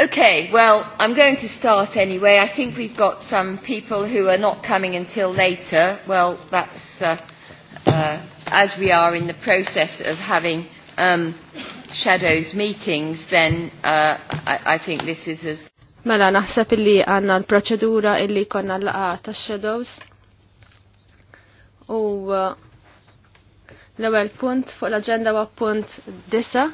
Okay, well, I'm going to start anyway. I think we've got some people who are not coming until later. Well, that's uh, uh, as we are in the process of having um, shadows meetings, then uh, I, I think this is as... Mela, naħseb illi għanna l-proċedura illi konna l-laqa ta' shadows. U uh, l-ewel punt fuq l-agenda wa punt disa'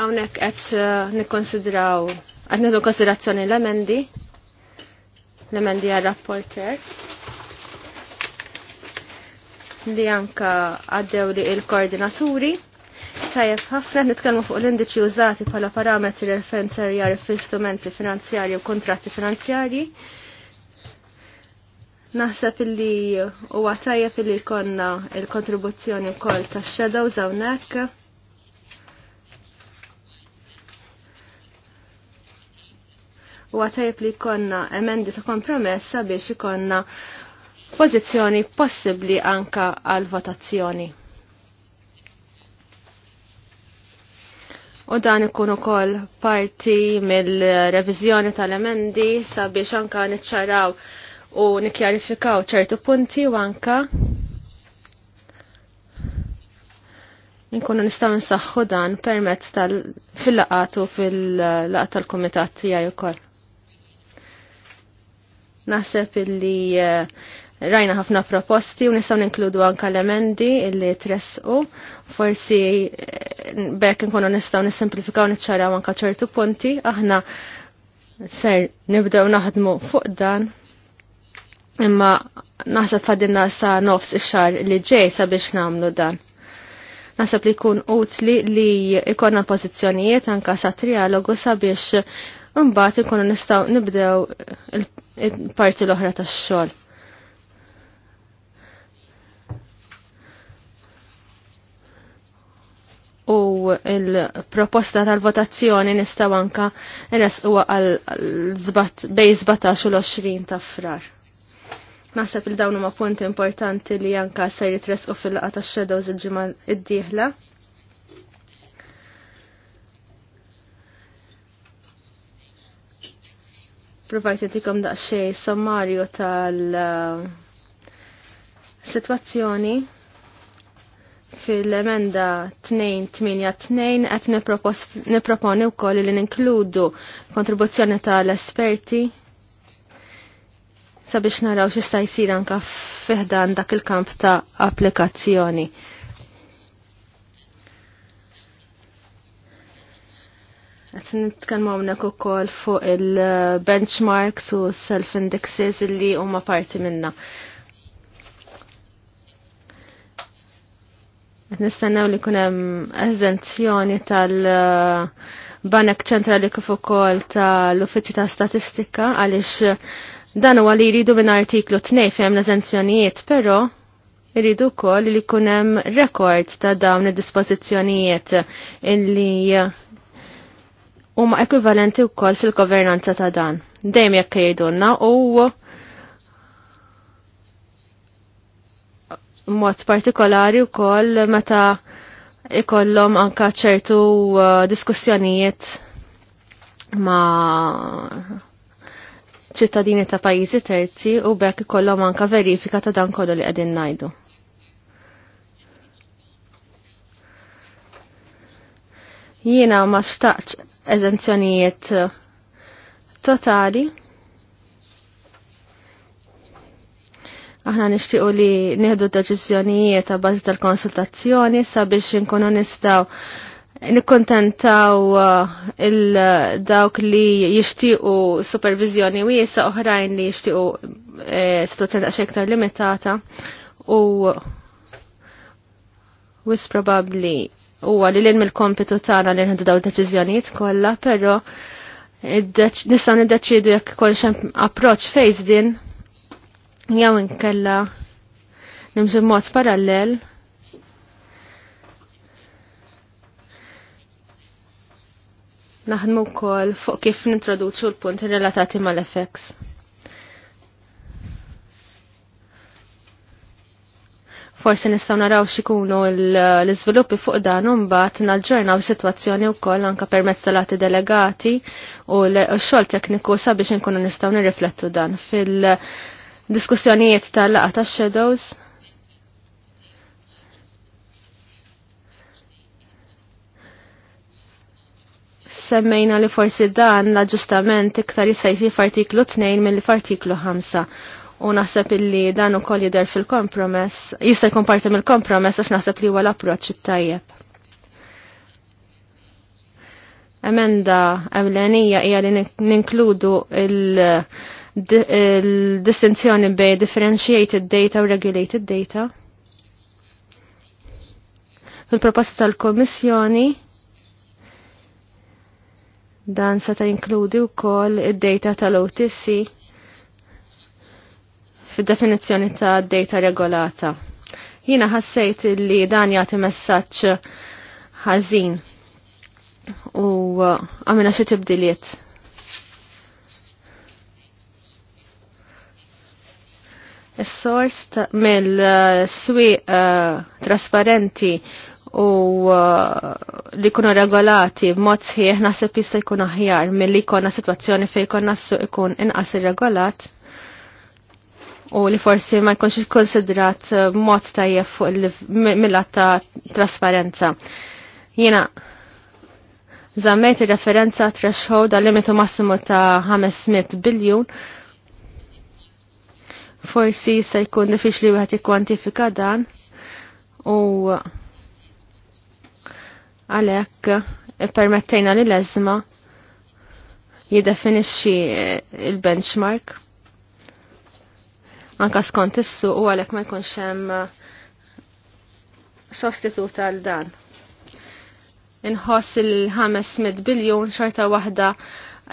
Hawnhekk qed uh, nikkonsidraw qed nidu konsiderazzjoni l-emendi l-emendi għal-rapporter li anka għaddew li il-koordinaturi. Tajjeb, ħafna nitkellmu fuq l-indiċi użati bħala parametri referenzjarjari fl-istrumenti finanzjarji u kontratti finanzjarji. Naħseb illi huwa tajjeb li konna il-kontribuzzjoni wkoll tax-shadows hawnhekk u għatajb li konna emendi ta' kompromessa biex ikonna pozizjoni possibli anka għal votazzjoni. U dan ikun ukoll parti mill-reviżjoni tal-emendi sabiex anka niċċaraw u nikjarifikaw ċertu punti u anka nkunu nistaw nsaħħu dan permezz tal fil-laqatu fil-laqat tal-komitat tiegħi wkoll. Naħseb illi eh, rajna ħafna proposti u nistgħu ninkludu anke l-emendi illi tresqu. Forsi eh, bekk nkunu nistgħu nissimplifikaw niċċaraw anka ċertu punti. Aħna ser nibdew naħdmu fuq dan imma naħseb fadinna sa nofs ix-xar li ġej sabiex namlu dan. Naħseb li jkun utli li ikonna l-pożizzjonijiet anka sa trialogu sabiex imbagħad ikunu nistgħu nibdew parti l-oħra tax-xogħol. u il-proposta tal-votazzjoni nistaw anka resquwa għal bej 17 u l-20 ta' frar. Naħseb il dawn huma punti importanti li anka se jitresqu fil-laqa tax-shadows il-ġimgħa id-dieħla. Provajt jtikom daqxej sommario tal-situazzjoni uh, fil-emenda 282 qed niproponi wkoll li ninkludu kontribuzzjoni tal-esperti sabiex naraw xista jsir anka fiħdan dak il-kamp ta' applikazzjoni. Għet nitkanmu għamnek u kol fuq il-benchmarks u self-indexes li huma parti minna. Għet nistennew li kunem eżenzjoni tal- Banek ċentrali kif ukoll tal-Uffiċċju ta' Statistika għaliex dan huwa li jridu minn artiklu t-nej fejn l-eżenzjonijiet, però jridu wkoll li jkun hemm rekord ta' dawn id-dispożizzjonijiet illi huma ekwivalenti wkoll fil-governanza ta' dan. Dejjem jekk jgħidulna u mod partikolari wkoll meta ikollhom anka ċertu uh, diskussjonijiet ma' ċittadini ta' pajjiżi terzi u bekk ikollhom anka verifika ta' dan kollu li qegħdin ngħidu. Jiena ma xtaqx eżenzjonijiet totali. Aħna nixtiequ li nieħdu deċiżjonijiet ta' bażi tal-konsultazzjoni sabiex inkunu nistgħu nikkontentaw eh, il-dawk li jixtiequ supervizjoni wiesa oħrajn li jixtiequ eh, situazzjoni ta' xektar limitata u wis probabbli huwa li l ilm mill-kompitu tagħna li nħeddu daw deċiżjonijiet kollha, però nistgħu niddeċidu jekk kollox hemm approċċ fejn din jew inkella nimxu mod parallel. Naħdmu wkoll fuq kif nintroduċu l-punti relatati mal-effects. Forsi nistgħu naraw x'ikunu l-iżviluppi fuq dan u mbagħad naġġornaw sitwazzjoni anka anke permezz tal għati delegati u l-xogħol tekniku sabiex inkunu nistgħu nirriflettu dan fil-diskussjonijiet tal-laqa tax-shadows. semmejna li forsi dan l-aġġustament iktar jista' f'artiklu 2 mill-artiklu 5 u naħseb illi dan ukoll jidher fil-kompromess, jista' jkun parti mill-kompromess għax naħseb li huwa l-approċċ it-tajjeb. Emenda ewlenija hija li ninkludu il-distinzjoni bej differentiated data u regulated data. Fil-proposta tal-Komissjoni dan seta' jinkludi wkoll id-data tal-OTC fid-definizzjoni ta' data regolata. Jina ħassejt li dan jagħti messaġġ ħażin u għamina xi tibdiliet. Is-sors mill swi uh, eh, trasparenti u eh, li kunu regolati b'mod sħiħ naħseb jista' jkun aħjar milli jkollna sitwazzjoni fejn jkollna s-suq ikun inqas irregolat u li forsi ma jkunx konsidrat eh, mod tajjeb fuq mill-att ta' trasparenza. Jiena zammejt referenza threshold għal limitu massimu ta' 500 biljun. Forsi se jkun diffiċli wieħed jikkwantifika dan u għalhekk permettejna li lezma eżma jiddefinixxi il-benchmark anka skont issu u għalhekk ma jkunx hemm eh, sostitut għal dan. Inħoss il-500 biljun xorta waħda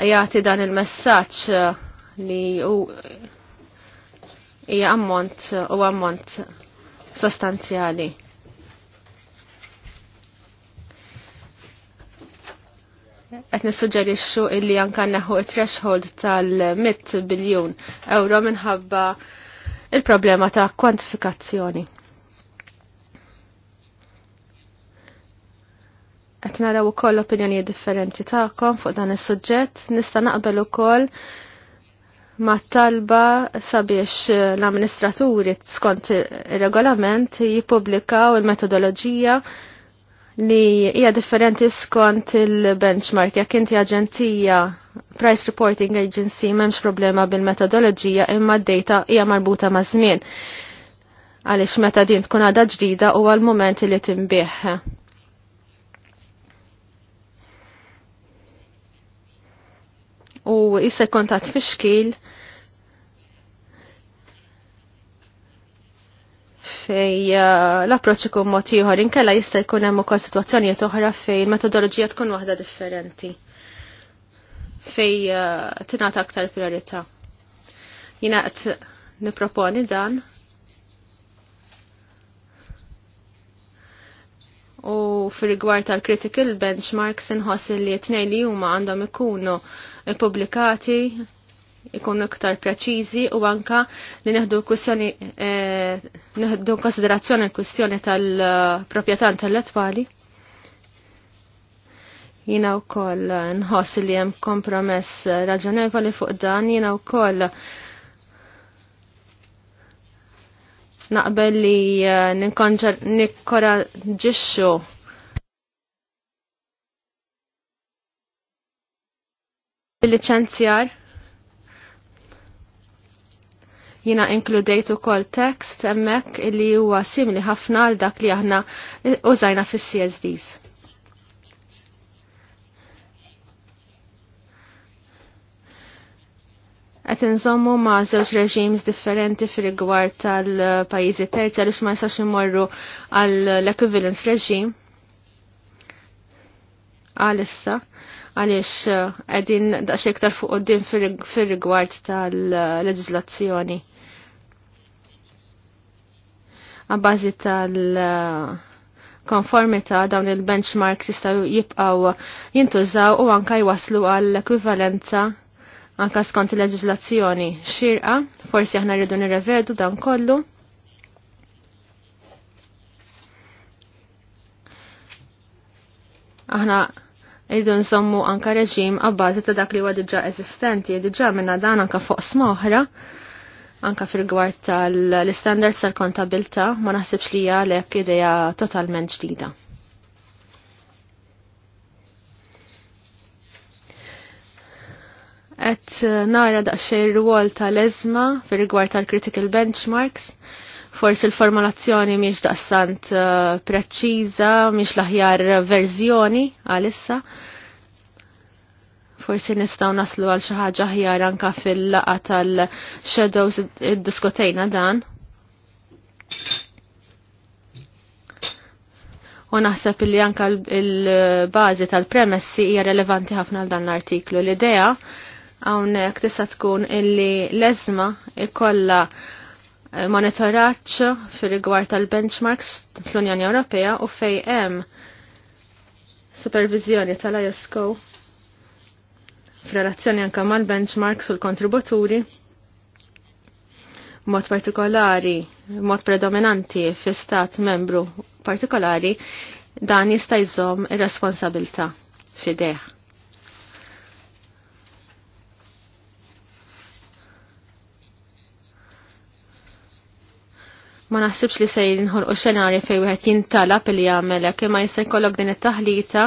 jagħti dan il-messaġġ eh, li u hija ammont eh, u ammont sostanzjali. qed nissuġġerixxu illi anke neħu it-threshold tal-100 biljun euro minħabba il-problema ta' kwantifikazzjoni. Qed naraw ukoll opinjoni differenti tagħkom fuq dan is-suġġett, nista' naqbel ukoll ma talba sabiex l-amministraturi skont il-regolament jipublikaw il-metodologija li hija differenti skont il-benchmark jekk inti aġentija Price Reporting Agency memx problema bil-metodologija imma d-data hija marbuta ma' żmien. Għaliex meta din tkun għadha ġdida u għal-moment li timbieħ. U issa kontat fiskil fej eh, l-approċ ikun mod ieħor inkella jista' jkun hemm ukoll sitwazzjonijiet oħra fejn metodoloġija tkun waħda differenti fej eh, tingħata aktar priorità. Jina qed niproponi dan u fil-rigward tal-critical benchmarks inħoss li t-nej li huma għandhom ikunu publikati ikunu iktar preċiżi u anka li neħdu kwistjoni eh, neħdu konsiderazzjoni l-kwistjoni tal-proprjetà eh, intellettwali. Jina u koll nħoss li jem kompromess raġonevoli fuq dan, jina u koll naqbel li eh, nikkoraġixxu bil-licenzjar jina inkludejtu kol tekst emmek li huwa simili ħafna għal dak li aħna użajna fis-CSDs. qed inżommu ma' żewġ reġims differenti fir-rigward tal-pajjiżi terzi għaliex ma jistax imorru għall-equivalence reġim għalissa għaliex eh, għedin daqxie iktar fuq din fil-rigward tal-leġizlazzjoni. Għabbażi tal-konformita dawn il-benchmarks jistaw jibqaw jintużaw u anke jwaslu għall-ekwivalenza anka skont il-leġislazzjoni xirqa, forsi aħna rridu nirrevedu dan kollu. Aħna rridu nsommu anka reġim għabbażi ta' dak li huwa diġà eżistenti, diġà minna dan anka fuq smoħra, anka fil-gwart tal-standards tal-kontabilta, ma naħsibx li hija lek idea totalment ġdida. qed eh, nara daqsxejn ir-rwol tal-eżma fir-rigward tal-critical benchmarks. Forsi l-formulazzjoni miex daqsant eh, preċiża, miex l-aħjar verżjoni għalissa. Forsi nistgħu naslu għal xi ħaġa aħjar anka fil-laqa tal-shadows id-diskotejna dan. u naħseb li anka il-bazi tal-premessi hija relevanti ħafna għal dan l-artiklu. L-idea hawnhekk tista' tkun illi l ezma ikolla eh, monitoraċ fil-rigward tal-benchmarks fl-Unjoni Ewropea u fej hemm supervizjoni tal-ISCO f'relazzjoni anke mal-benchmarks u l-kontributuri mod partikolari, mod predominanti fi stat membru partikolari dan jista' jżomm ir-responsabilta fideh. ma naħsibx li se jinħolqu xenarju fejn wieħed jintalab li jagħmelek imma jista' jkollok din it-taħlita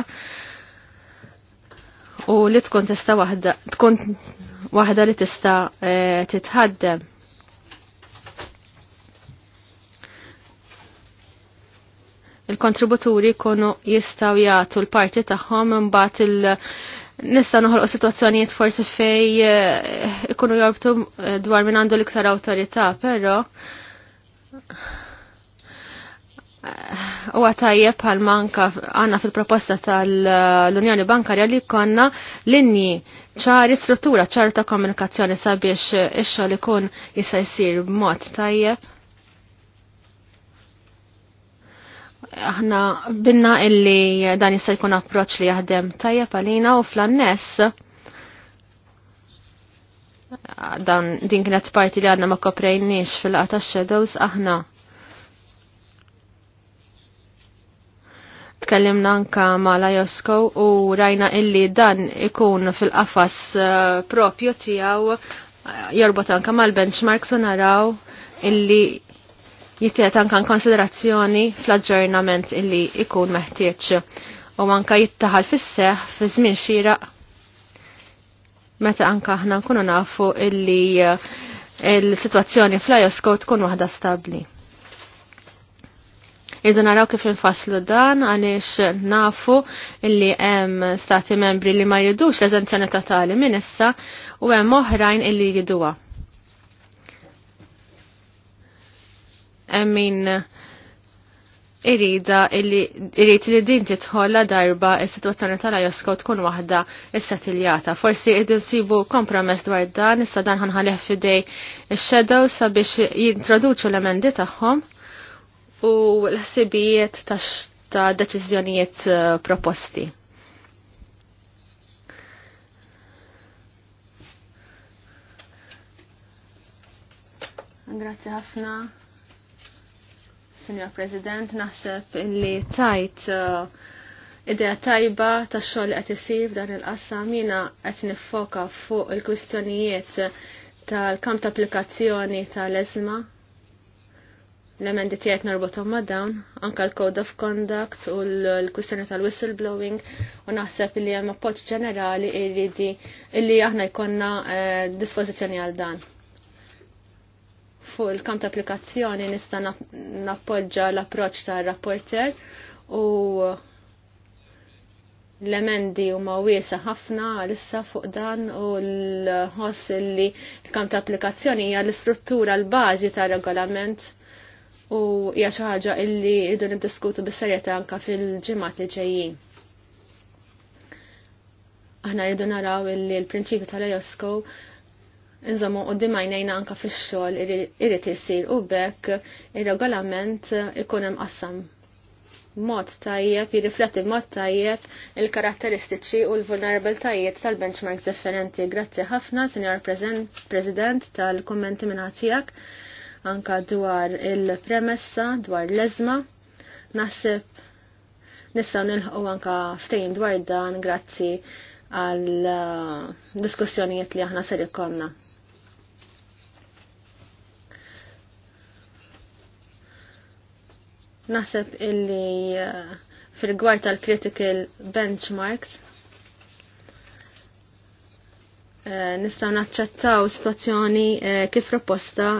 u li tkun tista' waħda tkun waħda li tista' eh, titħaddem. Il-kontributuri jkunu jistgħu jagħtu l-parti tagħhom imbagħad il- nista' noħolqu sitwazzjonijiet forsi fej eh, ikunu jorbtu eh, dwar minn għandu l-iktar awtorità, però Uwa tajjeb bħal manka għanna fil-proposta tal-Unjoni Bankarja li konna linji ċari struttura ċar ta' komunikazzjoni sabiex ixxo li kun jista' jsir b'mod tajjeb. Aħna binna illi dan jista' jkun approċċ li jaħdem tajjeb għalina u fl-anness dan din kienet parti li għadna ma koprejniex fil-qata shadows aħna. Tkellimna anka ma la Josko u rajna illi dan ikun fil-qafas eh, propju tijaw eh, jorbot anka mal-benchmarks u naraw illi jittiet anka konsiderazzjoni fl-aġġornament illi ikun meħtieċ u anka jittaħal fis-seħ fi żmien xieraq meta anka aħna nkunu nafu illi eh, il-situazzjoni fl-IOSCO tkun waħda stabli. Irdu naraw kif infaslu dan għaliex nafu illi hemm stati membri li ma jidux l-eżenzjoni totali minn issa u hemm oħrajn illi jidua. Emmin min irida illi irid li din titħolla darba is-sitwazzjoni tal-ajosko tkun waħda is-satiljata. Forsi qed insibu kompromess dwar dan, issa dan ħanħalih fidej ix-shadow sabiex jintroduċu l-emendi tagħhom u l-ħsibijiet ta' deċiżjonijiet uh, proposti. Grazie ħafna. Sinjor President, naħseb li tajt uh, idea tajba ta' xogħol qed isir f'dan il-qassam jiena qed niffoka fuq il-kwistjonijiet tal-kamp ta' applikazzjoni tal-eżma l-emendi tiegħek narbotom ma' dawn, anka l-Code of Conduct u l-kwistjoni tal-whistleblowing u naħseb li hemm appoġġ ġenerali irridi illi aħna jkollna eh, dispożizzjoni għal dan fuq il-kamp ta' applikazzjoni nista' nappoġġa l-approċċ tar rapporter u l-emendi huma wiesa ħafna għalissa fuq dan u l-ħoss li l-kamp ta' applikazzjoni hija l-istruttura l-bażi tar regolament u hija xi ħaġa illi rridu niddiskutu bis-serjetà anke fil-ġimgħat li ġejjin. Aħna rridu naraw illi l-prinċipju tal-EOSCO Inżommu u dimajnejna anka fil xol irrit jisir u bekk il-regolament ikun hemm qassam mod tajjeb, jirrifletti mod tajjeb il-karatteristiċi u l-vulnerabiltajiet tal-benchmarks differenti. Grazzi ħafna, Senjor President, tal-kommenti minna tijak, anka dwar il-premessa, dwar l-ezma. Nasib nistaw nilħu anka ftejn dwar dan, grazzi għal uh, diskussjonijiet li aħna ser ikkonna. Naħseb illi uh, fil-gwar tal-critical benchmarks uh, nistaw naċċettaw situazzjoni uh, kif proposta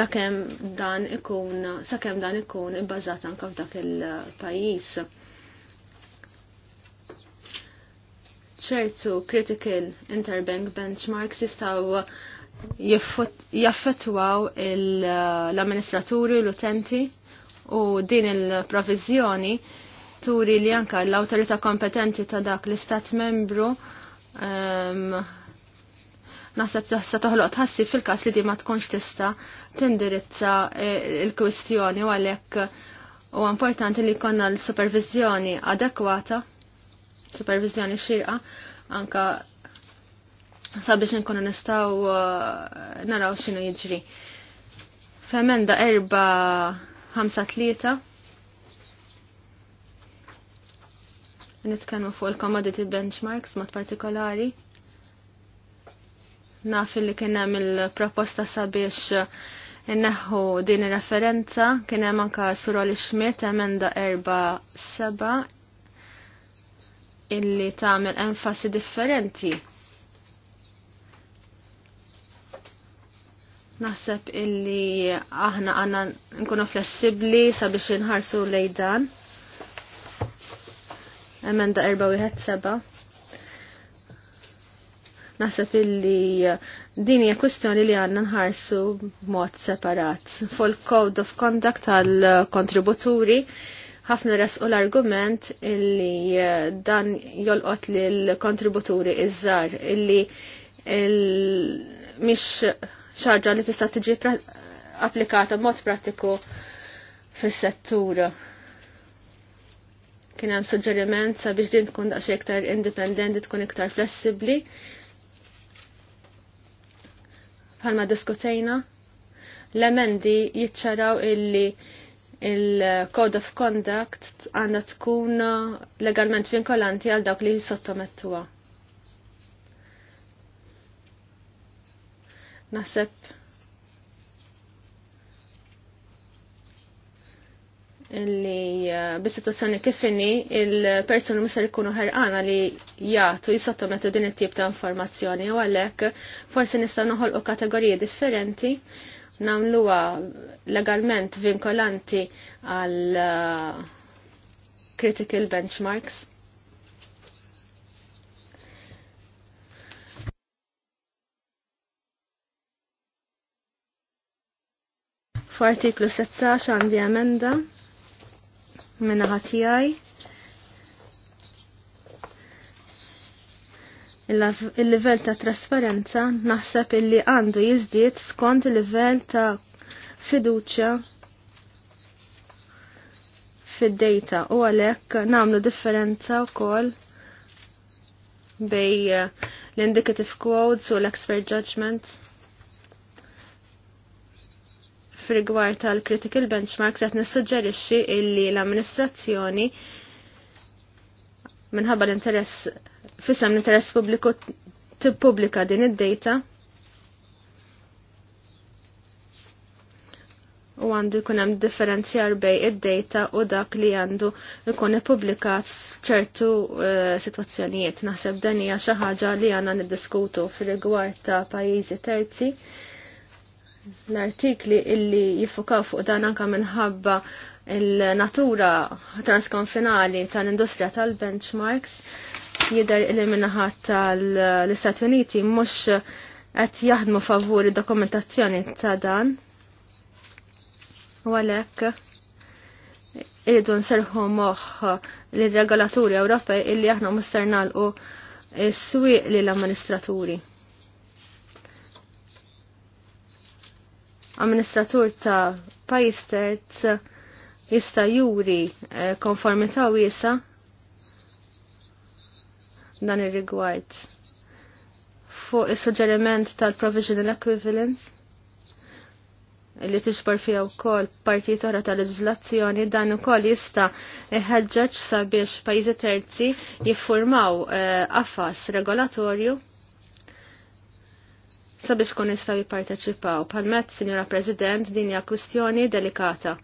lakem dan ikun, sakem dan ikun ibbażat anka f'dak il-pajis. ċertu critical interbank benchmarks jistaw jaffetwaw l-amministraturi, l-utenti, u din il-provizjoni turi li anka l autorita kompetenti ta' dak l-istat membru um, ehm, naħseb tista' toħloq tħassib fil-każ li di ma tkunx tista' tindirizza eh, il-kwistjoni u għalhekk u importanti li jkollna l-supervizjoni adekwata, supervizjoni xirqa, anka sabiex nkunu nistgħu eh, naraw x'inhu jiġri. F'emenda erba' 5 tlieta. nitkellmu fuq il-commodity benchmarks mod partikolari. Naf li kien hemm il-proposta sabiex inneħħu din ir-referenza kien hemm anke Suroli Schmidt emenda erba' seba' illi tagħmel enfasi differenti Naħseb illi aħna għanna nkunu flessibli sabiex nħarsu lejdan. Emenda erba seba. Naħseb illi din hija kwistjoni li għandna nħarsu b'mod separat. Full code of conduct tal-kontributuri ħafna resqu l-argument illi dan jolqot l kontributuri iż illi il mix xaġa li tista' tiġi applikata mod pratiku fis-settur. Kien hemm suġġeriment sabiex din tkun daqs iktar indipendenti, tkun iktar flessibbli. Bħalma diskutejna, l-emendi jiċċaraw illi il-Code of Conduct għandna tkun legalment vinkolanti għal dawk li sottomettuha. Naħseb li eh, bis-situazzjoni kif inni il-persuni musa jkunu ħerqana li jagħtu jisottometu din it-tip ta' informazzjoni u għalhekk forsi nistgħu noħolqu kategoriji differenti nagħmluha legalment vinkolanti għal eh, critical benchmarks. F'artiklu 16 għandi emenda minna ħatijaj. il-livell ta' trasparenza naħseb illi għandu jizdiet skont il-livell ta' fiduċa fid-data u għalhekk nagħmlu differenza wkoll bej eh, l-indicative quotes u l-expert judgment fil-gwar tal-critical benchmarks qed nissuġġerixxi illi l-amministrazzjoni minħabba l-interess fissam l-interess pubbliku tippubblika din id-data u għandu jkun hemm differenzjar bej id-data u dak li għandu jkun ippubblikat ċertu eh, sitwazzjonijiet. Naħseb dan hija xi ħaġa li għandna niddiskutu fil-rigward ta' pajjiżi terzi l-artikli illi jiffukaw fuq dan anka minħabba il-natura transkonfinali tal-industrija tal-benchmarks jidher illi minnaħat tal-Istati Uniti mhux qed jaħdmu favur id-dokumentazzjoni ta' dan. U għalhekk irridu nserħu moħ l-regolaturi Ewropej illi aħna musternalqu s-swiq l-amministraturi. amministratur ta' pajis jista' juri eh, konformità wiesa dan ir-rigward fuq is-suġġeriment tal-provisional equivalence li tixbar fija wkoll partijiet oħra tal leġislazzjoni dan ukoll jista' iħeġġeġ sabiex pajjiżi terzi jiffurmaw eh, afas regolatorju sabiex kun nistaw jipparteċipaw. Palmet, Sinjora President, din hija kwistjoni delikata.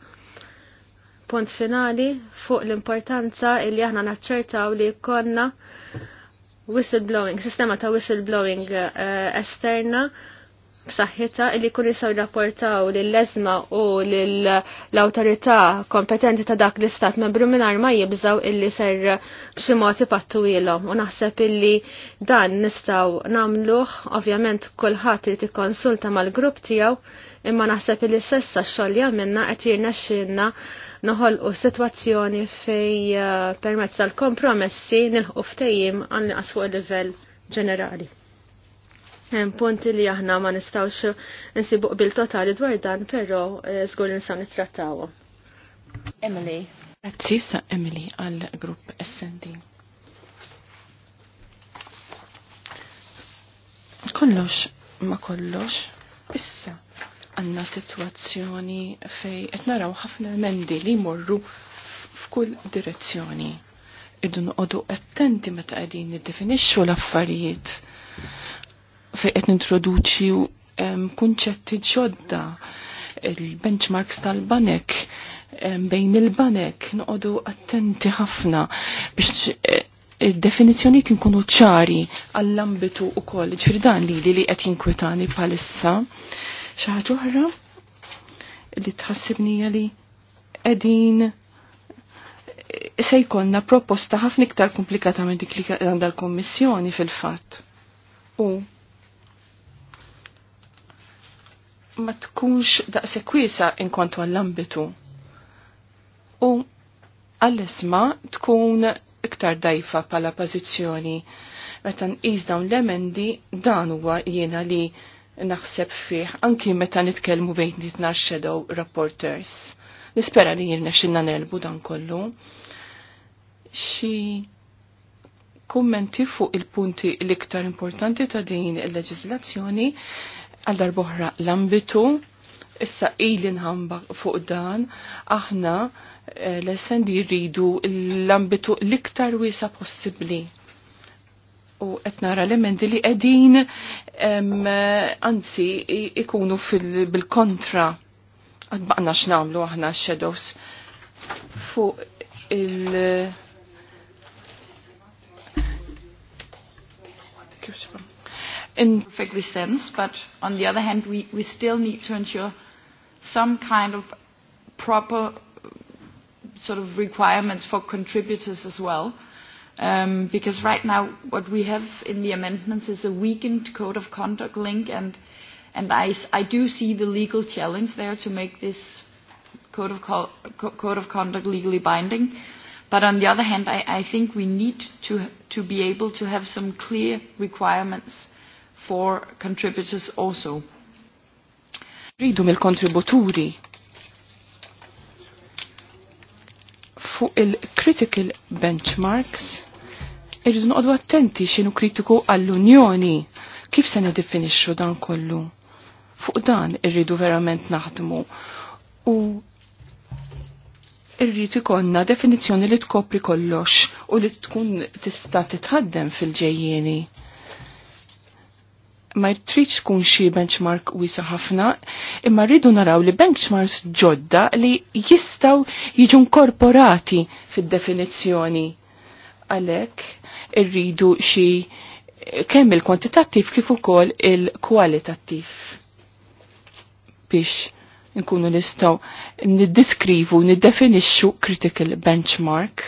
Punt finali fuq l-importanza li aħna naċċertaw li konna whistleblowing, sistema ta' whistleblowing uh, esterna b'saħħitha li kun jistgħu jirrapportaw lill-leżna u lill-awtorità kompetenti ta' dak l-istat membru mingħajr ma jibżgħu illi ser b'xi mod ipattu ilhom u naħseb illi dan nistgħu nagħmluh ovvjament kulħadd irid ikkonsulta mal-grupp tiegħu imma naħseb illi sessa x-xogħol li għamilna qed jirnexxilna noħolqu sitwazzjoni fejn eh, permezz tal-kompromessi nilħu ftejjim għal naqas fuq il-livell ġenerali. Hemm punti li aħna ma nistgħux nsibu bil totali dwar dan, però eh, żgur nsa nittrattawhom. Emily. Grazzi sa Emily għal grupp SD. Kollox ma kollox, issa għanna situazzjoni fej qed naraw ħafna emendi li morru f'kull direzzjoni. Irdu noqogħdu attenti meta qegħdin niddefinixxu l-affarijiet fejn qed nintroduċi ehm, kunċetti ġodda il-benchmarks tal-banek ehm, bejn il-banek noqogħdu attenti ħafna biex eh, il definizjoni nkunu ċari għall-ambitu u koll, ġifir dan li li qed jinkwetani bħalissa. ċaħat uħra li tħassibni li edin eh, se jkollna proposta ħafna iktar komplikata minn dik li għandha l-Kommissjoni fil-fatt. U ma tkunx daqse in inkontu għall-ambitu. U għall-isma tkun iktar dajfa pala pozizjoni. Meta nqis dawn l-emendi dan huwa jiena li naħseb fih anki meta nitkellmu bejn nitna shadow reporters. Nispera li jirna xinna nelbu dan kollu. Xi kummenti fuq il-punti l-iktar importanti ta' din il leġislazzjoni għal darboħra l-ambitu, issa ili nħamba fuq dan, aħna eh, l-essendi rridu l-ambitu l-iktar wisa possibli. U etnara l-emendi li edin anzi ikunu bil-kontra għadbaqna x'namlu aħna shadows fuq il- kif in perfectly sense, but on the other hand, we, we still need to ensure some kind of proper sort of requirements for contributors as well. Um, because right now what we have in the amendments is a weakened code of conduct link and, and I, I do see the legal challenge there to make this code of, co code of conduct legally binding. But on the other hand, I, I think we need to, to be able to have some clear requirements for contributors also. Ridu mill-kontributuri fuq il-critical benchmarks irridu noqdu attenti xinu kritiku għall-Unjoni kif se nidefinixxu dan kollu. Fuq dan irridu verament naħdmu u irrid ikonna definizzjoni li tkopri kollox u li tkun tista' titħaddem fil-ġejjieni ma jtridx kun xi benchmark wisa ħafna, imma rridu naraw li benchmarks ġodda li jistaw jiġu korporati fid-definizzjoni. Għalhekk irridu xi kemm il-kwantitattiv kif ukoll il-kwalitattiv biex nkunu nistgħu niddiskrivu, niddefinixxu critical benchmark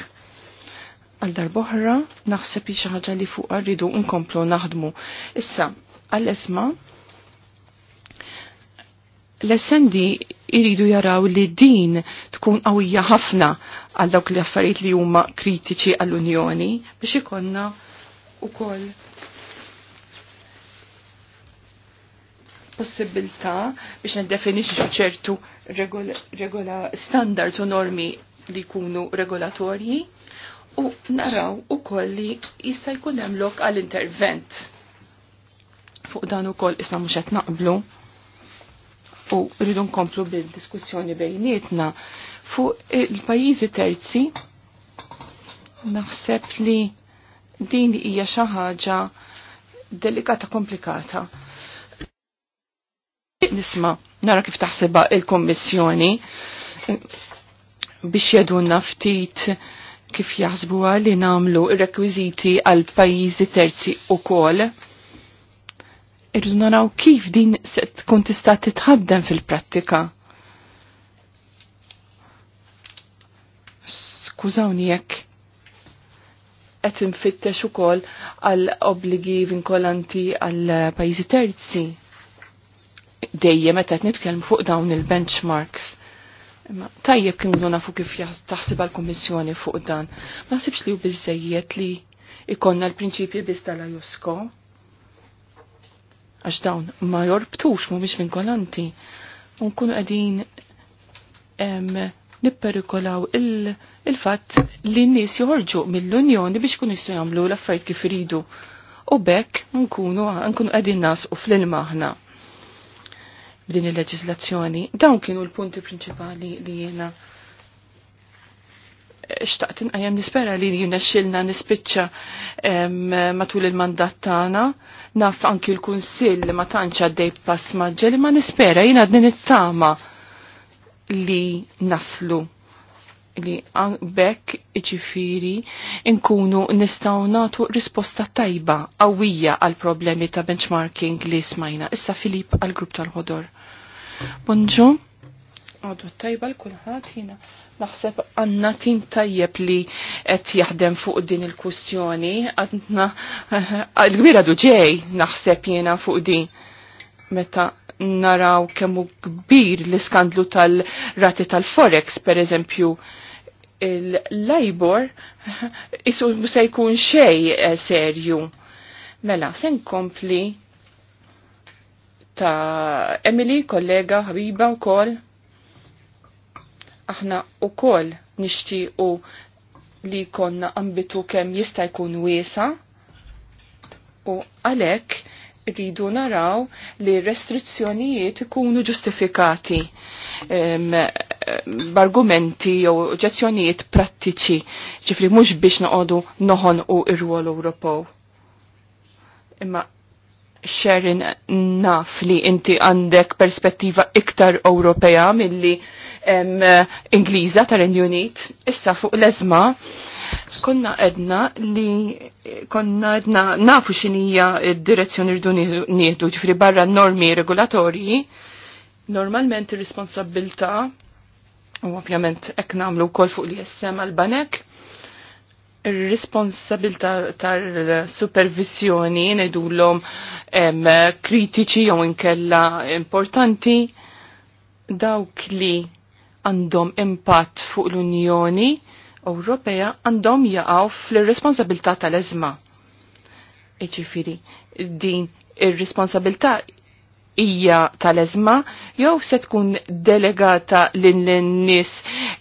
għal darboħra naħseb xi ħaġa li fuq rridu nkomplu naħdmu. Issa, għall-esma l-essendi iridu jaraw li din tkun għawija ħafna għal dawk li affarijiet li huma kritiċi għall-Unjoni biex ikonna ukoll possibilità biex niddefinixxu ċertu regola, regola standards u normi li jkunu regolatorji u naraw ukoll li jista' jkun hemm lok għall-intervent fuq dan ukoll isna mhux qed naqblu u rridu nkomplu bil-diskussjoni bejnietna fuq il-pajjiżi terzi naħseb li din hija xi ħaġa delikata komplikata. Nisma nara kif taħseba il-Kommissjoni biex jedunna ftit kif jaħsbu li namlu il rekwiżiti għal pajjiżi terzi u kol irridu naraw kif din se tkun tista' titħaddem fil-prattika. Skużawni jekk qed infittex ukoll għal obbligi vinkolanti għal pajjiżi terzi dejjem meta qed nitkellmu fuq dawn il-benchmarks. Imma tajjeb kien nafu kif taħseb għall-Kummissjoni fuq dan. Ma nasibx li hu biżejjed li ikonna l-prinċipji biss tal-Ajusko għax dawn ma jorbtux mhumiex vinkolanti. unkun nkunu qegħdin nipperikolaw il-fatt li n-nies joħorġu mill-Unjoni biex kun jistu jamlu l-affarijiet kif iridu. U bekk nkunu nkunu qegħdin u fl-ilma aħna b'din il-leġiżlazzjoni. Dawn kienu l-punti prinċipali li jiena xtaqt għajem nispera li jinaxxilna nispiċċa matul il-mandat tagħna naf anki l-kunsill ma tantx għaddej pass li ma nispera jina din it-tama li naslu li bekk iġifiri inkunu nistaw natu risposta tajba qawwija għal problemi ta' benchmarking li smajna. Issa Filip għal grupp tal-ħodor. Bonġu, għadu tajba l-kulħat jina Naħseb għanna tim tajjeb li qed jaħdem fuq din il-kwistjoni, għadna għal-gbira ġej naħseb jiena fuq din. Meta naraw kemmu kbir l-iskandlu tal-rati tal-forex, per eżempju, il-labor jisu se jkun xej eh, serju. Mela, sen kompli ta' Emily, kollega, ħabiba u kol aħna u kol nishtiqu li konna ambitu kem jista' jkun wiesa u għalek rridu naraw li restrizzjonijiet ikunu ġustifikati b'argumenti jew oġezzjonijiet prattiċi, ġifri mhux biex noqogħdu noħon u ir-rwol Ewropew. Imma Sharon, naf li inti għandek perspettiva iktar Ewropea milli Ingliża tal-Renju Unit. Issa fuq l-ezma, konna edna li konna edna nafu xinija id-direzzjoni rridu nieħdu ġifri barra normi regolatorji. Normalment ir-responsabilta u ovvjament ek namlu kol fuq li jessem għal-banek responsabilta tal-supervisjoni nedullom kritiċi jew inkella importanti dawk li għandhom impatt fuq l-Unjoni Ewropea għandhom jaqgħu fl-responsabilità tal-eżma. Iġifieri, din ir-responsabilità hija tal ezma jew se tkun delegata l nies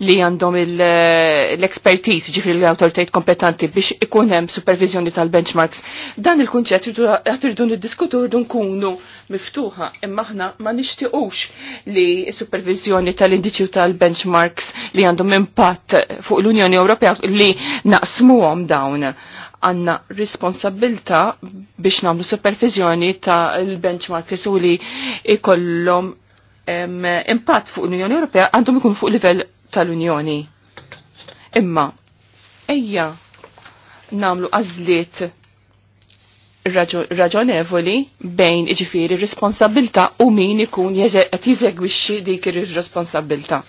li għandhom eh, l-expertise ġifri l-autoritajt kompetenti biex ikun hemm supervizjoni tal-benchmarks. Dan il-kunċett irdu niddiskutu rridu nkunu miftuħa imma aħna ma nixtiequx li supervizjoni tal-indiċi tal-benchmarks li għandhom impatt fuq l-Unjoni Ewropea li naqsmuhom dawn għanna responsabilta biex namlu supervizjoni ta' l-benchmark li suli ikollom impatt fuq l-Unjoni Ewropea għandhom ikun fuq livell tal-Unjoni. Imma, ejja namlu għazliet raġonevoli bejn iġifiri responsabilta u min ikun qed jeżegwixxi dik ir-responsabilta.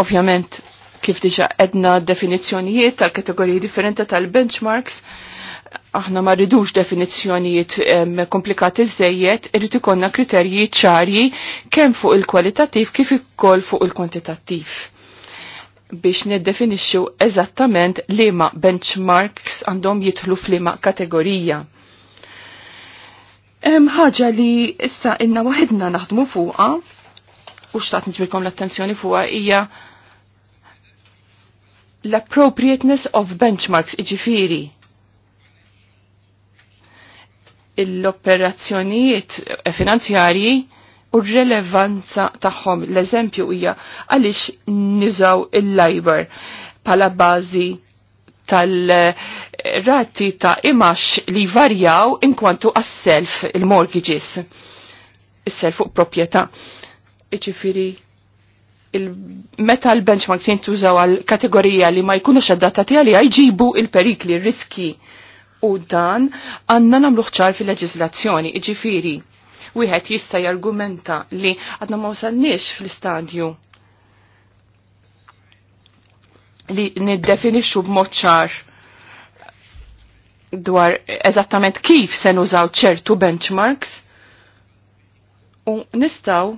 Ovvjament, kif diġa edna definizzjonijiet tal-kategoriji differenti tal-benchmarks, aħna ma ridux definizzjonijiet komplikati zzejiet, irid ikonna kriterji ċarji kemm fuq il-kwalitattiv kif ukoll fuq il-kwantitattiv biex neddefinixxu eżattament liema benchmarks għandhom jitħlu f'liema kategorija. Hemm ħaġa li issa inna waħedna naħdmu fuqha u xtaqt niġbilkom l-attenzjoni fuqha hija l-appropriateness of benchmarks iġifiri l-operazzjonijiet finanzjarji u r-relevanza tagħhom. L-eżempju hija għaliex nizaw il liber pala bażi tal-rati ta' imax li varjaw inkwantu għas-self il-mortgages, is-self fuq proprjetà. Iġifieri meta l-benchmarks jintużaw għal kategorija li ma jkunux adattati għalija jġibu il-perikli, il-riski. U dan għanna namluħ ċar fil-leġizlazzjoni, iġifiri. Wieħed jista' jargumenta li għadna ma wasalniex fl-istadju li niddefinixxu b'mod ċar dwar eżattament kif se nużaw ċertu benchmarks u nistaw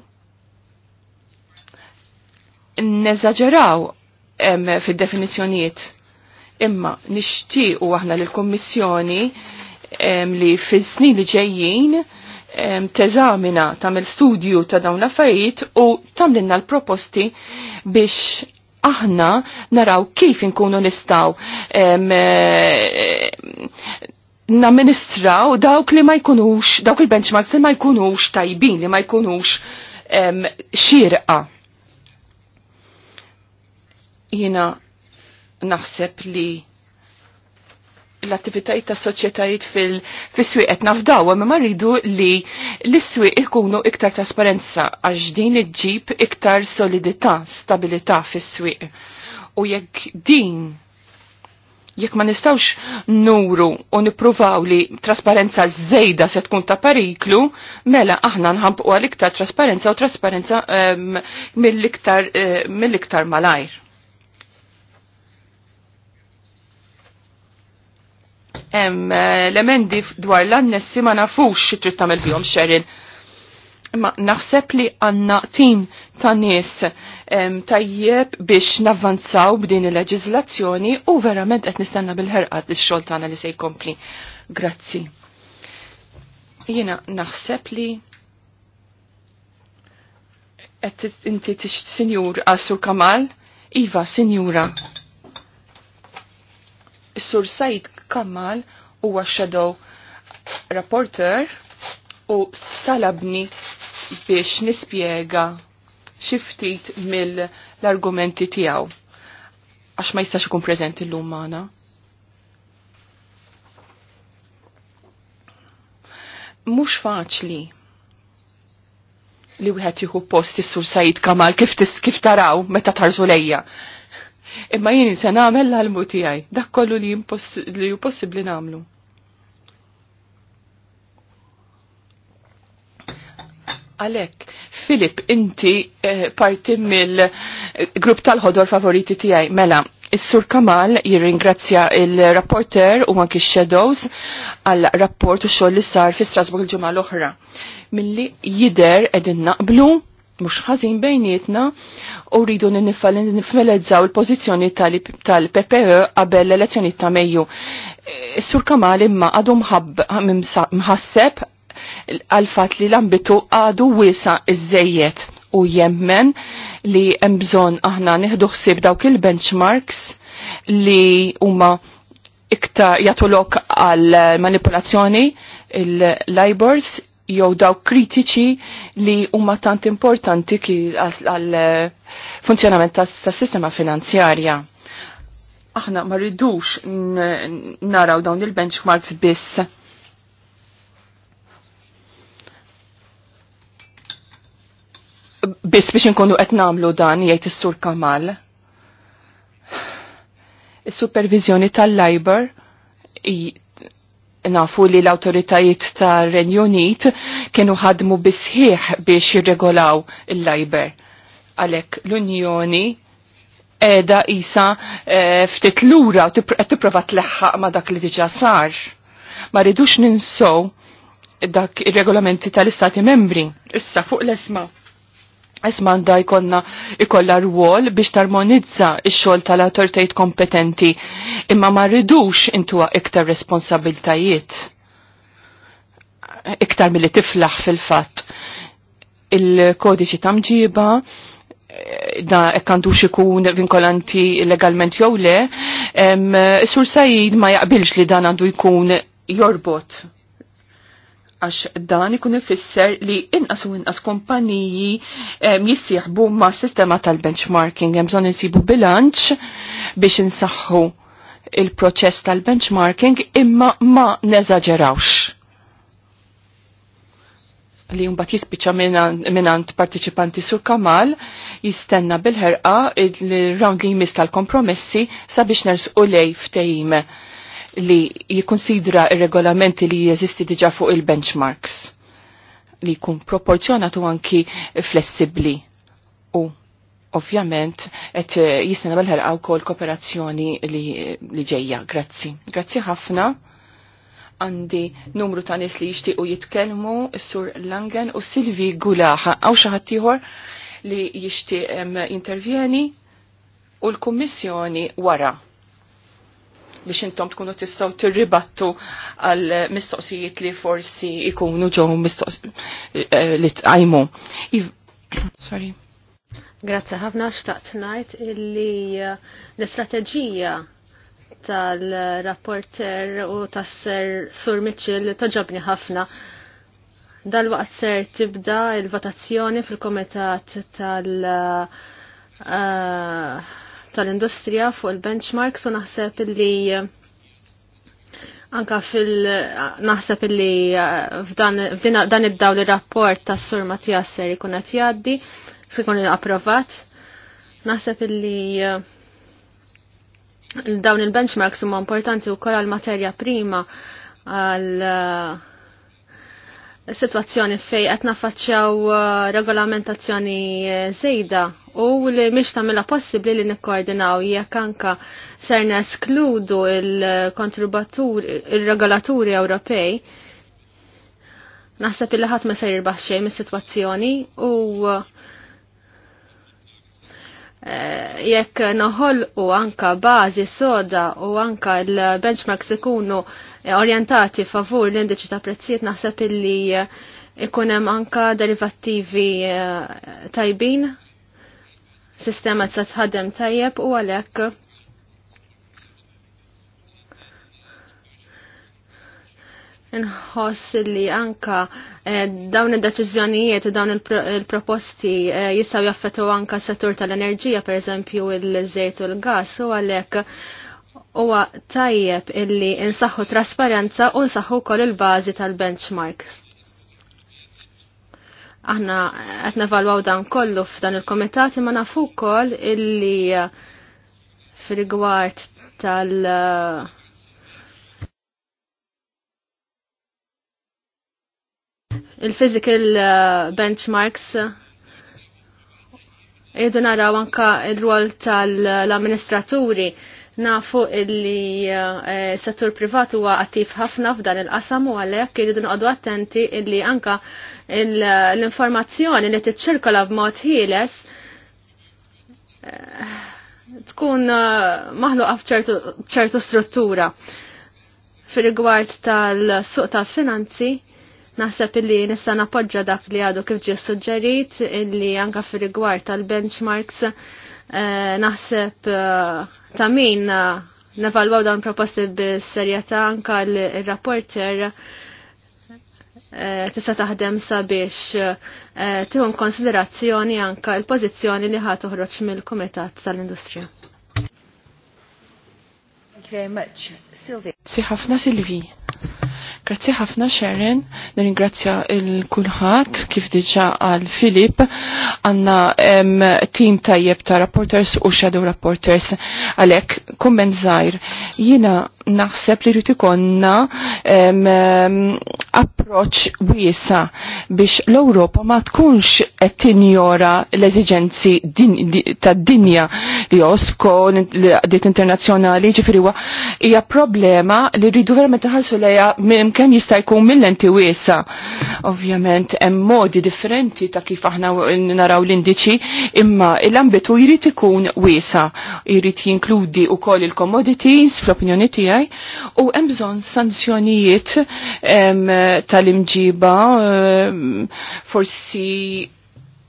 neżagġeraw fid-definizzjonijiet. Imma nixtiequ aħna l-Kommissjoni li fil-snin li ġejjin teżamina tagħmel studju ta' dawn l-affarijiet u tagħmlilna l-proposti biex aħna naraw kif inkunu nistaw eh, namministraw dawk li ma jkunux, dawk il-benchmarks li ma jkunux tajbin, li ma jkunux xirqa. Jina naħseb li l-attivitajiet ta' soċjetajiet fil swiqet qed nafdaw ma rridu li l-iswieq ikunu iktar trasparenza għax din iġġib iktar solidità, stabilità fis-swieq. U jekk din jekk ma nistawx nuru u nippruvaw li trasparenza żejda se tkun ta' pariklu, mela aħna nħampu għal iktar trasparenza u trasparenza ehm, mill-iktar eh, mill-iktar malajr. hemm eh, l-emendi dwar l-annessi ma nafux xi trid tagħmel bihom xerin. Ma naħseb li għanna tim ta' nies tajjeb biex navvanzaw b'din il-leġiżlazzjoni u verament qed nistenna bil-ħerqa x-xogħol tagħna li se jkompli. Grazzi. Jiena naħseb li qed inti tix sinjur għasur sur Kamal, Iva, sinjura. sur Said. Kamal huwa shadow rapporter u salabni biex nispiega xiftit mill-argumenti tijaw. Għax ma jistax ikun prezenti l-lum maħna. Mux faċli li wieħed jieħu post is-sur Sajid Kamal kif kif taraw meta tarżu lejja imma jien se nagħmel l-ħalmu tiegħi, dak kollu li li hu possibbli nagħmlu. Għalek, Filip, inti eh, parti mill-grupp eh, tal-ħodor favoriti tiegħi, mela, Is-Sur Kamal jirringrazzja il-rapporter u anki shadows għal rapport u xogħol li sar fi Strasburg il-ġimgħa l-oħra. Milli jider qegħdin naqblu mux ħazin bejnietna u rridu nifmelezzaw il-pozizjoni tal-PPE qabel l-elezzjoni ta' Mejju. Eh, Sur Kamal imma għadu mħasseb għal-fat li l-ambitu għadu wisa iż-żejjed u jemmen li mbżon aħna nieħdu ħsieb dawk il-benchmarks li huma iktar jatulok għal manipulazzjoni il-libors jew daw kritiċi li huma tant importanti għal eh, funzjonament tas-sistema finanzjarja. Aħna ma rridux naraw dawn il-benchmarks biss biss biex nkunu qed nagħmlu dan jgħid is-sur Kamal. Is-supervizjoni tal-Libor nafu li l-autoritajiet ta' Renjonit kienu ħadmu bisħiħ biex jirregolaw il-lajber. Għalek l-Unjoni edha isa e, ftit lura u tipprova tleħħaq ma dak li diġa sar. Ma ridux ninsow dak ir-regolamenti tal-Istati membri. Issa fuq l-esma. Ismanda jkonna ikolla rwol biex tarmonizza il xogħol tal-autoritajt kompetenti imma ma ridux intuwa iktar responsabiltajiet iktar mill tiflaħ fil-fatt il-kodiċi tamġiba da ekkandu xikun vinkolanti legalment jew le, Sur Sajid ma jaqbilx li dan għandu jkun jorbot għax dan ikun ifisser li inqas u inqas kompaniji jissieħbu ma' sistema tal-benchmarking. Hemm bżonn insibu bilanċ biex insaħħu il-proċess tal-benchmarking imma ma neżaġerawx li jumbat jispiċa minant partiċipanti sur kamal jistenna bil-ħerqa il-round li jmiss tal-kompromessi sabiex nersu lej ftejme li jikonsidra il regolamenti li jeżisti diġa fuq il-benchmarks li jkun proporzjonatu anki flessibli. U ovvjament qed eh, jisna bel-ħerqa wkoll kooperazzjoni li, li ġejja. Grazzi. Grazzi ħafna. Għandi numru ta' nies li jixtiequ jitkellmu sur Langen u Silvi Gulaħa. Għaw xi ħadd ieħor li jixtieq intervjeni u l-Kummissjoni wara biex intom tkunu tistaw tirribattu għal mistoqsijiet li forsi ikunu ġew eh, eh, li tqajmu. Sorry. Grazzi ħafna xtaqt ngħid illi eh, l-istrateġija tal-rapporter u tas-ser Sur Mitchell toġobni ħafna dal-waqt ser tibda il-votazzjoni fil-komitat tal- uh, tal-industrija fuq il-benchmarks u naħseb li anka fil naħseb li eh, f'dan dan id-daw li rapport tas sur Mattias ser ikun qed jgħaddi se jkun approvat. Naħseb illi eh, dawn il-benchmarks huma importanti wkoll għal materja prima għal uh, situazzjoni fej qed nafaċċjaw uh, regolamentazzjoni żejda uh, u li mhix tagħmilha possibbli li nikkoordinaw jekk anka ser neskludu il-kontributur ir-regolaturi il Ewropej. Naħseb li ħadd ma se jirbaħ xejn mis-sitwazzjoni u uh, jekk noħolqu anka bażi soda u anka l-benchmarks ikunu Eh, orientati favur l-indiċi ta' prezzijiet naħseb illi eh, ikun hemm anka derivattivi eh, tajbin, sistema ta' tħaddem tajjeb u għalhekk nħoss li anka dawn id-deċiżjonijiet u dawn il-proposti jistgħu jaffetu anka settur tal-enerġija, pereżempju il-żejt u l-gas, u għalhekk huwa tajjeb illi insaħħu trasparenza u nsaħħu kol il-bażi tal-benchmarks. Aħna qed nevalwaw dan kollu f'dan il-komitat imma nafu wkoll illi uh, fil-gwart tal- uh, il-physical uh, benchmarks irridu naraw anka il-rwol tal-amministraturi Nafu illi uh, settur privat huwa attiv ħafna f'dan il-qasam u għalhekk irridu noqogħdu attenti illi anka l-informazzjoni li tiċċirkola b'mod ħieles eh, tkun eh, maħluqa f'ċertu struttura. Fir-rigward tal-suq tal-finanzi, naħseb illi nista nappoġġa dak li għadu kif ġie suġġerit illi anka fir rigward tal-benchmarks uh, naħseb uh, ta' min uh, nevalwaw dan proposti bis-serjetà anka l-rapporter eh, tista' taħdem sabiex eh, tieħu konsiderazzjoni anka l-pożizzjoni li ħat toħroġ mill-Kumitat tal-Industrija. Thank you very much, Sylvie. Si ħafna Silvi. Grazzi ħafna Sharon, nirringrazzja il-kulħat kif diġa għal Filip, għanna tim tajjeb ta' rapporters u shadow rapporters għalek komment zaħir. Jina naħseb li rrit ikonna approċ wiesa biex l-Ewropa ma tkunx qed tinjora l-eżiġenzi tad-dinja li osko l-qdiet internazzjonali ġifieri hija problema li rridu verament ħarsu lejha kemm jista' jkun mill-lenti wiesa. Ovvjament hemm modi differenti ta' kif aħna naraw l-indiċi imma l-ambitu jrid ikun wiesa, jrid jinkludi wkoll il-commodities fl-opinjoni tiegħek tijaj u hemm bżonn sanzjonijiet tal-imġiba forsi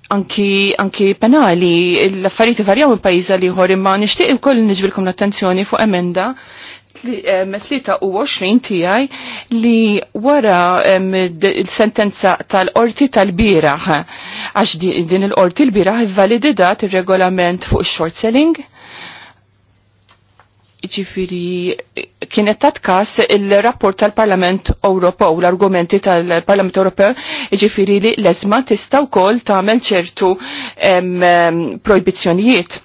anki, anki penali, l-affarijiet varjaw il-pajjiża li ieħor imma nixtieq ukoll niġbilkom l-attenzjoni fuq emenda 20 tijaj li wara il-sentenza tal-orti tal-biraħ, għax din il-orti l-biraħ valididat il-regolament fuq short selling ġifiri kienet tatkas il-rapport tal-Parlament Ewropew, l-argumenti tal-Parlament Ewropew, ġifiri li l-ezma tista' wkoll tagħmel ċertu projbizzjonijiet.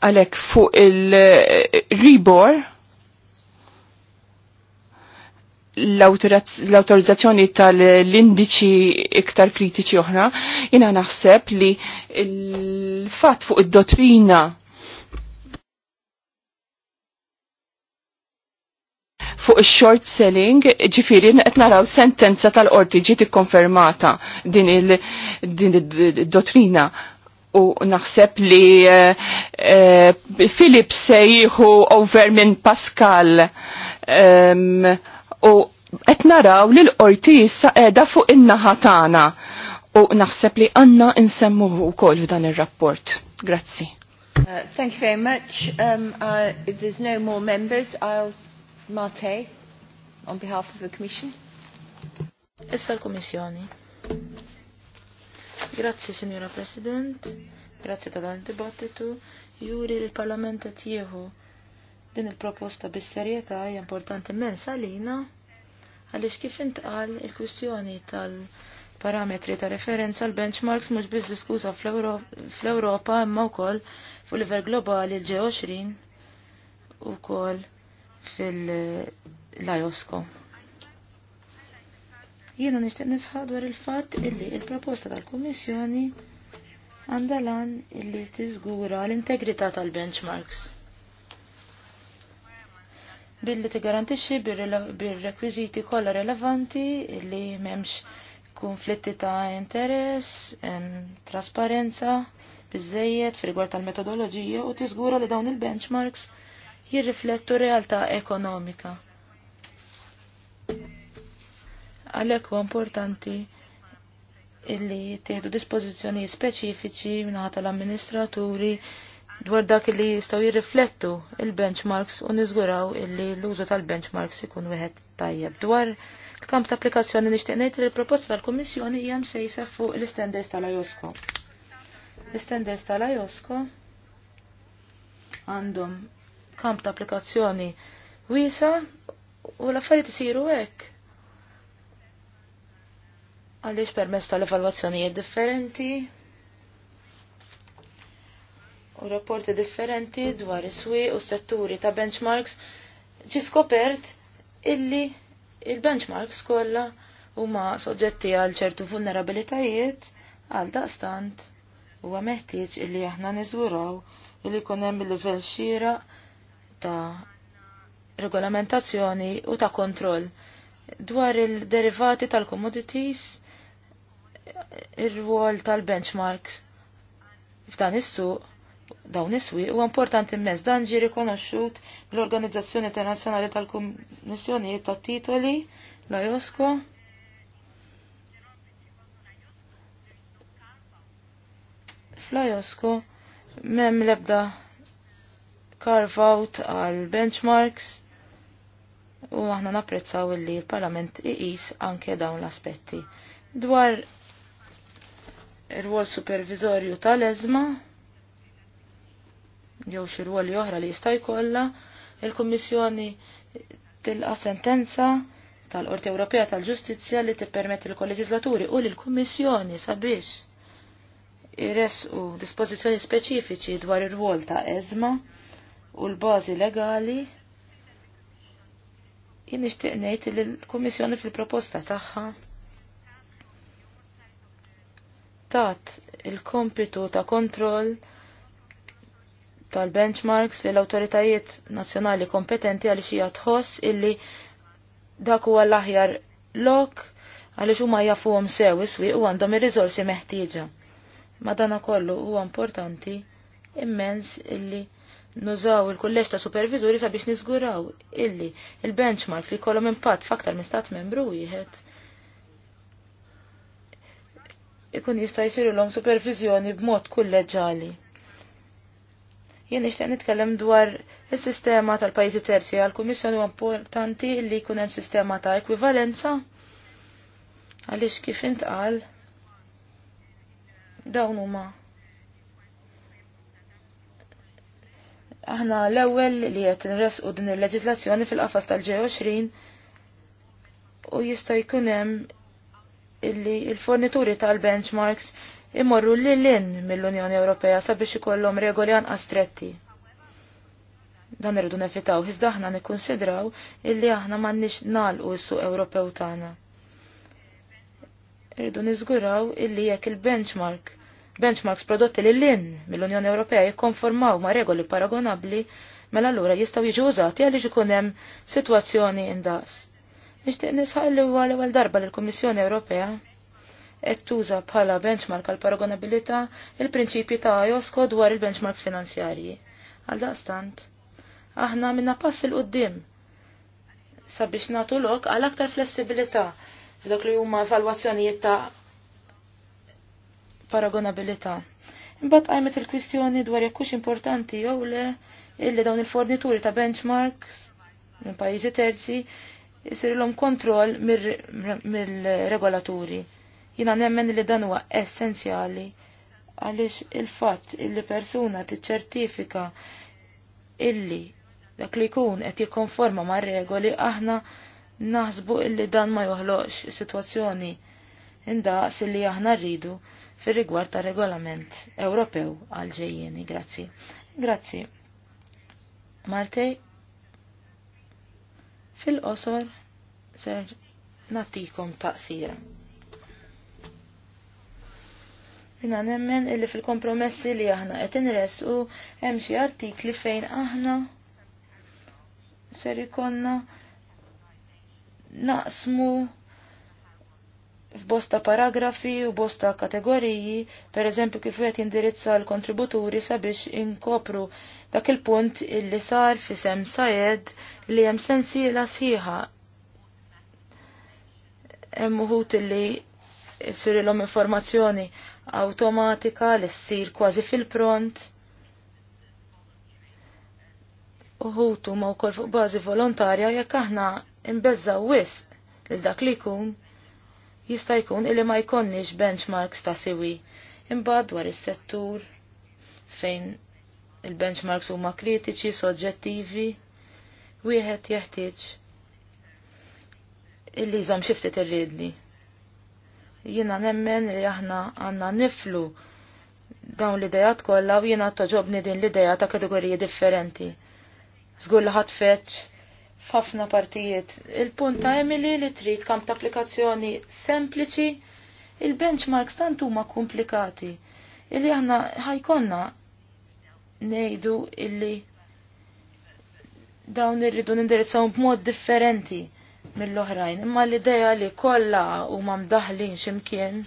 Għalhekk fuq il-ribor l-autorizzazzjoni tal-indiċi iktar kritiċi oħra, jina naħseb li l-fat fuq id-dottrina fuq il-short selling, ġifiri, qed naraw sentenza tal-qorti ġiet ikkonfermata din il-dottrina u naħseb li eh, eh, Philip sejħu over minn Pascal u qed naraw li l-qorti issa qiegħda fuq in-naħa tagħna u naħseb li għandna insemmu wkoll f'dan ir-rapport. Grazzi. Uh, thank you very much. Um, uh, if there's no more members, I'll Mate, on behalf of the Commission. Issa l-Kommissjoni. Grazzi, Signora President. Grazzi ta' dan dibattitu. Juri l-Parlament qed jieħu din il-proposta bis-serjetà hija importanti immens għalina għaliex kif intqal il-kwistjoni tal-parametri ta' referenza l benchmarks mhux biss diskusa fl-Ewropa imma wkoll fuq livell globali l-G20 ukoll fil-Lajosko. Jiena nixtieq nisħad dwar il-fatt illi il-proposta tal-Kummissjoni għandha lan illi tiżgura l-integrità tal-benchmarks billi tigarantixxi bir-rekwiżiti kollha relevanti li m'hemmx konflitti ta' interess, trasparenza, biżejjed fil-rigward tal-metodoloġija u tiżgura li dawn il-benchmarks jirriflettu realtà ekonomika. Għalhekk huwa importanti illi tiħdu dispożizzjonijiet speċifiċi mingħata tal-amministraturi dwar dak li jistgħu jirriflettu il-benchmarks u niżguraw illi l-użu tal-benchmarks ikun wieħed tajjeb dwar l kamp ta' applikazzjoni nixtieq ngħid li l-proposta tal-Kummissjoni hija se fuq l istenders tal-IOSCO. l istenders tal-IOSCO għandhom kamp ta' applikazzjoni wisa u l-affarijiet isiru hekk. Għaliex permezz tal-evalwazzjonijiet differenti u rapporti differenti dwar is-swieq u setturi ta' benchmarks ġi skopert illi il-benchmarks kollha huma soġġetti għal ċertu vulnerabilitajiet għal daqstant huwa meħtieġ illi aħna niżguraw illi jkun hemm il-livell xieraq ta' regolamentazzjoni u ta' kontroll dwar il-derivati tal-commodities ir wol tal-benchmarks f'dan is-suq dawn is importanti immens dan ġie rikonoxxut bl-Organizzazzjoni Internazzjonali tal-Kummissjonijiet tat-Titoli la IOSCO. Fl-IOSCO m'hemm l-ebda carve out għal benchmarks u aħna napprezzaw li l-Parlament iqis anke dawn l-aspetti. Dwar ir-rwol supervizorju tal ezma jew xi rwoli oħra li jista' jkollha, il-Kummissjoni tilqa' sentenza tal-Qorti Ewropea tal-Ġustizzja li tippermetti il kolleġislaturi u lill-Kummissjoni sabiex irresqu dispożizzjoni speċifiċi dwar ir-rwol ta' eżma' u l-bażi legali jien nixtieq ngħid li l-Kummissjoni fil-proposta tagħha tat il-kompitu ta' kontroll tal-benchmarks li l-autoritajiet nazzjonali kompetenti għal xija tħoss illi dak huwa l-aħjar lok għaliex huma jafuhom sew iswi u għandhom ir-riżorsi meħtieġa. Madana kollu huwa importanti immens illi nużaw il-kulleġġ ta' supervizuri sabiex niżguraw illi il-benchmarks li jkollhom impatt f'aktar minn stat membru wieħed ikun jista' jsirulhom supervizjoni b'mod kulleġali. Jien nixtieq nitkellem dwar is-sistema tal-pajjiżi terzi għall-Kummissjoni huwa importanti li jkun hemm sistema ta' ekwivalenza għaliex kif intqal dawn huma Aħna l-ewwel li qed nresqu din il-leġiżlazzjoni fil-qafas tal-G20 u jista' jkun hemm illi l fornituri tal-benchmarks imorru lil-lin mill-Unjoni Ewropea sabiex ikollhom regoli anqas stretti. Dan irridu nefitaw, iżda aħna nikkunsidraw illi aħna m'għandniex nagħlqu s-suq Ewropew tagħna. Irridu niżguraw illi jekk il-benchmark benchmarks prodotti li l-in mill-Unjoni Ewropea jikkonformaw ma' regoli paragonabli mela allura jistgħu jiġu użati għaliex ikun hemm sitwazzjoni indaqs. Nixtieq nisħaq li huwa l-ewwel darba lill kummissjoni Ewropea qed tuża bħala benchmark għal paragonabilità il-prinċipji ta' JOSKO dwar il-benchmarks finanzjarji. Għal daqstant, aħna minna pass il qoddim sabiex nagħtu lok għal aktar flessibilità f'dok li huma evalwazzjonijiet ta' paragonabilità. Imbagħad qajmet il-kwistjoni dwar jekk hux importanti jew le illi dawn il-fornituri ta' benchmarks minn pajjiżi terzi jisirilhom kontroll mill-regolaturi. Jina nemmen li dan huwa essenzjali għaliex il-fatt illi persuna tiċċertifika illi dak li jkun qed jikkonforma ma' regoli aħna naħsbu illi dan ma joħloqx sitwazzjoni indaqs illi aħna rridu fir rigward ta' regolament Ewropew għal ġejjeni. Grazzi. Grazzi. Martej, fil-qosor ser natikom taqsira. Jina nemmen illi fil-kompromessi li aħna qed inresqu hemm xi artikli fejn aħna ser ikonna naqsmu f'bosta paragrafi u bosta kategoriji, per eżempju kif qed jindirizza l-kontributuri sabiex inkopru dak il-punt illi sar fi sem sajed li hemm sensiela sħiħa. Hemm uħut illi sirilhom informazzjoni awtomatika li ssir kważi fil-pront. ma' u wkoll fuq bażi volontarja jekk aħna imbeżżaw wisq lil dak li jkun jista' jkun illi ma jkonniex benchmarks ta' siwi. Imbagħad dwar is-settur fejn il-benchmarks huma kritiċi, soġġettivi, wieħed jeħtieġ illi jżomm xi ftit irridni. Jiena nemmen li aħna għandna niflu dawn l-idejat kollha u jiena toġobni din l idea ta' kategoriji differenti. Żgur li ħadd feċċ f'ħafna partijiet. Il-punt ta' Emily li trid kam ta' applikazzjoni sempliċi, il-benchmarks tant huma komplikati. Illi aħna ħajkonna ngħidu illi dawn irridu nindirizzaw b'mod differenti mill-oħrajn. Imma l-idea li kollha huma mdaħlin x'imkien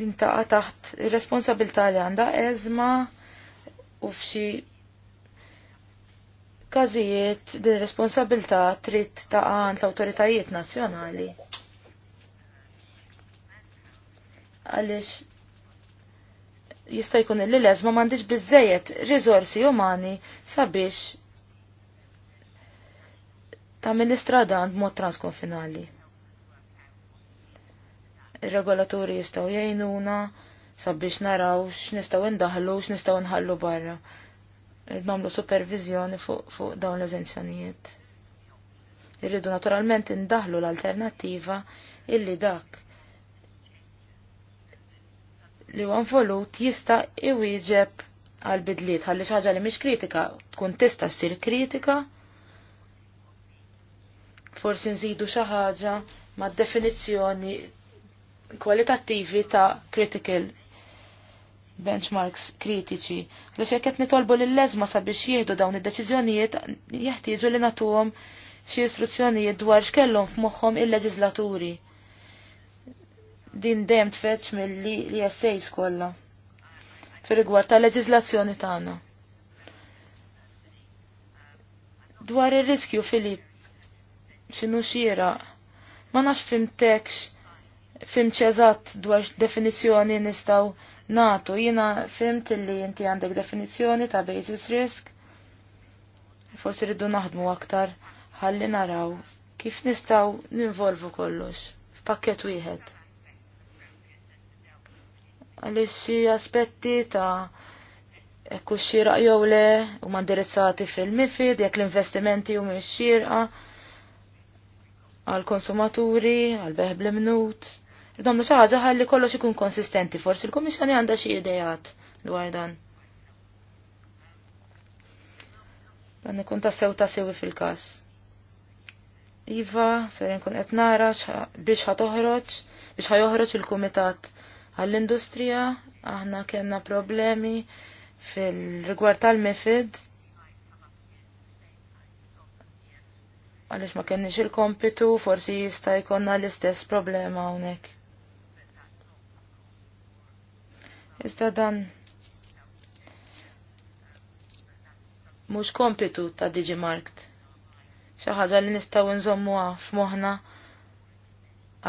din taqa' taħt ir-responsabilità li għandha eżma u f'xi każijiet din responsabilità trid għan l-awtoritajiet nazzjonali. Għaliex jista' jkun li leżma m'għandix biżejjed riżorsi umani sabiex ministra dan b'mod transkonfinali. Ir-regolaturi jistgħu jgħinuna sabiex naraw x'nistgħu indaħlu x'nistgħu nħallu barra namlu supervizjoni fuq fu dawn l-eżenzjonijiet. Irridu naturalment indaħlu l-alternativa illi dak li għan volut jista' iwieġeb għal bidliet ħalli ħaġa li mhix kritika tkun tista' ssir kritika forsi nżidu xi ħaġa mad-definizzjoni kwalitattivi ta' critical benchmarks kritiċi. Li qed nitolbu lill-leżma sabiex jieħdu dawn id deċiżjonijiet jeħtieġu li nagħtuhom xi istruzzjonijiet dwar x'kellhom f'moħħhom il-leġislaturi. Din dejjem tfetx milli li essays kollha fir-rigward tal-leġiżlazzjoni tagħna. Dwar ir-riskju Filip x'inhu xiera ma nafx fimtekx fim ċeżat dwar definizzjoni nistgħu natu. Jina fimt li inti għandek definizjoni ta' basis risk. Forsi rridu naħdmu aktar ħalli naraw kif nistaw ninvolvu kollox f'pakket wieħed. Għaliex xi aspetti ta' ekku xirqa jew le u mandirizzati fil-mifid, jekk l-investimenti u minn xirqa għal konsumaturi, għal beħb l-mnut xi xaħġa ħalli kollox ikun konsistenti, forsi il-Komissjoni għandha xi idejat dwar dan. Dan ikun ta' sew ta' sewi fil-każ. Iva, ser nkun qed nara biex ħatoħroġ, biex ħajoħroġ il-Kumitat għall-Industrija, aħna kellna problemi fil-rigward tal-mifid. Għaliex ma kenniex il-kompitu, forsi jista' jkollna l-istess problema hawnhekk. Iżda dan mhux kompitu ta' Digimarkt. Xi ħaġa li nistgħu nżommuha f'moħħna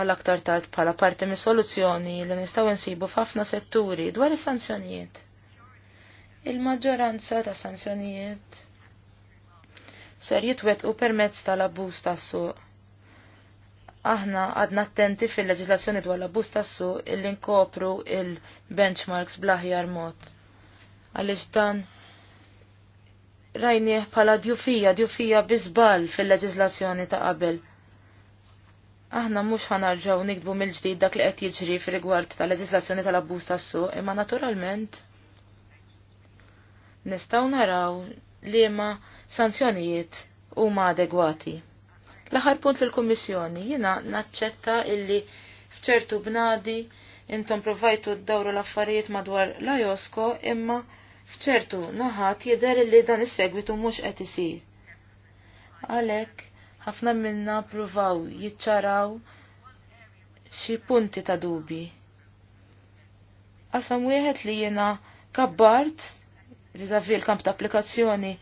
għal aktar tard bħala parti mis soluzzjoni li nistgħu nsibu f'ħafna setturi dwar is-sanzjonijiet. Il-maġġoranza ta' sanzjonijiet ser jitwettqu permezz tal-abbuż tas-suq aħna għadna attenti fil-leġislazzjoni dwar l-abbuż tassu illi nkopru il-benchmarks blaħjar mod. Għaliex dan rajnieh bħala djufija, djufija bizbal fil-leġislazzjoni ta' qabel. Aħna mhux ħanarġaw nikbu mill-ġdid dak li qed jiġri fir-rigward tal-leġislazzjoni tal-abbuż tassu, imma naturalment nistgħu naraw ma sanzjonijiet huma adegwati. L-aħħar punt l-Kummissjoni jiena naċċetta illi fċertu bnadi intom provajtu d-dawru l-affarijiet madwar la josko imma fċertu naħat jidher li dan is-segwitu mhux qed isir. Għalhekk ħafna minna provaw jiċċaraw xi punti ta' dubi. Qasam wieħed li jiena kabbart viżavi l-kamp ta' applikazzjoni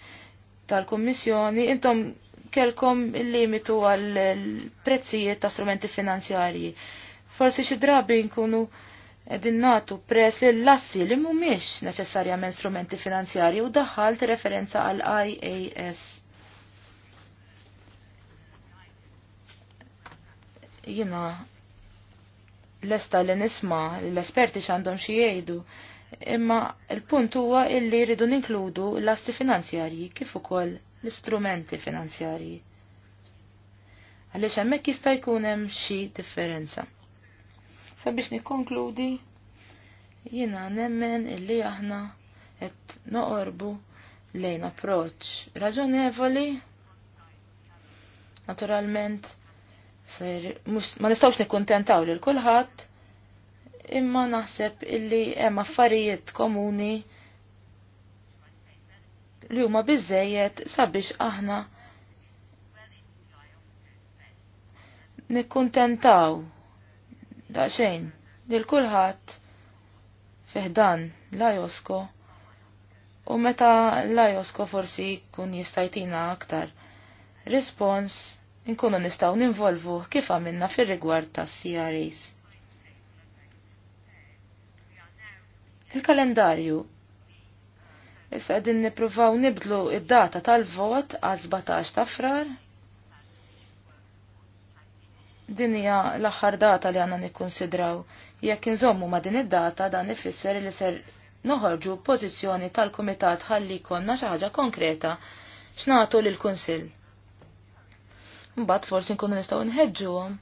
tal-Kummissjoni intom kelkom il-limitu għal-prezzijiet ta' strumenti finanzjarji. Forsi xi drabi nkunu edin natu pres l-lassi li mumiex neċessarjament strumenti finanzjarji u daħħalt referenza għal IAS. Jina, l-esta li nisma l-esperti xandom xie jgħidu, imma il-punt huwa illi rridu ninkludu l-assi finanzjarji kif ukoll l-istrumenti finanzjarji. Għaliex hemmhekk jista' jkun hemm xi differenza. Sabiex nikkonkludi, jiena nemmen illi aħna qed noqorbu lejn approċċ raġonevoli naturalment ser, mus, ma nistawx li lil kulħadd imma naħseb illi hemm affarijiet komuni li huma biżejjed sabiex aħna nikkuntentaw daqsxejn lil kulħadd fiħdan la josko u meta la josko forsi kun jistajtina aktar respons inkunu nistaw ninvolvu kif għamilna fir-rigward tas CRAs. Il-kalendarju Issa għedin nippruvaw nibdlu id-data tal-vot għal 17 ta' frar. Din hija l-aħħar data li għandna nikkonsidraw. Jekk inżommu ma' din id-data dan ifisser li ser noħorġu pożizzjoni tal-Kumitat ħalli jkollna xi ħaġa konkreta x'nagħtu lill-Kunsill. Mbagħad forsi nkunu nistgħu nħeġġuhom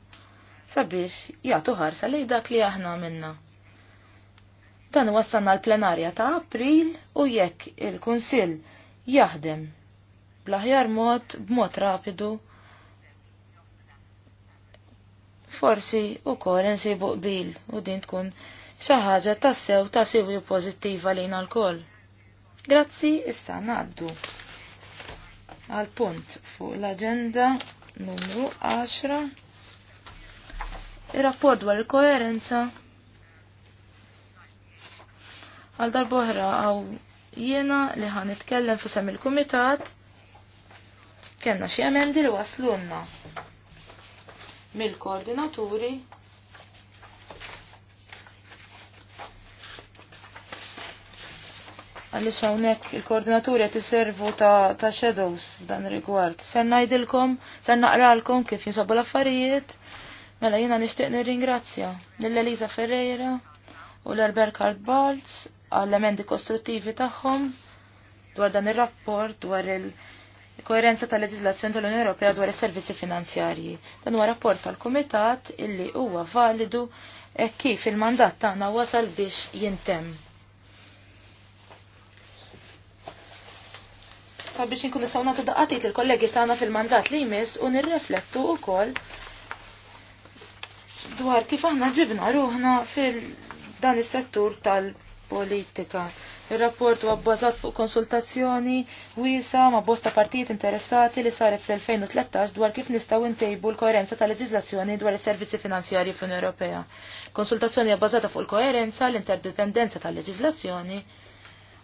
sabiex jagħtu ħarsa lejn dak li aħna minna. Dan wassanna l-plenarja ta' April u jekk il-Kunsill jaħdem bl-aħjar mod b'mod rapidu forsi u koren insibu buqbil u din tkun xi ħaġa tassew ta' siwi pożittiva lejn l-kol. Grazzi issa ngħaddu għal punt fuq l-agenda numru 10 ir-rapport dwar il-koerenza Għal darbohra għaw jiena li għan itkellem fusam il-kumitat kena xie emendi li waslunna mill-koordinaturi għalix hawnhekk il-koordinaturi qed iservu ta', ta shadows dan rigward. Ser ngħidilkom, ser naqralkom kif jinsabu l-affarijiet, mela jiena nixtieq nirringrazzja lill Eliza Ferreira u l-Albert Card Balz għall-elementi kostruttivi tagħhom dwar dan ir-rapport dwar il-koerenza tal-leġiżlazzjoni tal-Unjoni Ewropea dwar is-servizzi finanzjarji. Dan huwa rapport tal-Kumitat illi huwa validu e kif il-mandat tagħna wasal biex jintemm. sabiex nkun nistgħu nagħtu daqatit lill-kollegi tagħna fil-mandat li jmiss u nirreflettu wkoll dwar kif aħna ġibna ruħna fil dan is-settur tal- politika. Il-rapport huwa bbażat fuq konsultazzjoni wiesa ma' bosta partijiet interessati li saret fl-2013 dwar kif nistgħu ntejbu l-koerenza tal-leġiżlazzjoni dwar is-servizzi finanzjarji fl Ewropea. Konsultazzjoni hija bbażata fuq il-koerenza, l-interdipendenza tal-leġiżlazzjoni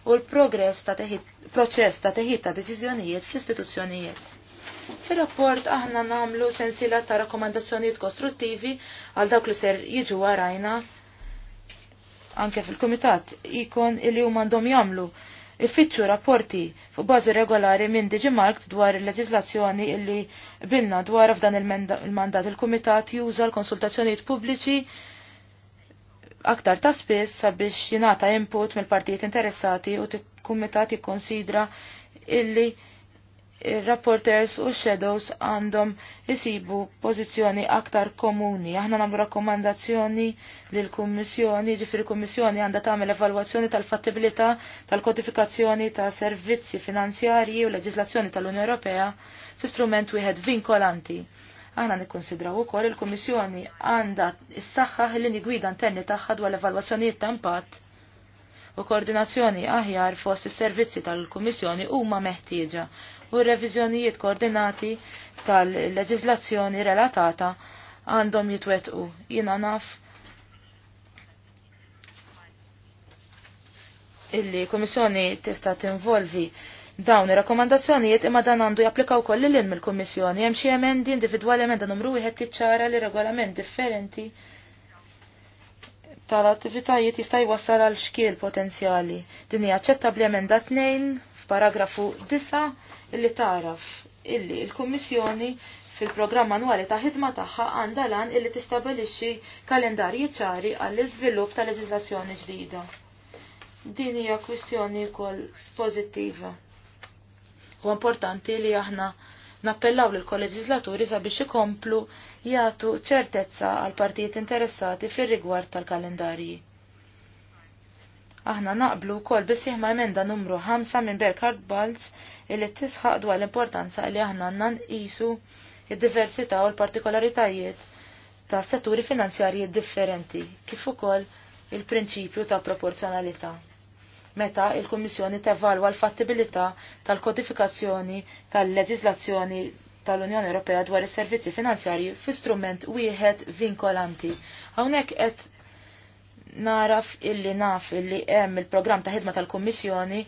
u l-progress ta' proċess ta' teħid ta' deċiżjonijiet fl-istituzzjonijiet. Fil-rapport aħna namlu sensila ta' rakkomandazzjonijiet kostruttivi għal dawk li ser jiġu għarajna anke fil-Kumitat ikon illi huma għandhom jagħmlu ifittxu rapporti fuq bażi regolari minn Digi Markt dwar il-leġislazzjoni illi bilna dwar f'dan il-mandat il-Kumitat juża l-konsultazzjonijiet pubbliċi aktar ta' spiss sabiex jingħata input mill-partijiet interessati u t-Kumitat jikkonsidra illi il-rapporters u shadows għandhom jisibu pozizjoni aktar komuni. Aħna namlu rakkomandazzjoni lil kummissjoni ġifiri kummissjoni għandha tagħmel evalwazzjoni tal-fattibilità tal-kodifikazzjoni ta' servizzi finanzjarji u leġislazzjoni tal-Unjoni Ewropea fi strument wieħed vinkolanti. Aħna nikkonsidraw ukoll il-Kummissjoni għandha s-saħħaħ l-lini gwida interni tagħha dwar l-evalwazzjonijiet ta' impatt u koordinazzjoni aħjar fost is-servizzi tal-Kummissjoni huma meħtieġa u r-reviżjonijiet koordinati tal-leġiżlazzjoni relatata għandhom jitwetqu. Jina naf illi kummissjoni tista' tinvolvi dawn ir-rakkomandazzjonijiet imma dan għandu japplika wkoll in mill-Kummissjoni hemm xi emendi individwali emenda numru wieħed tiċċara li regolament differenti tal-attivitajiet jista' jwassal għal xkiel potenzjali. Din hija aċċettabbli emenda tnejn f'paragrafu disa' li taraf illi il-Kummissjoni fil-programm annwali ta' ħidma tagħha għandha lan illi tistabilixxi kalendarji ċari għall iżvilupp ta' leġiżlazzjoni ġdida. Din hija kwistjoni wkoll pożittiva. U importanti li aħna nappellaw lil kolleġislaturi sabiex ikomplu jagħtu ċertezza għal partijiet interessati fir-rigward tal-kalendarji. Aħna naqblu kol bisih ma' emenda numru 5 minn Berkhard Balz illi tisħaq dwar l-importanza li aħna għandna nqisu id-diversità u l-partikolaritajiet ta' setturi finanzjarji differenti, kif ukoll il-prinċipju ta' proporzjonalità. Meta il-Kummissjoni tevalwa l-fattibilità tal-kodifikazzjoni tal-leġiżlazzjoni tal-Unjoni Ewropea dwar is-servizzi finanzjarji fi strument wieħed vinkolanti. Hawnhekk qed naraf illi naf illi hemm il-programm ta' ħidma tal-Kummissjoni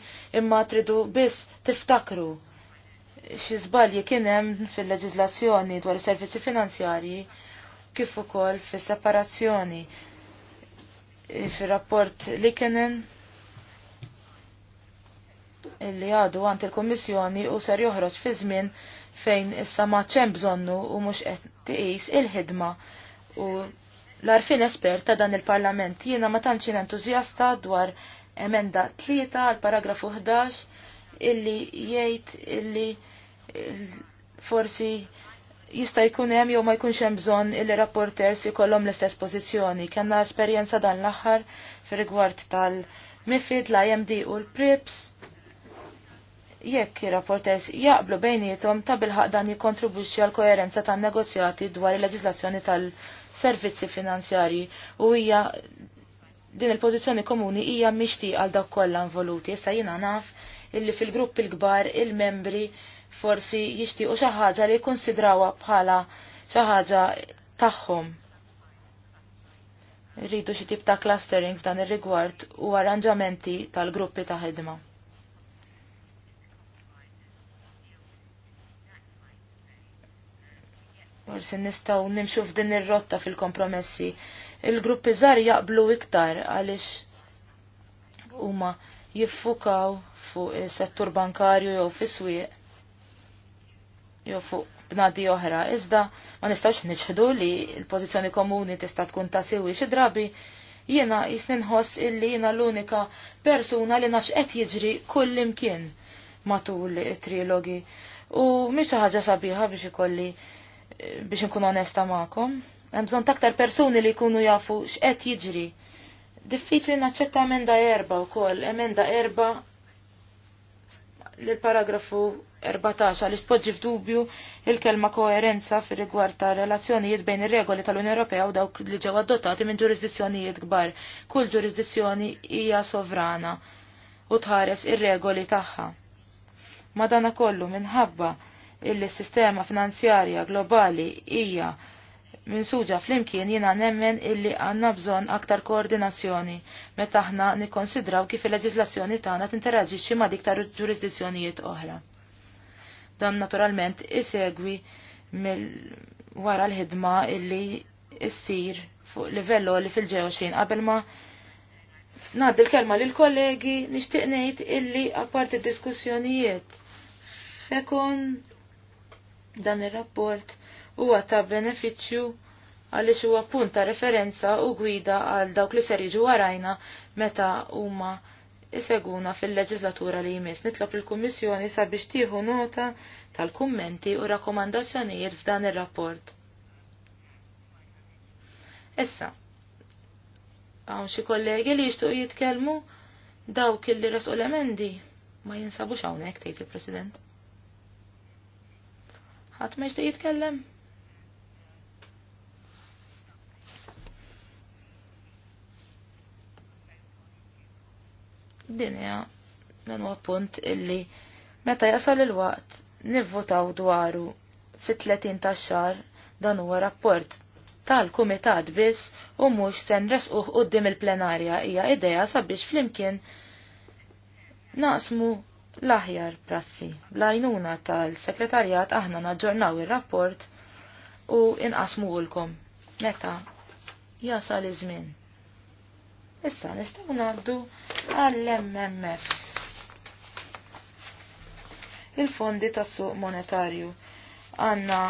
imma tridu biss tiftakru xi żbalji kien hemm fil-leġiżlazzjoni dwar is-servizzi finanzjarji kif ukoll fis-separazzjoni fir-rapport li kienen illi għadu għant il-Kommissjoni u ser joħroġ fi żmien fejn issa ma bżonnu u mhux qed tiqis il-ħidma u l-arfin espert ta' dan il-Parlament. Jiena ma tantx entuzjasta dwar emenda 3 għal paragrafu 11 illi jgħid illi forsi jista' jkun hemm jew ma jkunx hemm bżonn illi rapporters ikollhom l-istess pożizzjoni. Kenna esperjenza dan l-aħħar fir-rigward tal-MIFID, l-IMD u l-PRIPS jekk ir-rapporters jaqblu bejnietom ta' bilħaq dan jikontribwixxi għal koerenza tan-negozjati dwar il-leġislazzjoni tal-Unjoni servizzi finanzjarji u hija din il-pożizzjoni komuni hija mixti għal dak kollha involuti. Issa jiena naf illi fil-grupp il-kbar il-membri forsi jixtiequ xi ħaġa li jkunsidrawha bħala xi ħaġa tagħhom. Rridu xi tip ta' clustering f'dan ir-rigward u arranġamenti tal-gruppi ta' ħidma. forse nistaw nimxu f'din ir-rotta fil-kompromessi. Il-gruppi żgħar jaqblu iktar għaliex huma jiffukaw fuq is-settur bankarju jew fis-swieq jew fuq bnadi oħra. Iżda ma nistgħux niċħdu li l-pożizzjoni komuni tista' tkun ta' sewi xi drabi jiena nħoss illi jiena l-unika persuna li nafx qed jiġri kull imkien matul it-trilogi. U mhix ħaġa sabiħa biex ikolli biex nkun onesta ma'kom. Hemm bżonn taktar persuni li jkunu jafu x'qed jiġri. Diffiċli naċċetta emenda erba wkoll, emenda erba li paragrafu 14 li tpoġġi f'dubju il-kelma koerenza fir rigward ta' relazzjonijiet bejn ir-regoli tal-Unjoni Ewropea u dawk li ġew adottati minn ġurisdizzjonijiet kbar. Kull ġurisdizzjoni hija sovrana u tħares ir-regoli tagħha. Madana kollu minħabba illi s-sistema finanzjarja globali hija minn suġa flimkien jina nemmen illi għanna bżon aktar koordinazzjoni meta aħna nikkonsidraw kif il-leġislazzjoni tagħna tinteraġixxi ma' diktar ġurisdizzjonijiet oħra. Dan naturalment isegwi mill wara l-ħidma illi issir fuq livello li fil-ġewxin qabel ma Nad il-kelma lil kollegi nixtieq ngħid illi apparti diskussjonijiet fekon Dan ir-rapport huwa ta' benefiċċju għaliex huwa punt ta' referenza u gwida għal dawk li ser jiġu warajna meta huma iseguna fil-leġislatura li jmiss. Nitlob il-Kummissjoni sabiex tieħu nota tal-kummenti u rakkomandazzjonijiet f'dan ir-rapport. Issa, għawn xi kollegi li jixtuq jitkellmu dawk li rasqu l-emendi ma jinsabux hawnhekk tgħid il-President. Ħadd meġdi jitkellem? Dinja, dan huwa punt illi meta jasal il-waqt nivvotaw dwaru fit-30 tax-xar dan huwa rapport tal-kumitat biss u mhux se nresquh quddiem il-plenarja hija idea sabiex flimkien naqsmu l-aħjar prassi. Blajnuna għajnuna tal-sekretarjat aħna naġġornaw ir-rapport u inqasmu ulkom. Meta jasal iż-żmien. Issa nistgħu ngħaddu għall-MMFs. Il-fondi tas-suq monetarju għandna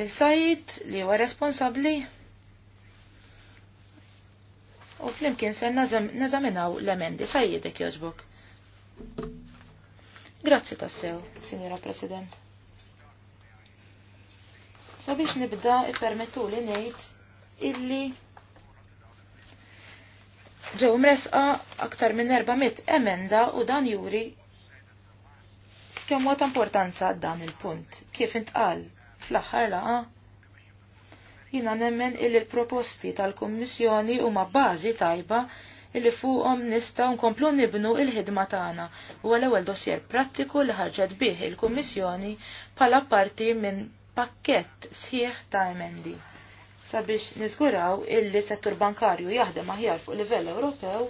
il-sajt li huwa responsabbli u flimkien ser nazaminaw l-emendi Thank you. Grazzi tassew, Signora President. Sabiex nibda ippermettu li ngħid illi ġew mresqa aktar minn 400 emenda u dan juri kemm huwa ta' importanza dan il-punt. Kif intqal fl-aħħar laqa jina nemmen illi l proposti tal-Kommissjoni huma bażi tajba illi fuqhom nista' nkomplu nibnu il-ħidma tagħna u l-ewwel dossier prattiku li ħarġet bih il-Kummissjoni bħala parti minn pakkett sħiħ ta' emendi. Sabiex niżguraw illi settur bankarju jaħdem aħjar fuq livell Ewropew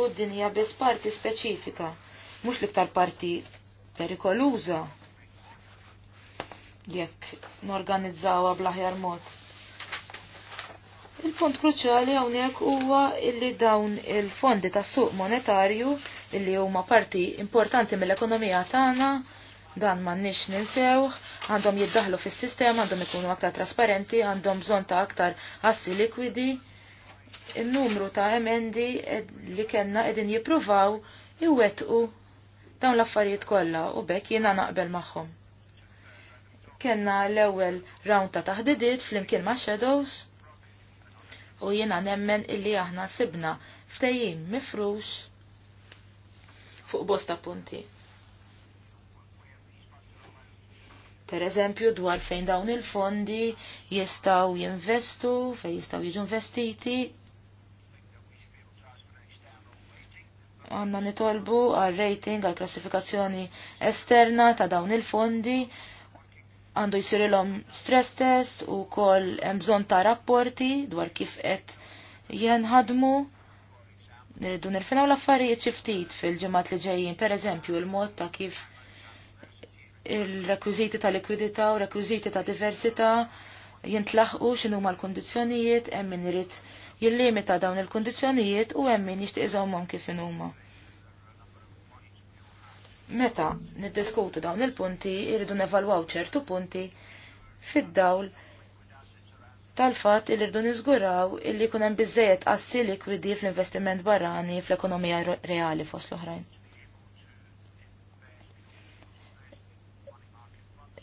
u d-dinja biss parti speċifika, mhux l-iktar parti perikoluża jekk norganizzawa aħjar mod. Il-punt kruċjali hawnhekk huwa illi dawn il-fondi tas-suq monetarju illi huma parti importanti mill-ekonomija tagħna dan m'għandniex ninsewh, għandhom jiddaħlu fis-sistema, għandhom ikunu aktar trasparenti, għandhom bżonn ta' aktar assi likwidi. il numru ta' emendi li kellna qegħdin jippruvaw iwettqu dawn l-affarijiet kollha u bekk jiena naqbel magħhom. Kenna l-ewwel round ta' taħdidiet flimkien ma' Shadows u jiena nemmen illi aħna sibna ftejim mifrux fuq bosta punti. Per eżempju dwar fejn dawn il-fondi jistaw jinvestu, fejn jistaw jiġu investiti. Għanna nitolbu għal rating għal klassifikazzjoni esterna ta' dawn il-fondi għandu jisirilhom stress test u kol bżon ta' rapporti dwar kif qed jenħadmu. Nirridu nirfinaw l-affarijiet xi ftit fil-ġimgħat li ġejjin, pereżempju il-mod ta' kif il-rekwiżiti ta' likwidità u rekwiżiti ta' diversità jintlaħqu x'inhuma l-kundizzjonijiet hemm min irid jillimita dawn il-kundizzjonijiet u hemm min jixtieq iżommhom kif inhuma. huma. Meta niddiskutu dawn il-punti, irridu nevalwaw ċertu punti fid-dawl tal-fat li niżguraw illi kun hemm biżejjed assi likwidi fl-investiment barrani fl-ekonomija reali fost l-oħrajn.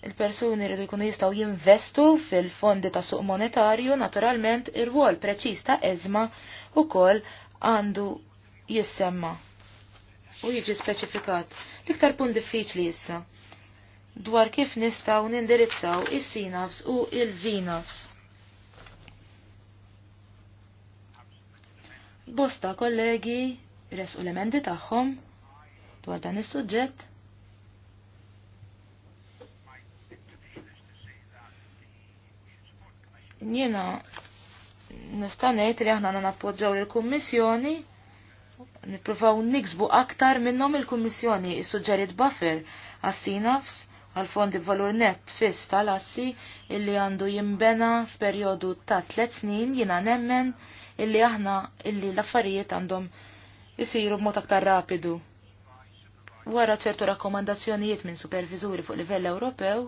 il-persuni rridu jkunu jistgħu jinvestu fil-fondi ta' suq monetarju, naturalment ir wol preċiż ta' eżma ukoll għandu jissemma u jiġi speċifikat. L-iktar punt diffiċli issa dwar kif nistaw nindirizzaw is-sinafs u il-vinafs. Bosta kollegi resqu l-emendi tagħhom dwar dan is-suġġett. Jiena nista' ngħid li aħna nappoġġaw il kummissjoni nippruvaw niksbu aktar minnhom il-Kummissjoni issuġġeriet buffer għas-sinafs għal fondi valur net fis tal-assi illi għandu jimbena f'perjodu ta' tliet snin jina nemmen illi aħna illi l-affarijiet għandhom jisiru b'mod aktar rapidu. Wara ċertu rakkomandazzjonijiet minn superviżuri fuq livell Ewropew,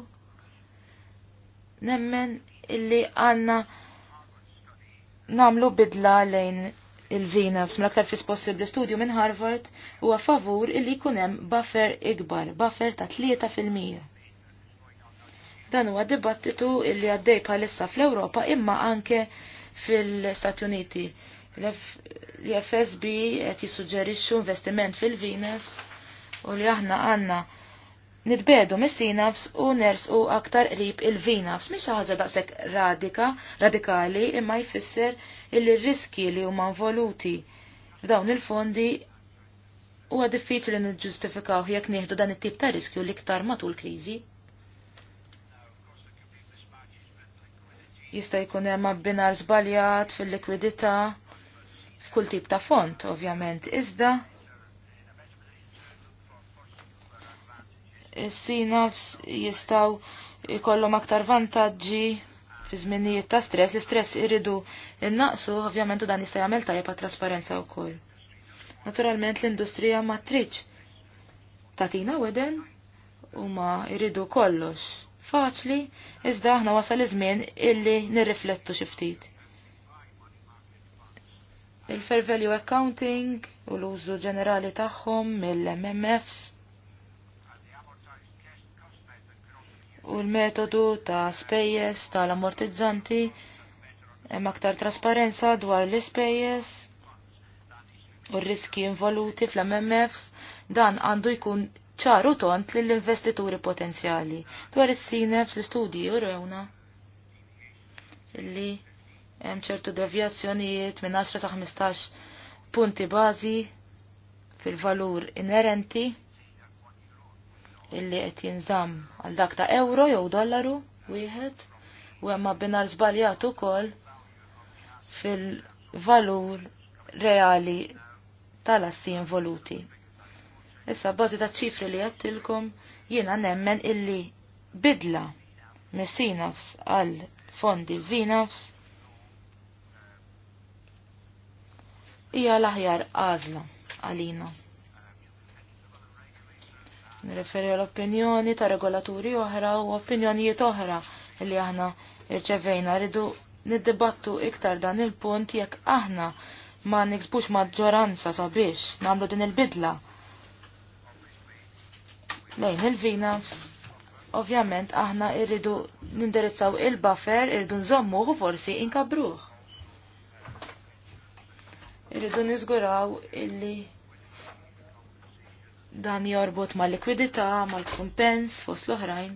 nemmen illi għanna namlu bidla lejn il-vina f'smel aktar fis possibbli studju minn Harvard huwa favur illi jkun hemm buffer ikbar, buffer ta' 3%. Dan huwa dibattitu illi għaddej bħalissa fl-Ewropa imma anke fil-Stati Uniti. L-FSB qed jissuġġerixxu investiment fil-vinefs u li aħna għandna nitbedu mis-sinafs u nersqu aktar qrib il-vinafs, mhix ħaġa daqshekk radika, radikali imma jfisser il riski li huma involuti f'dawn il-fondi huwa diffiċli niġġustifikaw jekk nieħdu dan it-tip ta' riskju l-iktar matul kriżi. Jista' jkun hemm abbinar żbaljat fil-likwidità f'kull tip ta' font, ovvjament, iżda sinafs jistaw ikollhom aktar vantaġġi fi żminijiet ta' stress, l-istress irridu innaqsu, ovvjament dan jista' jagħmel tajjeb trasparenza wkoll. Naturalment l-industrija ma tridx tatina weden u ma jridu kollox. Faċli, iżda aħna wasal iż-żmien illi nirriflettu xi ftit. Il-fair value accounting u l-użu ġenerali tagħhom mill-MMFs u l-metodu ta' spejjes tal-ammortizzanti hemm aktar trasparenza dwar l-ispejjes u r-riski involuti fl-MMFs dan għandu jkun ċaru tont lill-investituri potenzjali dwar is-sinef l-istudji u rewna illi hemm ċertu devjazzjonijiet minn 10 sa 15 punti bażi fil-valur inerenti illi qed jinżamm għal dak ta' euro jew dollaru wieħed u hemm binar żbaljat ukoll fil-valur reali tal-assi voluti. Issa bażi ta' ċifri li għattilkom jiena nemmen illi bidla messinafs għal fondi vinafs hija l-aħjar għażla għalina nirreferi għal opinjoni ta' regolaturi oħra u opinjonijiet oħra li aħna irċevejna rridu niddibattu iktar dan il-punt jekk aħna ma nixbux maġġoranza sabiex namlu din il-bidla. Lejn il-vina, ovvjament aħna irridu nindirizzaw il-buffer, irridu u forsi inkabruħ. Irridu nizguraw illi Dan jorbot ma' likwidità, mal kumpens fost l-oħrajn,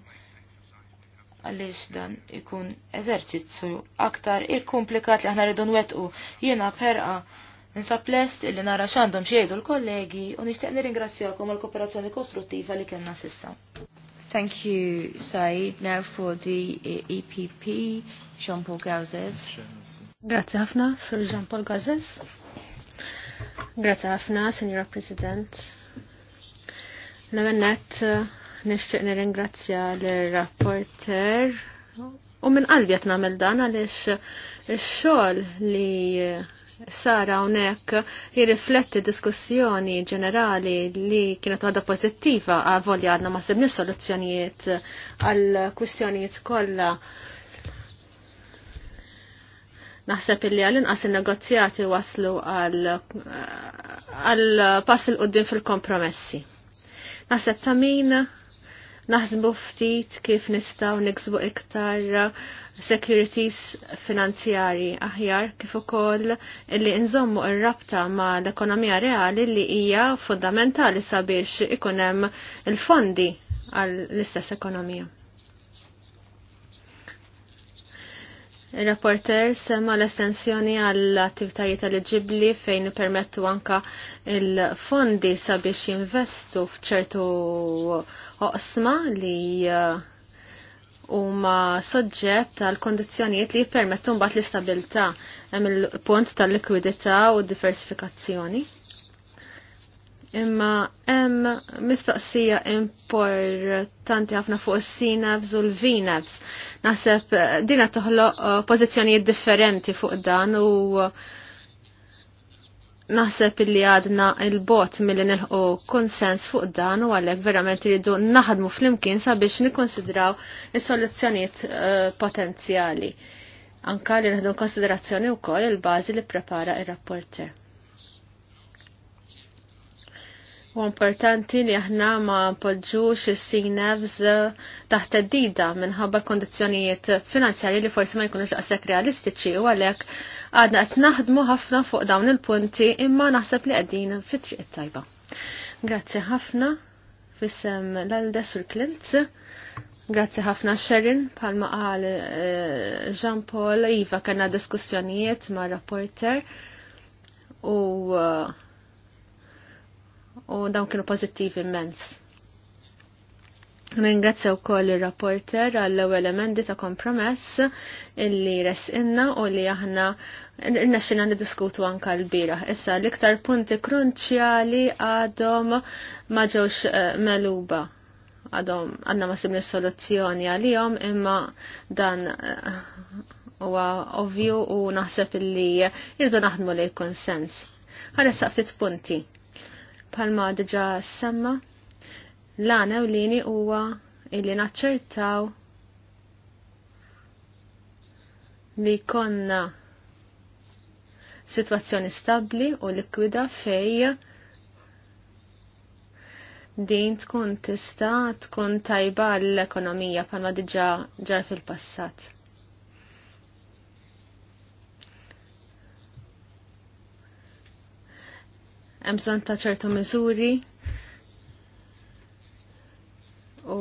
għaliex dan ikun eżerċizzju aktar ikkumplikat li aħna rridu nwettqu jiena bħerqa ninsab lest illi nara x'għandhom xiejdu l-kollegi u nixtieq nirringrazzjakom għall kooperazzjoni kostruttiva li kellna sissa. Thank you, Said. Now for the EPP, Jean-Paul Gauzes. Grazie ħafna, Sir Jean-Paul Gauzes. Grazie ħafna, Senior President l mela, eh, nishtiq nir-ingrazzja l-rapporter u minn qalbi qed nagħmel dan għaliex ix-xogħol li sara hawnhekk jirrifletti diskussjoni ġenerali li kienet għadha pożittiva għavolja għadna ma sebni soluzzjonijiet għal kwistjonijiet kollha naħseb li għalin għas il-negozjati waslu eh, għal pass il-qoddim fil-kompromessi. Naħseb ta' min naħsbu ftit kif nistaw niksbu iktar securities finanzjari aħjar kif ukoll illi nżommu r-rabta ma l-ekonomija reali li hija fundamentali sabiex ikun hemm il-fondi għall-istess ekonomija. Il-rapporter semma l-estensjoni għall-attivitajiet eligibli fejn permettu anka il-fondi sabiex jinvestu fċertu oqsma li uh, huma soġġett għal kondizzjonijiet li jippermettu mbagħad l-istabilità hemm il-punt tal-likwidità u d diversifikazzjoni. Imma hemm mistoqsija importanti ħafna fuq is u l-vnaps. Naħseb eh, dina toħloq eh, pożizzjonijiet differenti fuq dan u eh, naħseb illi għadna il-bot mill-li nilħu konsens fuq dan u għalek verament rridu naħdmu fl-imkien sabiex nikonsidraw il-soluzzjoniet uh, potenzjali. Anka li naħdu konsiderazzjoni u koll il-bazi li prepara il-rapporter. U importanti li aħna ma podġux is cnevs eh, taħt id-dida minħabba kondizjonijiet finanzjari li forsi ma jkunux daqshekk realistiċi u għalhekk għadna qed naħdmu ħafna fuq dawn il-punti imma naħseb li qegħdin fit-triq tajba. Grazzi ħafna fissem l-Alda Sur Clint. Grazzi ħafna Sherin, palma qal eh, Jean Paul, Iva kena diskussjonijiet ma' rapporter u uh, u dawn kienu pozittivi immens. Ringrazzja wkoll ir-rapporter għall-ewwel emendi ta' kompromess illi resqinna u li aħna rnexxina niddiskutu anka l-bira. Issa l-iktar punti krunċjali għadhom ma ġewx eh, meluba għadhom għandna ma simni soluzzjoni għalihom imma dan eh, huwa ovvju u naħseb illi jirdu naħdmu li konsens. Ħares ftit punti palma diġa semma l-għana u lini huwa illi naċċertaw li konna situazzjoni stabli u likwida fej din tkun tista tkun tajba l-ekonomija palma diġa ġar fil-passat. hemm bżonn ta' ċertu miżuri u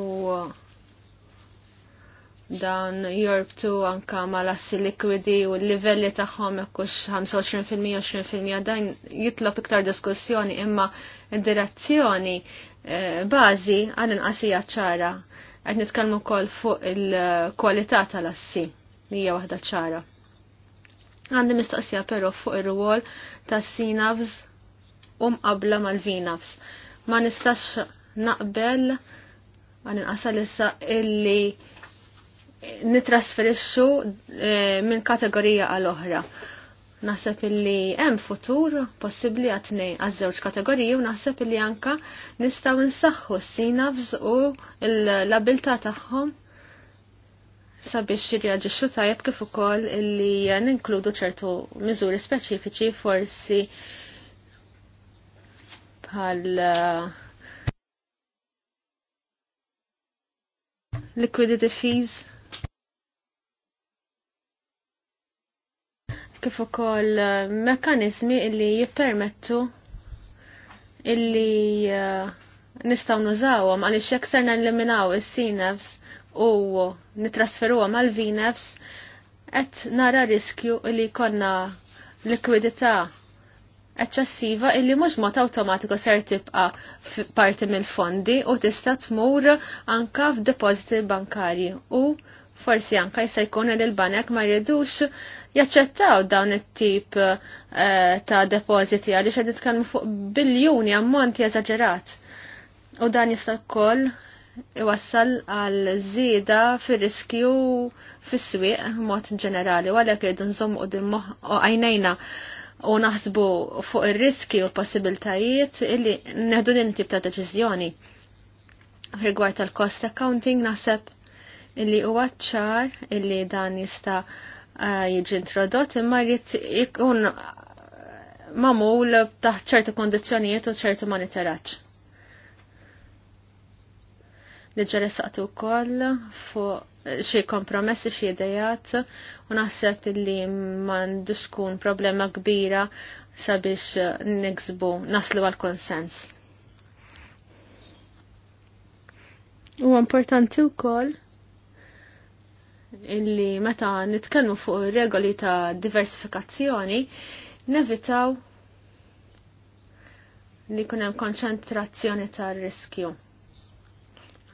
dan jorbtu anka mal-assi likwidi u l-livelli tagħhom ekkux 25% 20% dan jitlob iktar diskussjoni imma id-direzzjoni eh, bażi għal inqasija ċara qed nitkellmu wkoll fuq il-kwalità tal-assi li hija waħda ċara. Għandi mistaqsija però fuq ir-rwol tas-sinavs u mqabla mal-vinafs. Ma nistax naqbel għan inqasal issa illi nitrasferixxu eh, minn kategorija għal oħra. Naħseb illi hemm futur possibbli għatni għaż-żewġ kategoriji u naħseb illi anka nistgħu nsaħħu s-sinavs u l-abilità tagħhom sabiex jirreġixxu tajjeb kif ukoll illi ninkludu ċertu miżuri speċifiċi forsi għal uh, liquidity fees kif ukoll uh, mekkaniżmi illi jippermettu illi uh, nistgħu nużawhom għaliex jekk ser neliminaw is-CNFs u nitrasferuhom għal VNFs qed nara riskju li konna likwidità eċċessiva illi mhux mod awtomatiku ser tibqa' parti mill-fondi u tista' tmur anka f'depożiti bankarji u forsi anka jista' jkun li l-banek ma jridux jaċċettaw dawn it-tip eh, ta' depożiti għaliex qed nitkellmu fuq biljuni ammonti eżaġerat. U dan jista' wkoll iwassal għal żieda fir-riskju fis-swieq mod ġenerali u għalhekk irridu nżommu qudiem għajnejna u naħsbu fuq ir-riski u l-possibiltajiet illi neħdu din tip ta' deċiżjoni. Rigward tal-cost accounting naħseb illi huwa ċar illi dan jista' uh, jiġi introdott imma jrid ikun mamul taħt ċertu kondizjonijiet u ċertu monitoraġġ li ġara u wkoll fuq xi kompromessi xi idejat u naħseb li m'għandux tkun problema kbira sabiex niksbu naslu għal konsens. U importanti wkoll illi meta nitkellmu fuq regoli ta' diversifikazzjoni nevitaw li kunem konċentrazzjoni ta' riskju.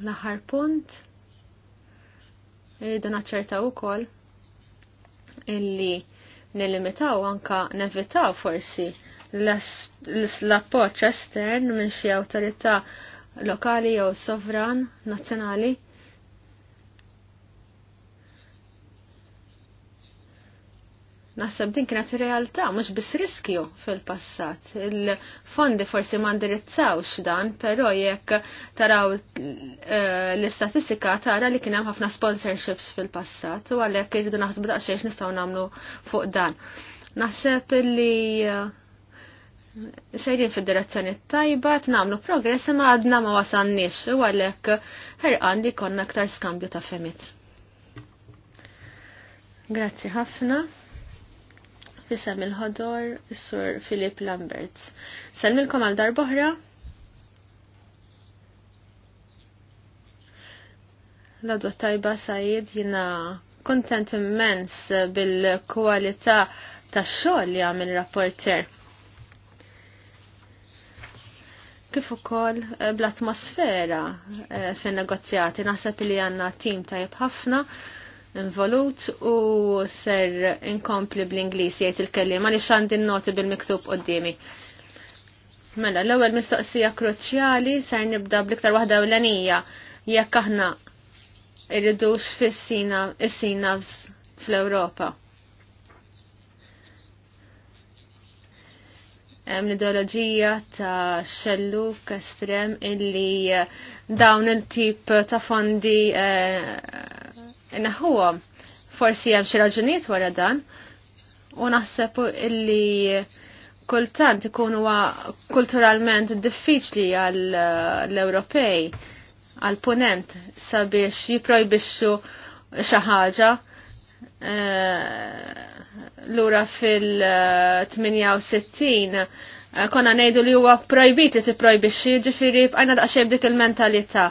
L-aħħar punt irridu naċċertaw ukoll illi nilimitaw anka nevitaw forsi l-appoċ estern minn xi awtorità lokali jew sovran nazzjonali Naħseb din kienet realtà, mhux biss riskju fil-passat. Il-fondi forsi ma ndirizzawx dan, però jekk taraw eh, l-istatistika tara li kien hemm ħafna sponsorships fil-passat u għalhekk irridu naħsbu daqsxejn nistgħu nagħmlu fuq dan. Naħseb li eh, sejrin fil-direzzjoni tajba, t-namlu progress ma għadna ma wasannix u għalek herqan li konna aktar skambju ta' femit. Grazzi ħafna fisem il-ħodor is-sur Filip Lamberts. Selmilkom għal darboħra. L-adwa tajba sajid jina kontent immens bil kualita ta' xogħol li għamil rapporter. Kif ukoll eh, bl-atmosfera eh, fin negozjati naħseb li għandna tim tajb ħafna involut u ser inkompli bl-Inglisi jgħid il-kellim għaliex għandi noti bil-miktub qoddimi. Mela, l-ewwel mistoqsija kruċjali ser nibda bl-iktar waħda ewlenija jekk aħna irridux fis-sina is-sinavs fl-Ewropa. Hemm l-ideoloġija ta' xelluk estrem illi dawn il-tip ta' fondi eh, huwa Forsi hemm xi raġunijiet wara dan u naħseb illi kultant ikun huwa kulturalment diffiċli għall-Ewropej uh, għall-punent sabiex jiprojbixxu xi ħaġa uh, lura fil-68 uh, konna nejdu li huwa projbiti tipprojbixxi ġifieri għajna daqsxejn dik il-mentalità.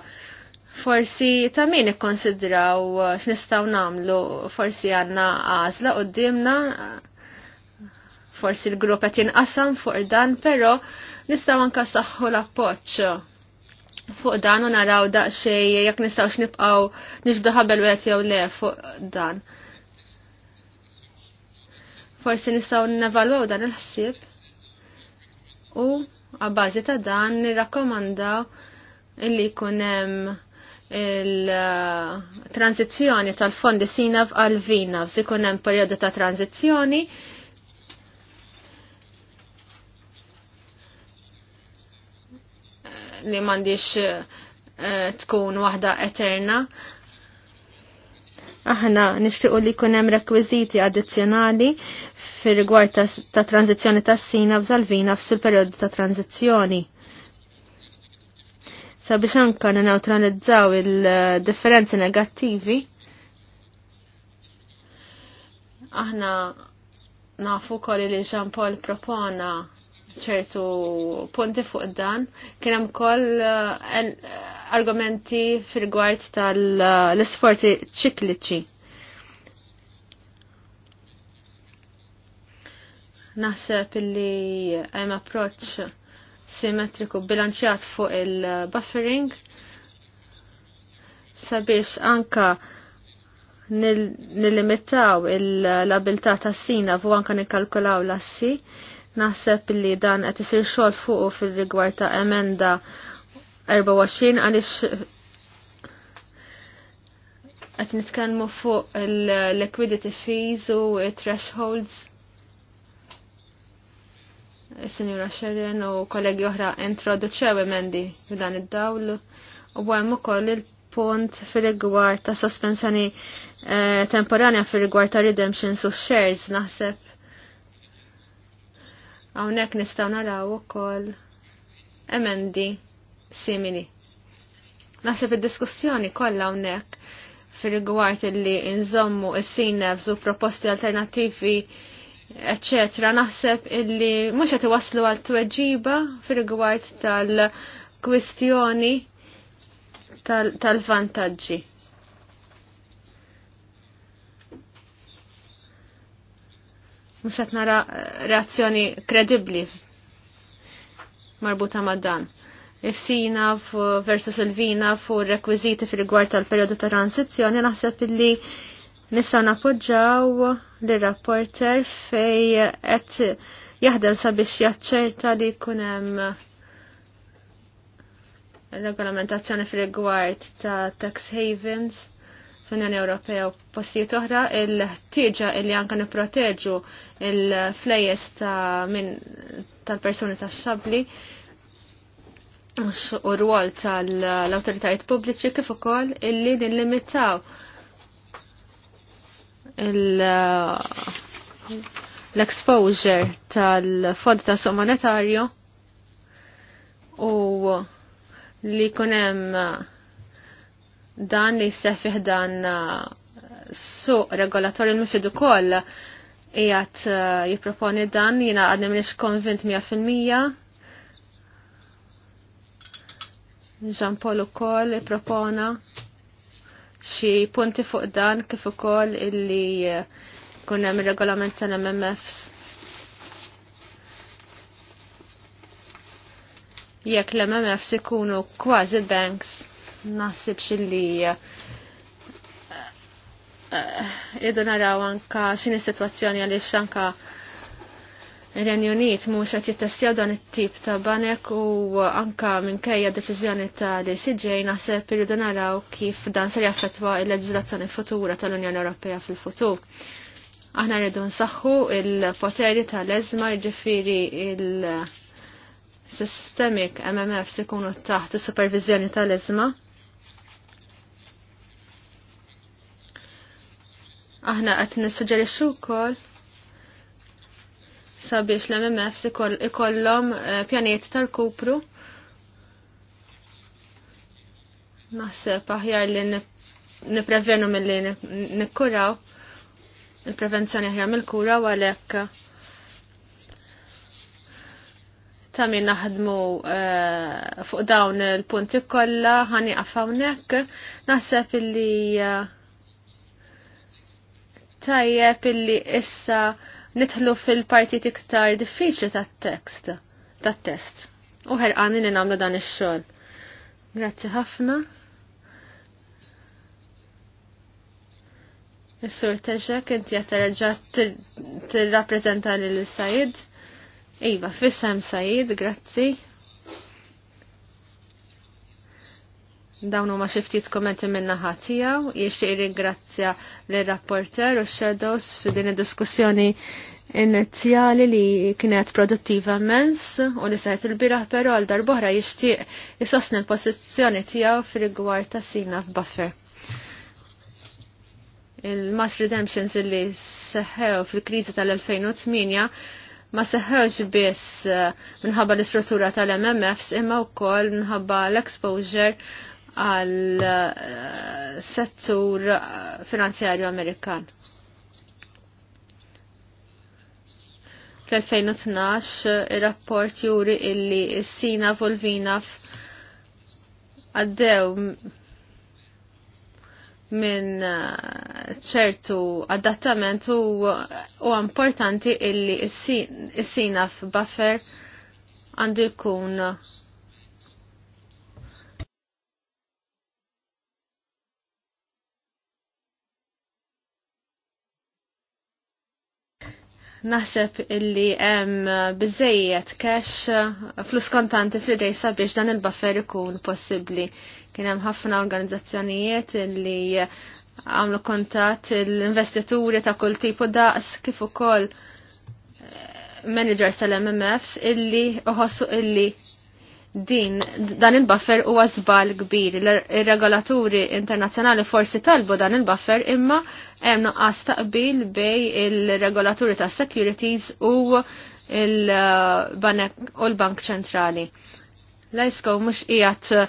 Forsi ta' min ikkonsidraw uh, x'nistgħu nagħmlu, forsi għandna għażla qudiemna forsi l-grupp qed jinqasam fuq dan, però nistgħu anke saħħu l-appoġġ fuq dan u naraw daqsxejn jekk nistgħux nibqgħu nixbdu ħabel wieħed jew le fuq dan. Forsi nistgħu nevalwaw dan il-ħsieb u għabbażi ta' dan nirrakkomandaw illi jkun hemm il-tranzizjoni tal-fondi Sinav għal Vinav, zikun hemm perjodu ta' tranzizjoni. li mandiċ eh, tkun wahda eterna. Aħna nishtiqu li kunem rekwiziti addizjonali fir rigward ta', ta tranzizjoni ta' sina f'Zalvina f'sul periodu ta' tranzizjoni sabiex anka neneutralizzaw il-differenzi negattivi. Aħna nafu kol li Jean Paul propona ċertu punti fuq dan, kien hemm ukoll eh, argumenti fil-gwart tal-isforzi ċikliċi. Naħseb illi hemm approċċ simmetriku bilanċjat fuq il-buffering sabiex anka nil-limitaw il-abilta ta' sina fu anka nikalkulaw l-assi naħseb li dan qed isir xogħol fuq fir-rigward ta' emenda 24 għaliex qed nitkellmu fuq il-liquidity fees u thresholds Sinjura Xerren u kollegi oħra introduċew emendi f'dan id-dawl u għem ukoll il-punt fil-rigward ta' sospensjoni eh, temporanja fil-rigward ta' redemption su shares naħseb. Hawnhekk nistgħu naraw ukoll emendi simili. Naħseb id-diskussjoni kollha hawnhekk fil-rigward illi nżommu s sinnefs u proposti alternattivi eccetera, naħseb illi mhux qed iwasslu għal tweġiba fir-rigward tal-kwistjoni tal-vantaġġi. Mhux qed nara reazzjoni kredibbli marbuta ma' dan. Is-sina versus il-vina fu rekwiziti fil-rigward tal-perjodu ta' transizjoni naħseb illi Nissa napoġġaw l-rapporter fej qed jaħdem sabiex jaċċerta li jkun hemm regolamentazzjoni fil-rigward ta' tax havens fl-Unjoni Ewropea u postijiet oħra il-ħtieġa illi anke nipproteġu il flejjes ta' min tal-persuni tax-xabli u r rwol tal-awtoritajiet pubbliċi kif ukoll illi nillimitaw Uh, l-exposure tal-fond ta' suq monetarju u li kunem uh, dan li jissefih dan uh, su regolatorju l-mifidu koll jgħat jiproponi dan jina għadni minix konvint 100% Jean Paul u koll xi punti fuq dan kif ukoll illi eh, kun hemm ir-regolament tal-MMFs. Jekk l-MMFs ikunu kważi banks, naħsib xilli eh, eh, irridu naraw anka x'inhi sitwazzjoni għaliex anka Renjoniet mhux qed jittestjaw dan it-tip ta' banek u anka minkejja deċiżjoni ta' DCJ naħseb irridu naraw kif dan se jaffettwa l-leġiżlazzjoni futura tal-Unjoni Ewropea fil-futur. Aħna rridu nsaħħu il-poteri tal-eżma jiġifieri il-systemic MMF jkunu taħt is-supervizjoni tal-eżma. Aħna qed nissuġġerixxu wkoll sabiex l-MMFs ikollhom eh, pjaniet tal-kupru. Naħseb aħjar li niprevenu mill-li nikkuraw. Il-prevenzjoni aħjar mill-kura għalhekk ta' min naħdmu eh, fuq dawn il-punti kollha ħani hawnhekk. Naħseb illi eh, tajjeb illi issa nitħlu fil-parti iktar diffiċli tat-tekst, tat-test. U ħerqani li namlu dan ix-xogħol. Grazzi ħafna. Is-sur Teġek inti jatteraġa tirrappreżenta lil Sajid. Iva, fissem Sajid, grazzi. dawn huma xi ftit kommenti minna naħa tiegħu, jixtieq ringrazzja lir-rapporter u shadows fi din id-diskussjoni inizjali li kienet produttiva mens u li seħet il-biraħ però għal darbohra jixtieq isostni l-pożizzjoni tiegħu fir-rigward ta' sina f'buffer. Il-mass redemptions li seħħew fil-kriżi tal-2008 ma seħħewx biss eh, minħabba l-istruttura tal-MMFs imma wkoll minħabba l-exposure għal eh, settur eh, finanzjarju Amerikan. Fl-2012 eh, il-rapport juri illi s-sina volvina għaddew minn ċertu adattament u, importanti illi s-sina f'buffer għandu jkun Naħseb illi hemm biżejjed cash flus kontanti fl-idej sabiex dan il-buffer ikun possibbli. Kien hemm ħafna organizzazzjonijiet illi għamlu kontat l-investituri ta' kull tipu daqs kif ukoll eh, managers tal-MMFs illi uħossu illi din dan il-buffer huwa żball kbir. Ir-regolaturi internazzjonali forsi talbu dan il-buffer imma hemm nuqqas taqbil bej il-regolaturi tas securities u l-Bank Ċentrali. Lajsko mux mhux qiegħed eh,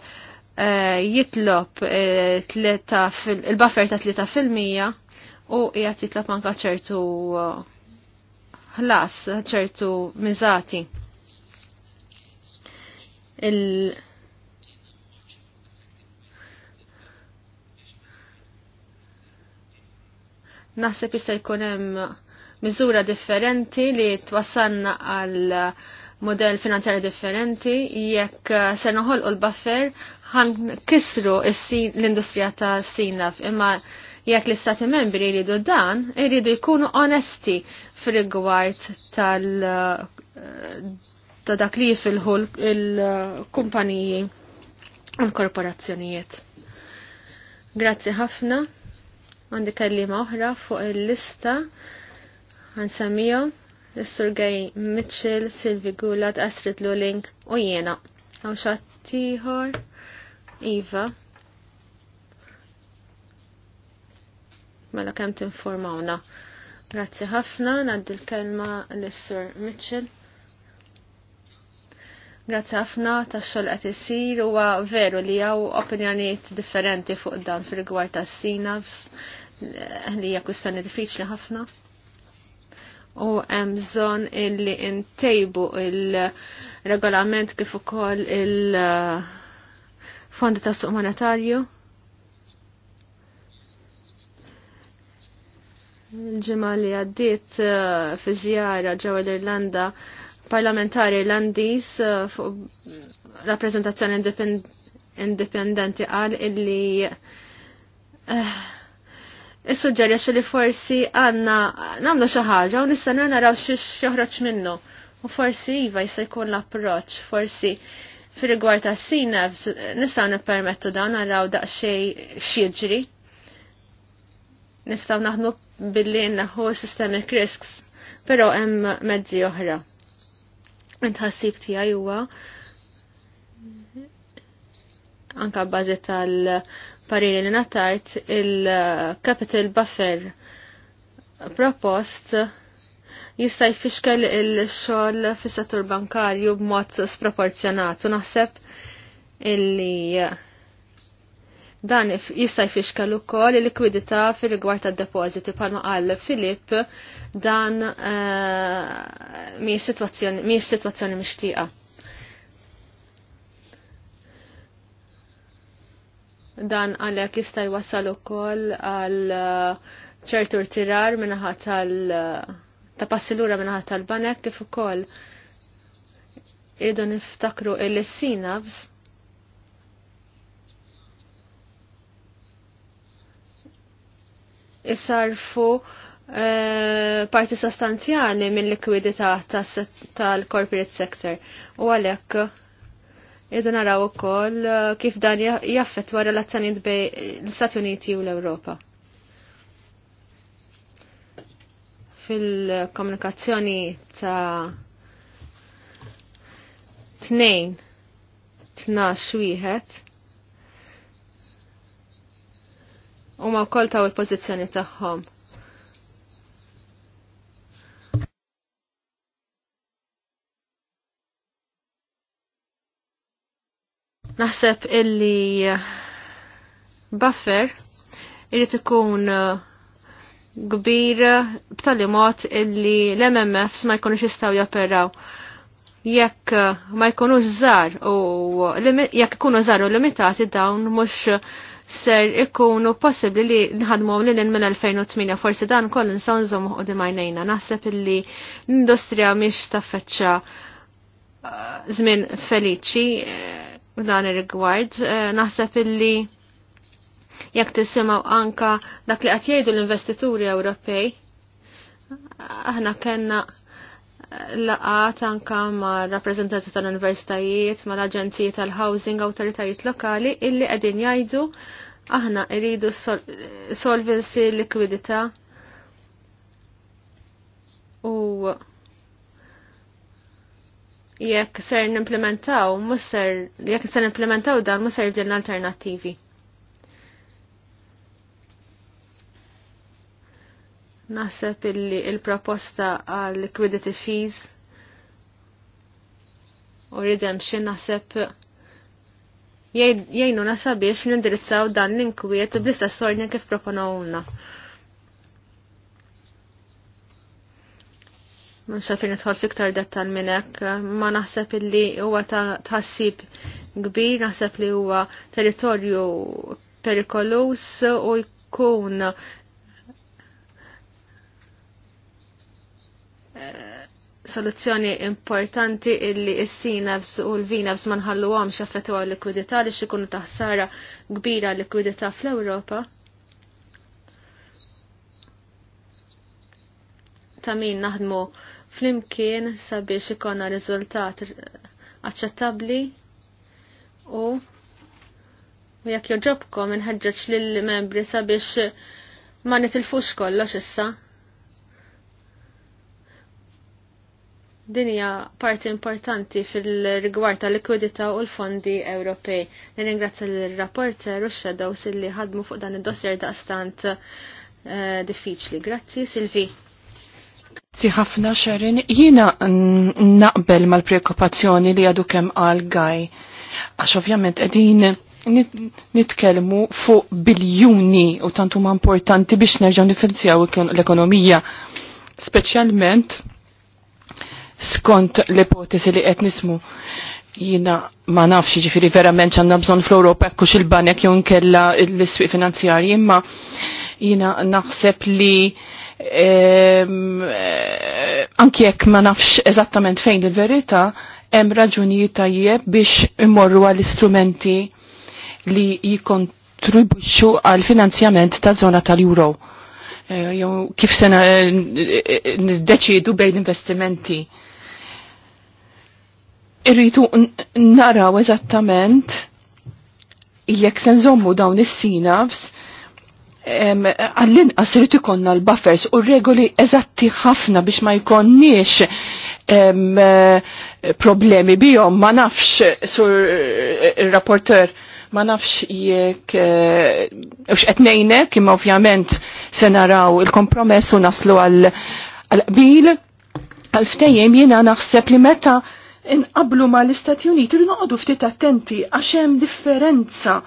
jitlob eh, il-buffer ta' 3% u qiegħed jitlob anka ċertu eh, ħlas, ċertu miżati il- Naħseb jista' jkun hemm miżura differenti li twassalna għal modell finanzjari differenti jekk uh, se noħolqu l-buffer ħan kisru l-industrija ta' sinaf imma jekk l-istati membri jridu dan jridu jkunu onesti fil-rigward tal uh, ta' dak li jifilħu il-kumpaniji u l-korporazzjonijiet. Grazzi ħafna, għandi kellima oħra fuq il-lista għansamijom l-Sur Gay Mitchell, Silvi Gulad, Astrid Luling u jena. Għaw xattiħor, Iva. Mela kem tinformawna. Grazzi ħafna, naddi l-kelma l-Sur Mitchell. Grazzi ħafna tax-xogħol qed isir huwa veru li hawn opinjonijiet differenti fuq dan fir-rigward tas-sinaps eh, li hija kwistjoni diffiċli ħafna u hemm bżonn illi ntejbu il-regolament kif ukoll il-fondi tas suq monetarju. Il-ġimgħa li għaddiet eh, fi żjara ġewwa l-Irlanda parlamentari Irlandiż eh, fuq rappreżentazzjoni indipendenti qal illi eh, Is-suġġerja li forsi għanna namlu xi ħaġa u nista' naraw xi joħroġ minnu. U forsi iva jista' jkun l-approċċ, forsi fir-rigward ta' sinevs nistgħu nippermettu dan naraw daqsxejn x'jiġri. Nistgħu naħnu billi naħu systemic risks, però hemm mezzi oħra. Intħassib tiegħi huwa anka bbażi tal-pariri li natajt il-capital buffer propost jista' jfixkel il-xogħol fis-settur bankarju b'mod sproporzjonat u naħseb illi Dan jista' jfixkel ukoll il-likwidità fir-rigward tad bħal ma qal Filipp dan uh, mhijiex sitwazzjoni mixtieqa. Dan għalhekk jista' jwassal ukoll għal eh, ċertur tirar minnaħa tal eh, ta' passilura minħa tal-banek kif ukoll idu niftakru il-sinavs isarfu eh, parti sostanzjali mill-likwidità tal-corporate sector. U għalhekk Idu naraw ukoll eh, kif dan jaffettwa relazzjonijiet bej l-Istati Uniti u l-Ewropa. Fil-komunikazzjoni ta' tnejn tnax wieħed u ma wkoll taw il-pożizzjoni tagħhom. Naħseb illi eh, buffer irid ikun eh, kbir eh, b'tali mod illi l-MMFs ma jkunux jistgħu japeraw jekk ma jkunux żar u jekk ikunu żar u limitati dawn mhux ser ikunu possibli li nħadmu li l-in minn 2008 forsi dan kollu nsanżom u dimajnejna. Naħseb li l-industrija miex taffetċa eh, żmien feliċi eh, dan ir-rigward. Eh, naħseb li jekk tisimgħu anka dak li qed jgħidu l-investituri Ewropej aħna kellna laqat anka ma' rappresentanti tal-universitajiet, ma' l-aġenziji tal-housing, autoritajiet lokali, illi qegħdin jgħidu aħna iridu solvency likwidità u jekk ser nimplementaw, jekk ser nimplementaw dan mhux ser din alternattivi. Naħseb illi il-proposta għal liquidity fees u redemption naħseb naħseb nasabiex nindirizzaw dan l-inkwiet bl-istess sorni kif proponawna. Mux xafin itħol fiktar dettal minnek, ma naħseb illi huwa tħassib kbir, naħseb li huwa territorju perikolus u jkun soluzzjoni importanti illi s sinafs u l vinafs manħallu għom xaffetu għal likwidità li xikunu taħsara kbira likwidità fl-Europa. Tamin naħdmu fl-imkien sabiex ikonna rizultat aċċettabli u jekk joġobkom inħeġġeġ lill-membri sabiex ma nitilfux kollox issa. Dinja parti importanti fil-rigward tal-likwidità u l-fondi Ewropej. Nirringrazzja l-rapporter u x-shadows ħadmu fuq dan id-dossier daqstant eh, diffiċli. Grazzi, Silvi. Grazzi ħafna xerin. Jina naqbel mal prekopazzjoni li għadu kem għal gaj. Għax ovvjament edin nitkelmu fuq biljuni u tantu ma importanti biex nerġaw nifinzjaw l-ekonomija. Speċjalment skont l-ipotesi li qed nismu jina ma nafx ġifiri verament għandna bżonn fl-Europa ekkux il-banek jew nkella l-swiq finanzjarji imma jina naħseb li anki jekk ma nafx eżattament fejn il-verita hemm raġunijiet tajjeb biex imorru għal istrumenti li jikontribwixxu għal finanzjament ta' żona tal-euro. kif se deċidu bejn investimenti irritu naraw eżattament jekk se nżommu dawn is-sinavs għall-inqas irid ikonna l-buffers u regoli eżatti ħafna biex ma jkonniex problemi bihom ma nafx sur rapporteur rapporter ma nafx jekk eh, ux etnejnek imma ovvjament se naraw il-kompromess u naslu għal-qbil għal-ftejjem jena naħseb li meta inqablu ma l-Istati Uniti li noqogħdu ftit attenti għax hemm differenza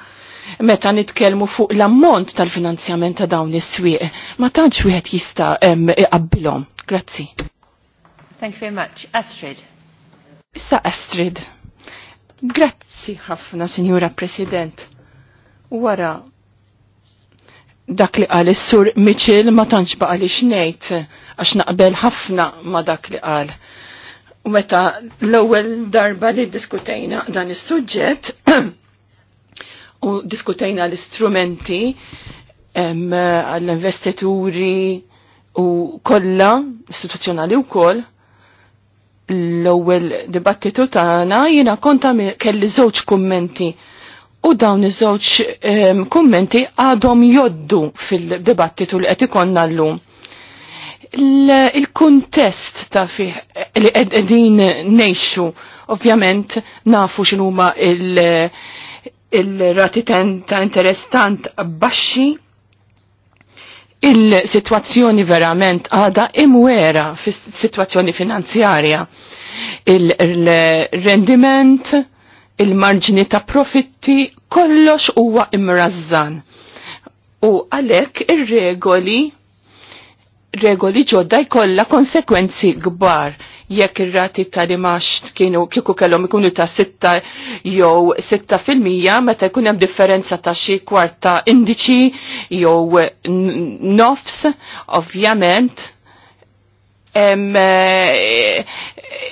meta nitkellmu fuq l-ammont tal-finanzjament ta' dawn is-swieq ma tantx wieħed jista' iqabbilhom. Grazzi. Thank you very much. Astrid. Issa Astrid. Grazzi ħafna, Sinjura President. Wara dak li qal is-sur Mitchell ma tantx baqa li xnejt għax naqbel ħafna ma dak li qal. U meta l-ewwel darba li diskutejna dan is-suġġett u diskutejna l-istrumenti għall-investituri u kollha istituzzjonali wkoll l-ewwel dibattitu tagħna jiena konta kelli żewġ kummenti U dawn iż-żewġ kummenti għadhom joddu fil-dibattitu li qed ikollna llum il-kuntest ta' fih li qegħdin ngħixu, ovvjament nafu x'inhuma il-rati ta' interessant baxxi il-situazzjoni verament għada imwera fis situazzjoni finanzjarja. Il-rendiment, il-marġni ta' profitti, kollox huwa imrażżan. U għalek ir-regoli regoli ġodda jkollha konsekwenzi kbar jekk ir-rati ta' rimax kienu kieku kellhom ikunu ta' 6 jew 6 fil-mija meta jkun hemm differenza ta' xi kwarta indiċi jew nofs ovvjament e,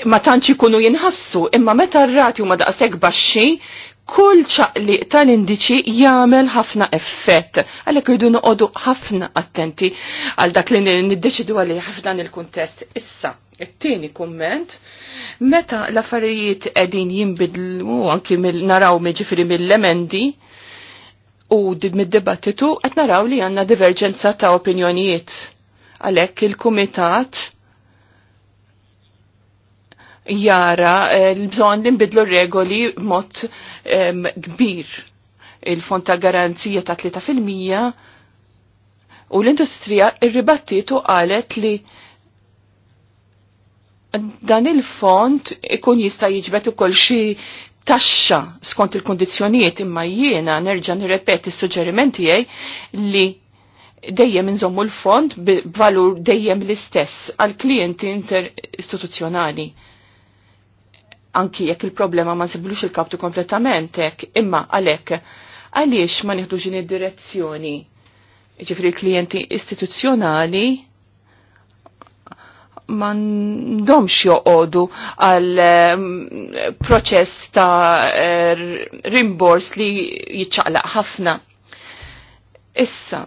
ma tantx ikunu jinħassu imma meta r-rati huma daqshekk baxxi kull ċaqliq tal-indiċi jagħmel ħafna effett. Għalhekk irridu noqogħdu ħafna attenti għal dak li niddeċidu għalih f'dan il-kuntest. Issa, it-tieni kumment, meta l-affarijiet qegħdin jinbidlu anki naraw ġifieri mill-emendi, u mid-dibattitu qed naraw li għandna diverġenza ta' opinjonijiet. Għalhekk il-kumitat jara eh, l-bżon li nbidlu regoli mod kbir. Il-fond ta' garanzija ta' 3% u l-industrija ribattitu qalet li dan il-fond ikun jista' jiġbet ukoll xi taxxa skont il kondizjonijiet imma jiena nerġa' nirrepeti s-suġġerimenti tiegħi li dejjem inżommu l-fond b'valur dejjem l-istess għal klijenti inter-istituzzjonali anki jekk il-problema ma nsiblux il-kaptu kompletament hekk, imma għalhekk għaliex ma nieħdux in id-direzzjoni ġifri klienti istituzzjonali ma ndomx joqodu għal mm, proċess ta' rimbors er, li jitċaqlaq ħafna. Issa,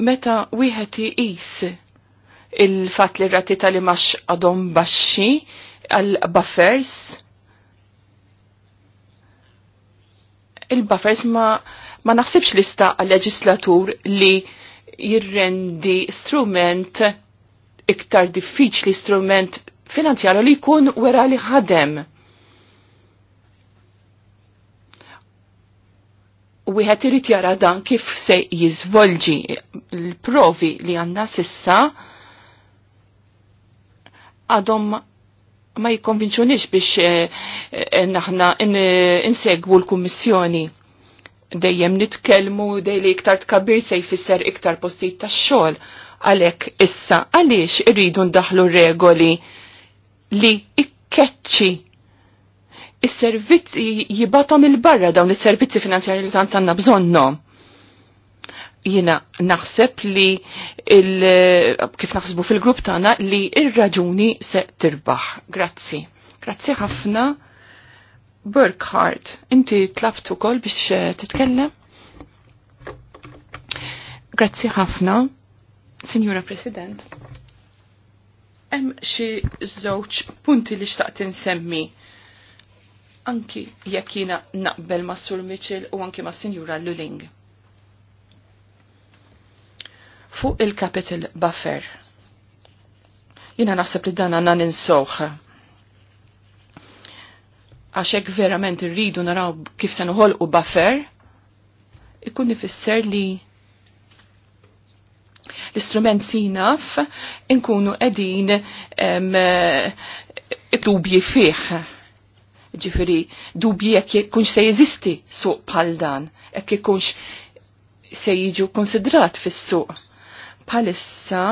meta wieħed iqis il-fat li rati tal-imax għadhom baxxi, għal-buffers. Il-buffers ma, ma naħsibx li għal-leġislatur li jirrendi strument iktar diffiċli strument finanzjarju li jkun wera li ħadem. wieħed irid jara dan kif se jiżvolġi l-provi li għandna sissa għadhom ma jikkonvinċunix biex eh, eh, naħna eh, insegwu l-Kummissjoni. Dejjem nitkellmu dej li iktar tkabbir se jfisser iktar postijiet tax-xogħol għalhekk issa għaliex irridu ndaħlu regoli li ikkeċċi is-servizzi jibatom il-barra dawn is-servizzi finanzjarji li tant għandna bżonnhom jina naħseb li kif naħsbu fil-grupp tagħna li ir-raġuni se tirbaħ. Grazzi. Grazzi ħafna. Burkhardt, inti tlabt kol biex eh, titkellem? Grazzi ħafna, Signora President. Hemm xi żewġ punti li xtaqt insemmi anki jekk jiena naqbel ma' Sur Mitchell u anki ma' Sinjura Luling fuq il-capital buffer. Jina naħseb li dan għanna ninsoħ. Għaxek verament rridu naraw kif se u buffer, ikun ifisser li l-istrument sinaf inkunu edin dubji fih. Ġifiri, dubji jekk jekunx se jeżisti suq bħal dan, jekk jekunx se jiġu konsidrat fis-suq palissa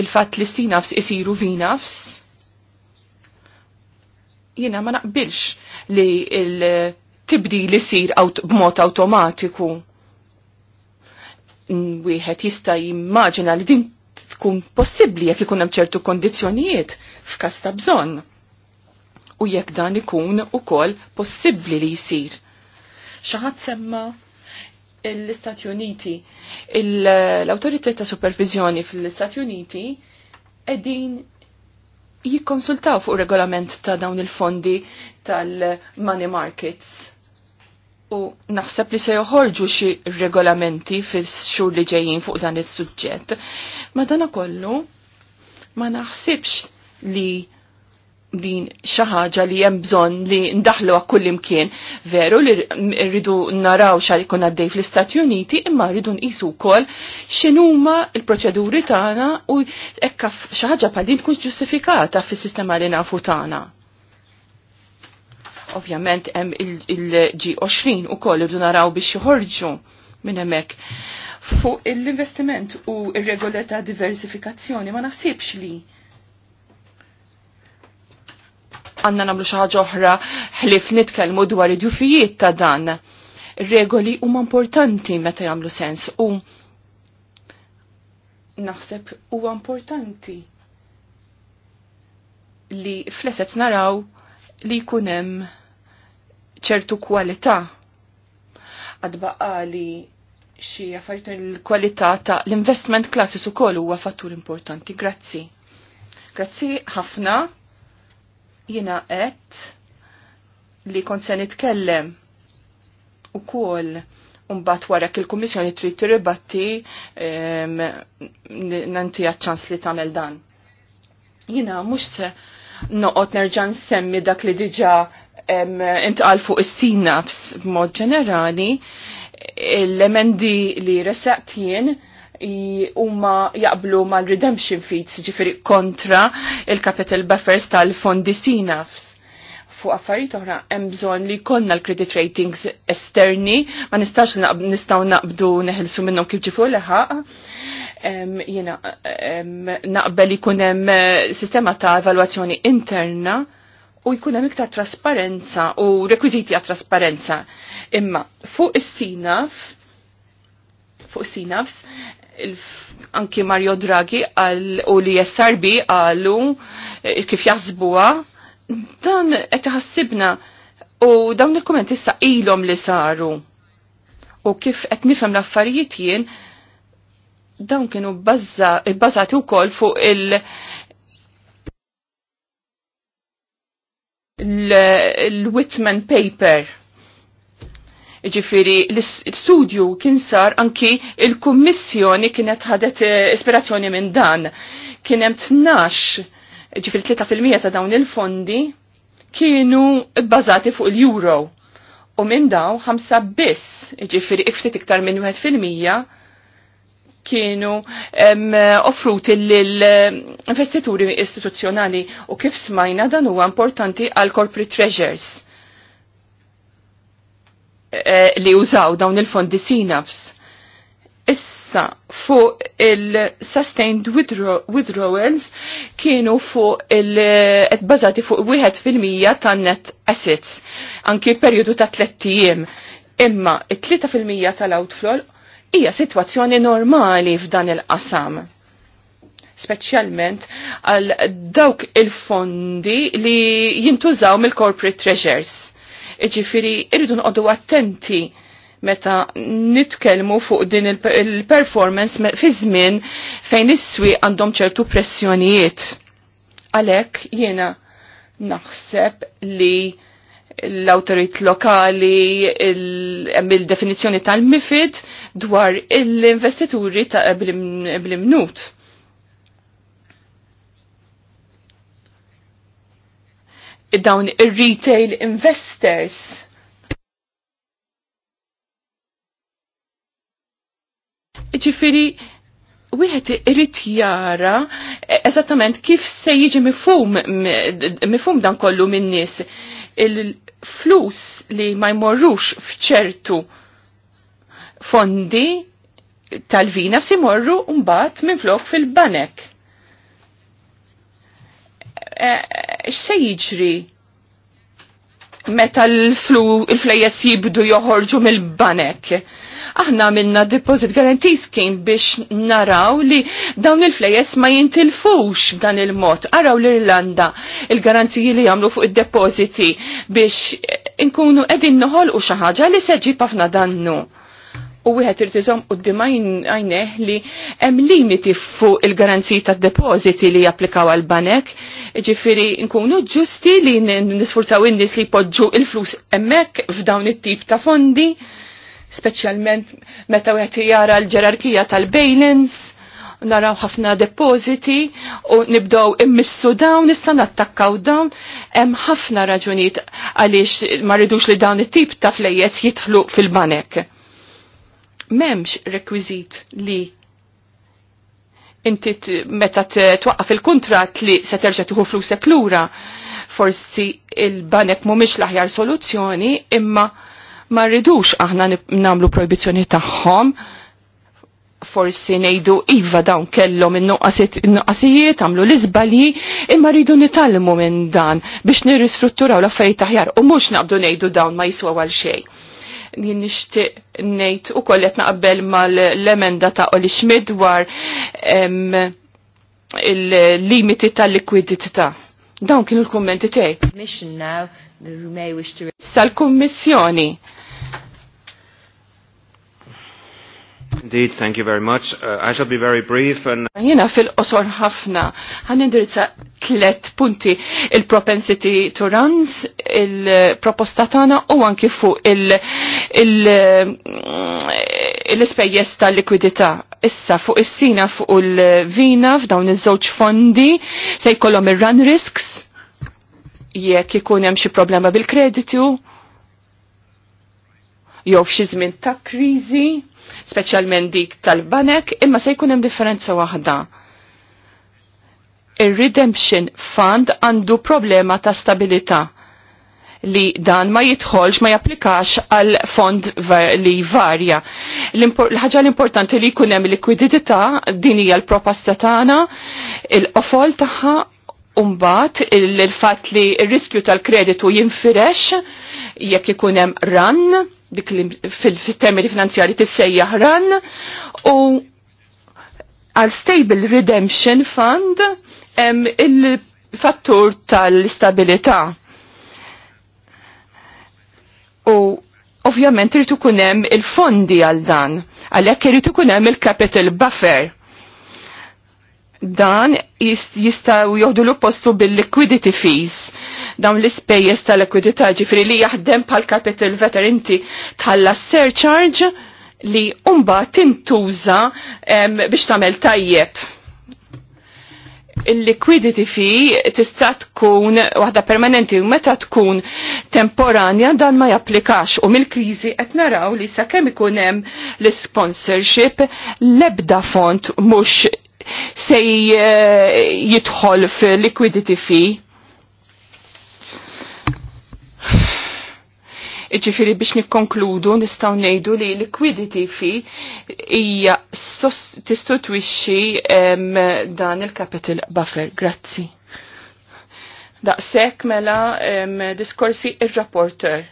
il-fat li sinafs isiru nafs. jina ma naqbilx li il-tibdi li sir aut b'mod automatiku. Wieħed jista' jimmaġina li din tkun possibbli jekk ikun hemm ċertu kondizzjonijiet f'każ ta' bżonn. U jekk dan ikun ukoll possibbli li jsir. Xaħat ħadd semma' l-Istati Uniti. l autorità ta' supervizjoni fl-Istati Uniti edin jikkonsultaw fuq regolament ta' dawn il-fondi tal-money markets. U naħseb li se joħorġu xi regolamenti fis xhur li ġejjin fuq dan is-suġġett. Madana kollu ma naħsibx li din xi ħaġa li hemm bżonn li ndaħlu kull kullimkien Veru li rridu naraw xa jkun għaddej fl-Istati Uniti imma rridu nqisu wkoll x'inhuma l-proċeduri tagħna u hekk xi ħaġa bħaldin din tkun ġustifikata fis-sistema li nafu tagħna. Ovvjament hemm il-G20 ukoll irridu naraw biex joħorġu minn hemmhekk. Fuq l-investiment u ir-regoleta diversifikazzjoni ma naħsibx li għanna namlu xaħġa oħra ħlif nitkellmu dwar id-jufijiet ta' dan. Regoli huma importanti meta jagħmlu sens u naħseb huwa importanti li fleset naraw li kunem ċertu kwalità għadbaqali xi affarijiet l kwalità ta' l-investment classes ukoll huwa fattur importanti. Grazzi. Grazzi ħafna Jina għet li kont se nitkellem ukoll Umbat wara il-Kummissjoni trid tirribatti nanti ċans li tagħmel dan. Jina mhux se noqgħod nerġa' nsemmi dak li diġà intqal fuq is-sinaps b'mod ġenerali l-emendi li resaqt jien huma jaqblu mal-redemption fees ġifiri kontra il-capital buffers tal-fondi sinafs. Fuq affarijiet oħra hemm bżonn li konna l-credit ratings esterni, ma nistax nistgħu naqbdu neħilsu minnhom kif ġifu leħaq. Jiena naqbel jkun hemm eh, sistema ta' evalwazzjoni interna u jkun hemm iktar trasparenza u rekwiżiti għat trasparenza. Imma fuq is-sinaf fuq sinafs anki Mario Draghi għal u li SRB għallu eh, kif jaħsbuha dan qed iħassibna u dawn il-kummenti sa ilhom li saru. U kif qed nifhem l-affarijiet jien dawn kienu bbażati wkoll fuq il- l-Whitman paper Ġifiri, l-studju kien sar anki il-kommissjoni kienet ħadet eh, ispirazzjoni minn dan. Kienem 12, ġifiri 3% ta' dawn il-fondi kienu bbażati fuq il-euro. U minn daw 5 biss, ġifiri ikftit iktar minn 1% kienu offruti l-investituri eh, istituzzjonali u kif smajna dan huwa importanti għal corporate treasures Eh, li użaw dawn il-fondi sinafs. Issa fuq il-sustained withdrawals kienu fuq il-bazati fuq 1% tan-net assets anki periodu ta' 3 jiem Imma 3% tal-outflow hija sitwazzjoni normali f'dan il-qasam specialment għal dawk il-fondi li jintużaw mill-corporate treasures Iġifiri, irridu nqoddu attenti meta nitkelmu fuq din il-performance fi żmien fejn is-swi għandhom ċertu pressjonijiet. Għalhekk jiena naħseb li l-autorit lokali, il-definizjoni tal-mifid dwar l-investituri ta' bl-imnut. dawn ir-retail investors. Ġifiri, wieħed irid jara eżattament kif se jiġi mifhum mifhum dan kollu min nies il-flus li ma jmorrux fċertu fondi tal-vina si morru mbagħad minflok fil-banek x'se jiġri meta l-flejjes flu jibdu joħorġu mill-banek. Aħna minna deposit guarantees kien biex naraw li dawn il-flejjes ma jintilfux b'dan il-mod. Araw l-Irlanda il-garanziji li jagħmlu fuq id-depositi biex inkunu qegħdin noħolqu xi ħaġa li seġi ħafna dannu u wieħed irid iżomm quddiem għajneh li hemm limiti fuq il-garanziji tad-depożiti li japplikaw għal banek, ġifieri nkunu ġusti li nisfurzaw in-nies li jpoġġu il-flus hemmhekk f'dawn it-tip ta' fondi, speċjalment meta wieħed jara l-ġerarkija tal-bailins naraw ħafna depositi u nibdow immissu dawn, issa nattakkaw dawn, hemm ħafna raġunijiet għaliex ma rridux li dawn it-tip ta' flejjes jitħlu fil-banek memx rekwizit li inti meta twaqqaf il-kontrat li se terġa' tieħu flusek lura, forsi il-banek mhumiex l-aħjar soluzzjoni, imma ma rridux aħna nagħmlu proibizzjoni tagħhom, forsi ngħidu iva dawn kellhom in-nuqqasijiet għamlu l-iżbalji, imma rridu nitalmu minn dan biex nirristrutturaw l-affarijiet aħjar u mhux naqbdu ngħidu dawn ma jiswa għal xejn jien nixtieq ngħid ukoll qed naqbel mal-emenda ta' Oli Schmidt dwar il-limiti tal-likwidità. Dawn kienu l-kummenti tiegħi. Sal-Kummissjoni Indeed, thank you very much. Uh, I shall be very brief. And... Jena fil-qosor ħafna, għan indirizza tlet punti il-propensity to runs, il-proposta tana u anki fuq il-spejjes il, spejjes ta' tal likwidità Issa fuq is-sina fuq il-vina f'dawn iż-żewġ fondi se jkollhom ir-run risks jekk ikun hemm xi problema bil-kreditu jew f'xi żmien ta' kriżi speċjalment dik tal-banek, imma se jkun hemm differenza waħda. Ir-redemption fund għandu problema ta' stabilità li dan ma jidħolx ma japplikax għal fond li varja. L-ħaġa l-importanti li jkun hemm likwidità din hija l-proposta tagħna, il-qofol tagħha umbat il-fatt li r-riskju tal-kreditu jinfirex jekk ikun hemm run dik li fil-termini finanzjari tissejja ħran u għal Stable Redemption Fund il-fattur tal-istabilità. U ovvjament irritu kunem il-fondi għal dan, għalhekk irritu kunem il-capital buffer. Dan jistaw joħdu l-postu bil-liquidity fees dawn l-ispejjeż tal-ekwidità ġifri li jaħdem bħal capital veter inti tħalla surcharge li umba tintuża biex tagħmel tajjeb. Il-liquidity fi tista' tkun waħda permanenti u meta tkun temporanja dan ma japplikax u mill-kriżi qed naraw li sakemm ikun hemm l-sponsorship l-ebda font mhux se eh, jidħol fil-liquidity fee Iġifiri biex nikkonkludu nistaw nejdu li liquidity fi hija tistutwixxi dan il-capital buffer. Grazzi. Daqshekk mela diskorsi il rapporter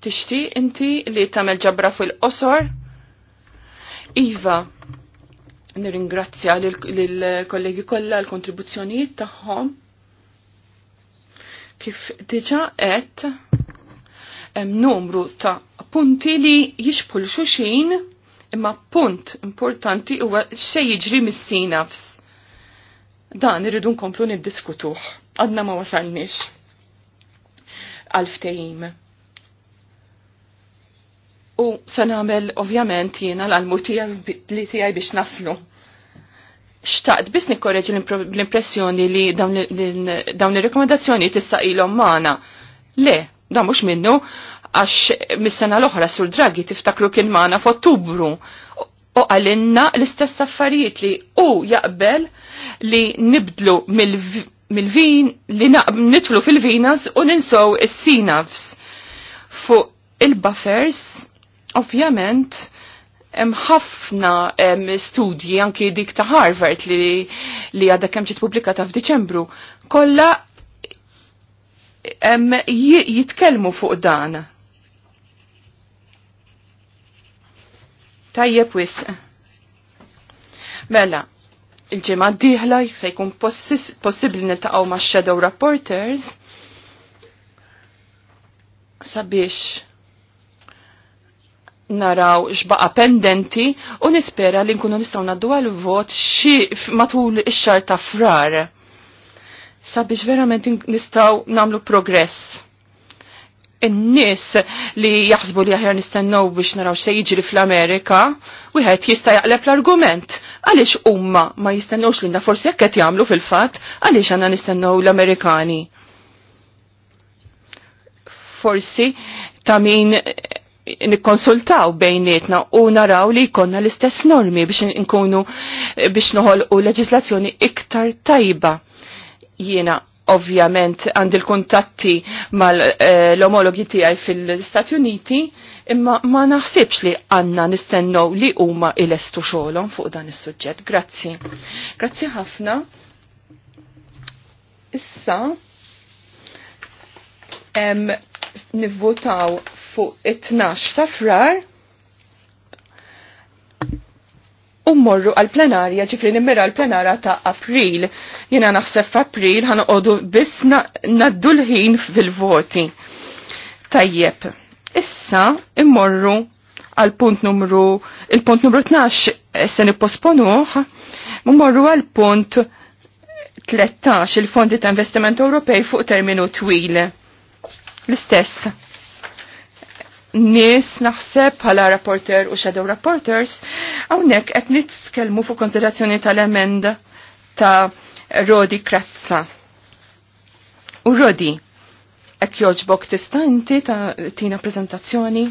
Tixti inti li tagħmel ġabra fil-qosor? Iva, nirringrazzja lill-kollegi kollha l-kontribuzzjonijiet tagħhom. Kif diġa qed hemm numru ta' punti li jixpul xuxin imma punt importanti huwa xej jiġri mis nafs. Dan irridu nkomplu niddiskutuh. Għadna ma wasalniex. Għalftejim. U se nagħmel ovvjament jiena l-almu li tiegħi biex naslu. Xtaqt biss nikkorreġi l-impressjoni li dawn ir-rekomendazzjoni tista' ilhom magħna. Le, da mux minnu, għax mis-sena l-oħra sur Draghi tiftaklu kien maħna f'Ottubru. U għalinna l-istess affarijiet li u jaqbel li nibdlu mill-vin li nitlu fil-vinas u ninsow is-sinavs. Fuq il-buffers, ovvjament, hemm ħafna studji anki dik ta' Harvard li għadha kemm ġiet pubblikata f'Diċembru kollha jitkellmu fuq dan. Tajjeb wis. Mela, il-ġimgħa d-dieħla se jkun possibbli niltaqgħu ma' shadow reporters sabiex naraw xbaqa pendenti u nispera li nkunu nistgħu naddu għal vot xi matul ix-xar ta' frar sabiex verament nistaw namlu progress. In-nies li jaħsbu li aħjar nistennew biex naraw se jiġri fl-Amerika, wieħed jista' jaqleb l-argument għaliex huma ma jistennewx lilna forsi jekk qed jagħmlu fil-fatt għaliex għandna nistennew l-Amerikani. Forsi ta' min nikkonsultaw bejnietna u naraw li jkonna l-istess normi biex nkunu biex noħolqu leġislazzjoni iktar tajba jiena ovvjament għandi l-kuntatti mal-omologi eh, tiegħi fil-Stati Uniti, imma ma naħsibx li għanna nistennow li huma il-estu xogħolhom fuq dan is-suġġett. Grazzi. Grazzi ħafna. Issa em, nivvotaw fuq it-12 ta' frar. U morru għal-plenarja, ġifri nimmira għal-plenarja ta' april. Jena naħseb f'april ħan għodu biss naddu l-ħin fil-voti. Tajjeb, issa immorru għal-punt numru, il-punt numru 12 eh, se nipposponuħ, immorru għal-punt 13 il-Fondi ta' Investiment Ewropej fuq terminu twil. L-istess nies naħseb bħala rapporter u shadow rapporters, hawnhekk qed nitkellmu fuq konsiderazzjoni tal-emenda ta' Rodi Krazza. U Rodi, ek joġbok tistanti ta' tina prezentazzjoni.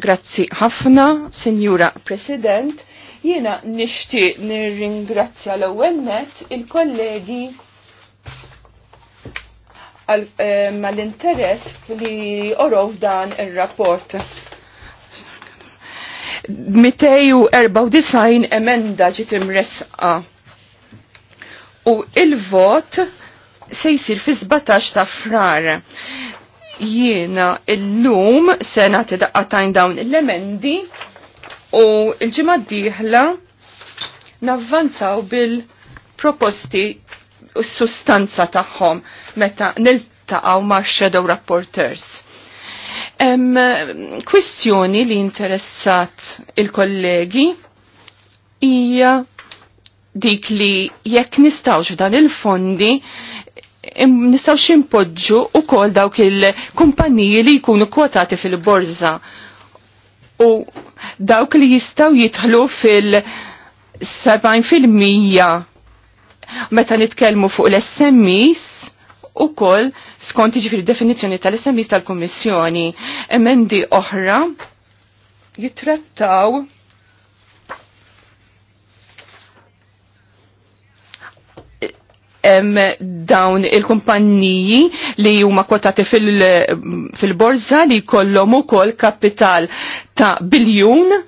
Grazzi ħafna, Sinjura President. Jiena nixtieq nirringrazzja l-ewwel il-kollegi Eh, mal interess li orow dan ir-rapport. 294 emenda ġiet imresqa. U il-vot se jsir fi 17 ta' frar. Jiena il-lum se nagħti daqqatajn dawn l-emendi u l-ġimgħa d-dieħla navvanzaw bil-proposti u s-sustanza tagħhom meta niltaqgħu ma' shadow rapporteurs. Kwestjoni kwistjoni li interessat il-kollegi hija dik li jekk nistawx dan il-fondi nistawx impoġġu u kol dawk il-kumpaniji li jkunu kwotati fil-borza u dawk li jistaw jitħlu fil-70% meta nitkellmu fuq l-SMEs u kol, skont ġifiri definizjoni tal-SMEs tal-Kommissjoni emendi oħra jitrattaw em, dawn il-kumpanniji li huma kwotati fil-borza fil li kollhom ukoll kapital ta' biljun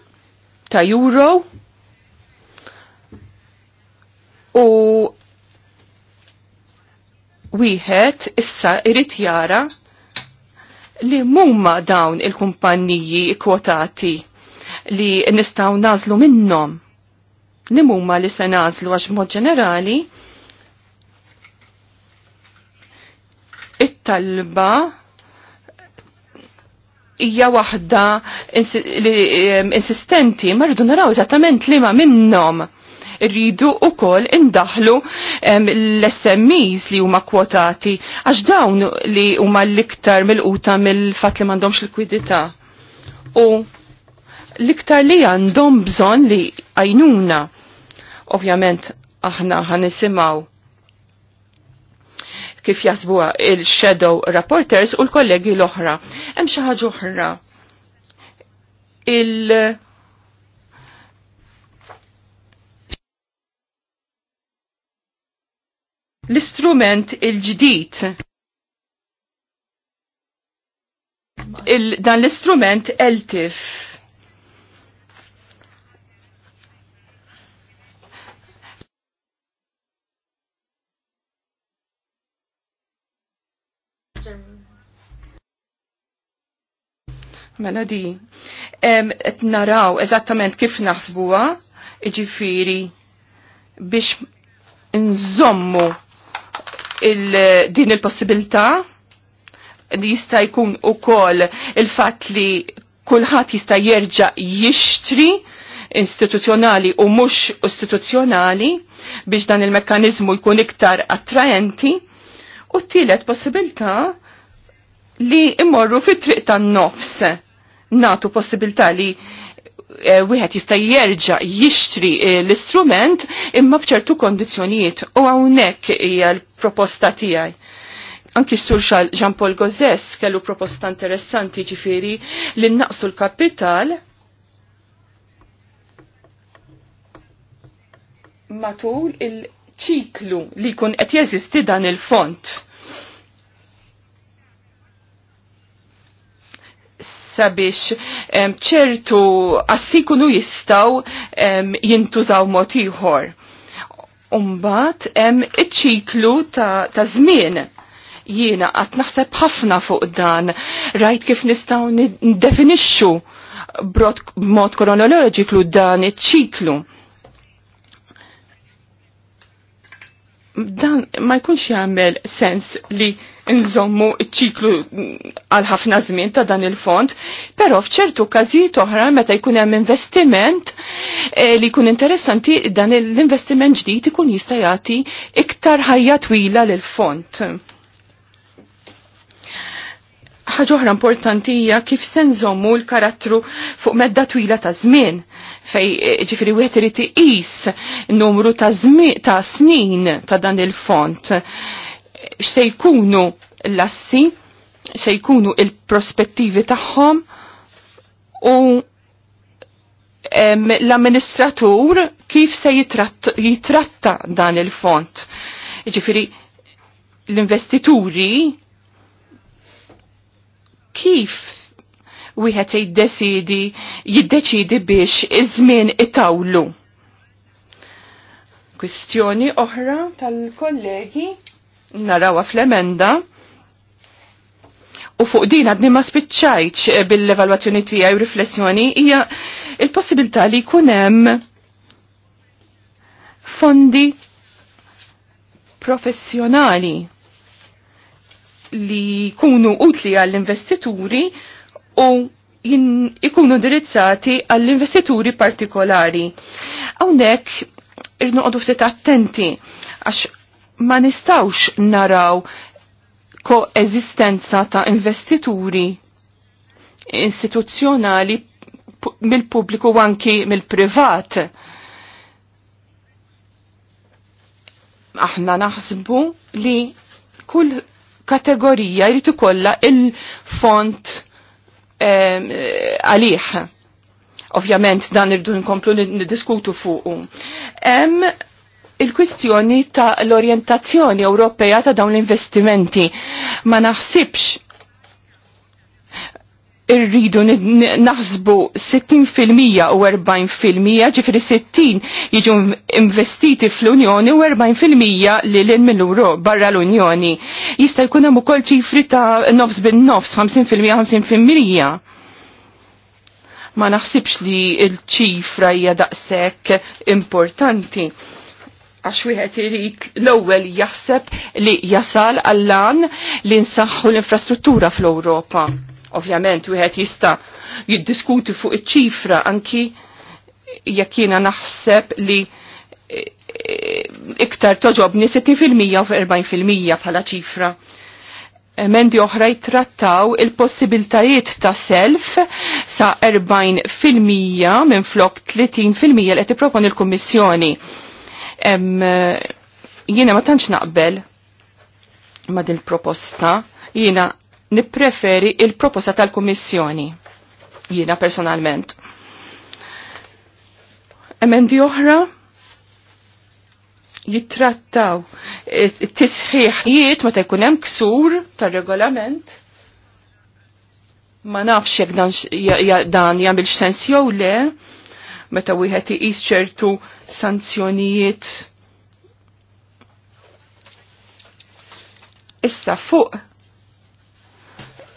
ta' euro U wieħed issa irid jara li mumma dawn il-kumpanniji kwotati li nistaw nażlu minnhom. Li mumma li se nażlu għax mod ġenerali it-talba hija waħda insistenti marridu naraw eżattament li ma minnhom rridu u kol indaħlu l-SMEs li huma kwotati, għax dawn li huma l-iktar mill-quta mill-fat li m'għandhomx likwidità. U l-iktar li għandhom bżon li għajnuna. Ovjament, aħna ħanisimaw kif jasbuha il-shadow rapporters u l-kollegi l-oħra. Hemm xi ħaġa oħra. Il- L-istrument il-ġdid il dan l-istrument eltif. Mela di, naraw eżattament kif naħsbuha, iġifiri biex nżommu il din il-possibilità jista jkun u kol il-fat li kullħat jista jerġa jixtri istituzjonali u mux istituzjonali biex dan il-mekkanizmu jkun iktar attrajenti u t-tielet possibilità li immorru fit triq tan nofs natu possibilità li Eh, wieħed jista' jerġa' jixtri eh, l-istrument imma b'ċertu kondizzjonijiet u hawnhekk hija l-proposta tiegħi. Anki sur Jean Paul Gozes kellu proposta interessanti ġifiri li naqsu l-kapital matul il-ċiklu li jkun qed jeżisti dan il-font sabiex ċertu assikunu jistaw jintużaw mod ieħor. Umbat iċiklu iċ-ċiklu ta' żmien jiena għat naħseb ħafna fuq dan, rajt kif nistgħu ndefinixxu b'mod kronoloġiku dan iċ-ċiklu dan ma jkunx jagħmel sens li nżommu ċiklu għal ħafna żmien ta' dan il-fond, però f'ċertu każijiet oħra meta jkun hemm investiment e, li jkun interessanti dan l-investiment ġdid ikun jista' jagħti iktar ħajja twila lil fond ħaġa oħra importanti hija kif se nżommu l-karattru fuq medda twila ta' żmien fej eh, ġifieri wieħed irid iqis numru ta' ta' snin ta' dan il-font. X'se jkunu l-assi, se jkunu il-prospettivi tagħhom u l-amministratur kif se jitratta dan il-font. Ġifieri l-investituri kif wieħed jiddesidi jiddeċidi biex iż-żmien itawlu. Kwistjoni oħra tal-kollegi narawha fl-emenda u fuq din għadni ma spiċċajċ eh, bil-evalwazzjoni tiegħi u riflessjoni hija il-possibilità li jkun hemm fondi professjonali li kunu utli għall-investituri u ikunu dirizzati għall-investituri partikolari. Hawnhekk irnoqogħdu ftit attenti għax ma nistawx naraw koeżistenza ta' investituri istituzzjonali mill-pubbliku anki mill-privat. Aħna naħsbu li kull kategorija jrid ikollha il-font għalih. Ovvjament dan irdu nkomplu niddiskutu fuqu. Hemm il-kwistjoni ta' l-orientazzjoni Ewropea ta' dawn l-investimenti. Ma naħsibx irridu naħsbu 60% u 40% ġifri 60 jiġu investiti fl-Unjoni u 40% li l-Euro barra l-Unjoni. Jista' jkun hemm ukoll ċifri ta' nofs bin nofs 50% 50%. Ma naħsibx li l-ċifra hija daqshekk importanti għax wieħed irid l-ewwel jaħseb li jasal għall-lan li nsaħħu l-infrastruttura fl-Ewropa. Ovvjament, wieħed jista jiddiskuti fuq iċifra anki jekk jiena naħseb li e, e, iktar toġobni 60% u 40% bħala ċifra. Emendi oħra jittrattaw il-possibiltajiet ta' self sa' 40% minn flok 30% li qed propon il-Kummissjoni. E, jiena ma tantx naqbel ma' din proposta. Jiena nippreferi il-proposta tal-Kummissjoni. Jiena personalment. Emendi oħra jittrattaw t-tisħiħijiet meta jkun hemm ksur tar-regolament ma nafx jek dan x sens jew le meta wieħed iqis ċertu sanzjonijiet issa fuq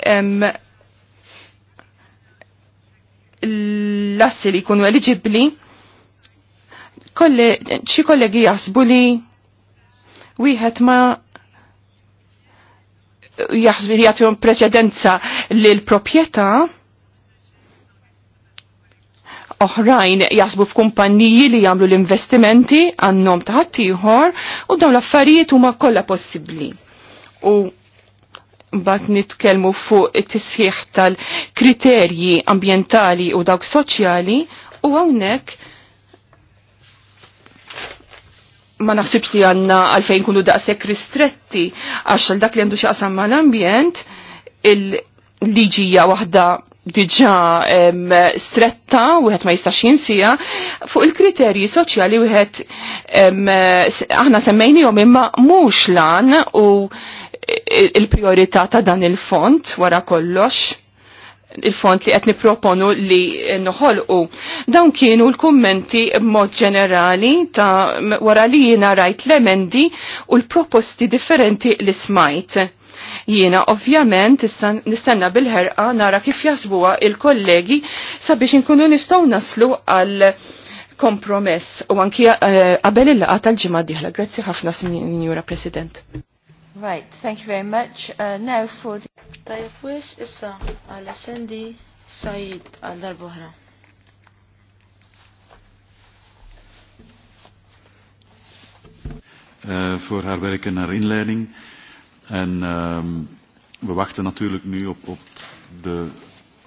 l-assi li jkunu eligibli, xi kollegi jasbu li wieħed ma jaħsbu li jagħtihom preċedenza lil proprjetà oħrajn jasbu f'kumpanniji li jagħmlu l-investimenti għannom ta' ħaddieħor u dawn l-affarijiet huma kollha possibbli. U bat nitkelmu fuq it-tisħiħ tal-kriterji ambientali u dawk soċjali u għawnek ma naħsibx li għanna għalfejn kunu daqsek ristretti għax dak li għandu xaqsam ma l-ambjent il-liġija wahda diġa stretta u ma jistax jinsija fuq il-kriterji soċjali u għet aħna semmejni jom imma mux lan u il-priorità ta' dan il-font wara kollox il-font li qed proponu li noħolqu. Dawn kienu l-kummenti b'mod ġenerali ta' wara li jiena rajt l-emendi u l-proposti differenti li smajt. Jiena ovvjament nistenna bil-ħerqa nara kif jasbuwa il-kollegi sabiex inkunu nistgħu naslu għal kompromess u anki eh, qabel il-laqa tal-ġimgħa diħla. Grazzi ħafna, Sinjura President. Right, thank you very much. Uh, now for the... Tajab wis issa għal Sandy Said għal darbohra. Uh, voor haar werk en haar inleiding. En um, we wachten natuurlijk nu op, op de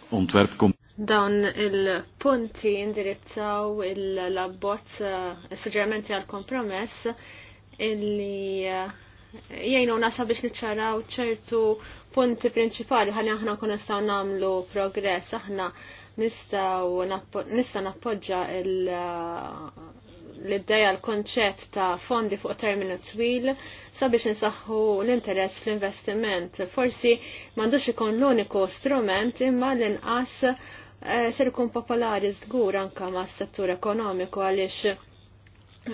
ontwerpcommissie. Dan il-punti indirizzaw il labbozza, il suggerimenti għal-kompromess illi uh, u nasa biex niċċaraw ċertu punti prinċipali ħalli aħna kun nistgħu namlu progress, aħna nista' nappoġġa l-iddeja l-konċett ta' fondi fuq terminu twil sabiex nsaħħu l-interess fl-investiment. Forsi m'għandux ikun l-uniku strument imma l-inqas eh, ser ikun popolari żgur anke mas-settur ekonomiku għaliex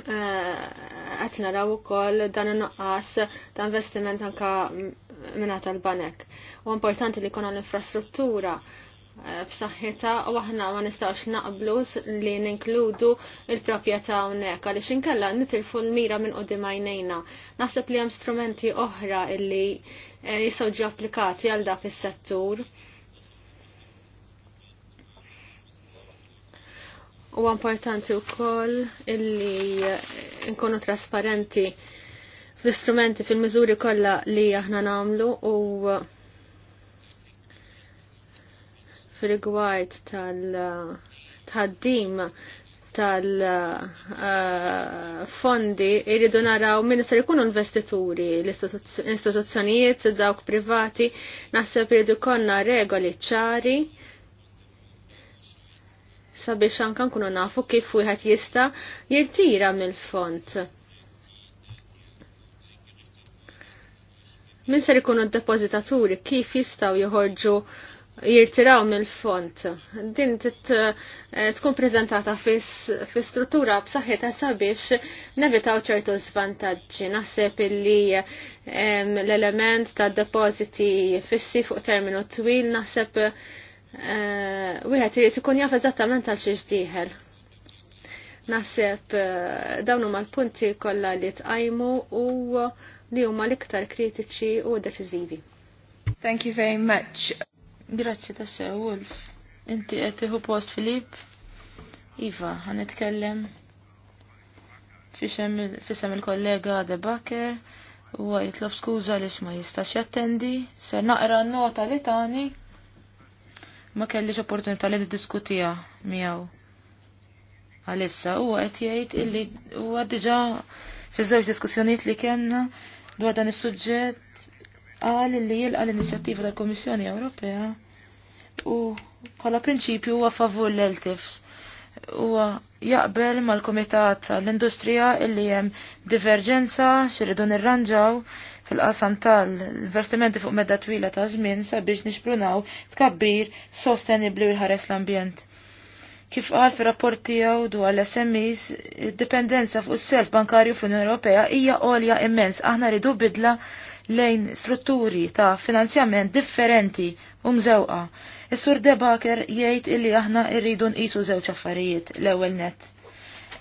qed naraw ukoll dan in-nuqqas ta' investiment anka minna tal-banek. U importanti li jkun l-infrastruttura eh, b'saħħitha u aħna ma nistgħux naqblu li ninkludu il-proprjetà hawnhekk għaliex inkella nitilfu l-mira minn qudiem għajnejna. Naħseb li hemm strumenti oħra illi eh, jistgħu ġi applikati għal dak is-settur. U importanti wkoll illi nkunu trasparenti fl-istrumenti fil-miżuri kollha li aħna nagħmlu u fil-rigward tal-tħaddim tal-fondi irridu naraw min ser ikunu investituri l-istituzzjonijiet dawk privati naħseb irridu konna regoli ċari sabiex anka nkunu nafu kif wieħed jista' jirtira mill-font. Min ser ikunu d-depozitaturi kif jistgħu joħorġu jirtiraw mill-font. Din eh, tkun prezentata fi struttura b'saħħitha sabiex nevitaw ċertu żvantaġġi. Naħseb illi eh, l-element ta' depositi fissi fuq terminu twil naħseb Eh, wieħed irid ikun jaf eżattament għal xiex diħel. Naħseb eh, dawn huma l-punti kollha li tqajmu u li huma l-iktar kritiċi u deċiżivi. Thank you very much. Grazzi ta' sew Wolf. Inti qed tieħu post Filip? Iva, nitkellem. fisem il-kollega De Baker u jitlob skuża li ma jistax jattendi, ser naqra n nota li tani ma kellix opportunità li diskutija miegħu. Għalissa huwa qed jgħid illi huwa diġà fi żewġ diskussjonijiet li kellna dwar dan is-suġġett qal li jilqa l-inizjattiva tal-Kummissjoni Ewropea u bħala prinċipju huwa favur l-eltifs huwa jaqbel mal-Kumitat tal-Industrija illi hemm diverġenza xiridu nirranġaw fil-qasam tal-investimenti fuq medda twila ta' żmien sabiex nixprunaw tkabbir sostenibli u ħares l-ambjent. Kif qal fir rapport tiegħu dwar l-SMEs, id-dipendenza fuq is-self bankarju fl-Unjoni Ewropea hija għolja immens. Aħna ridu bidla lejn strutturi ta' finanzjament differenti u mżewqa. Is-sur Debaker jgħid illi aħna rridu nqisu żewġ affarijiet l-ewwel nett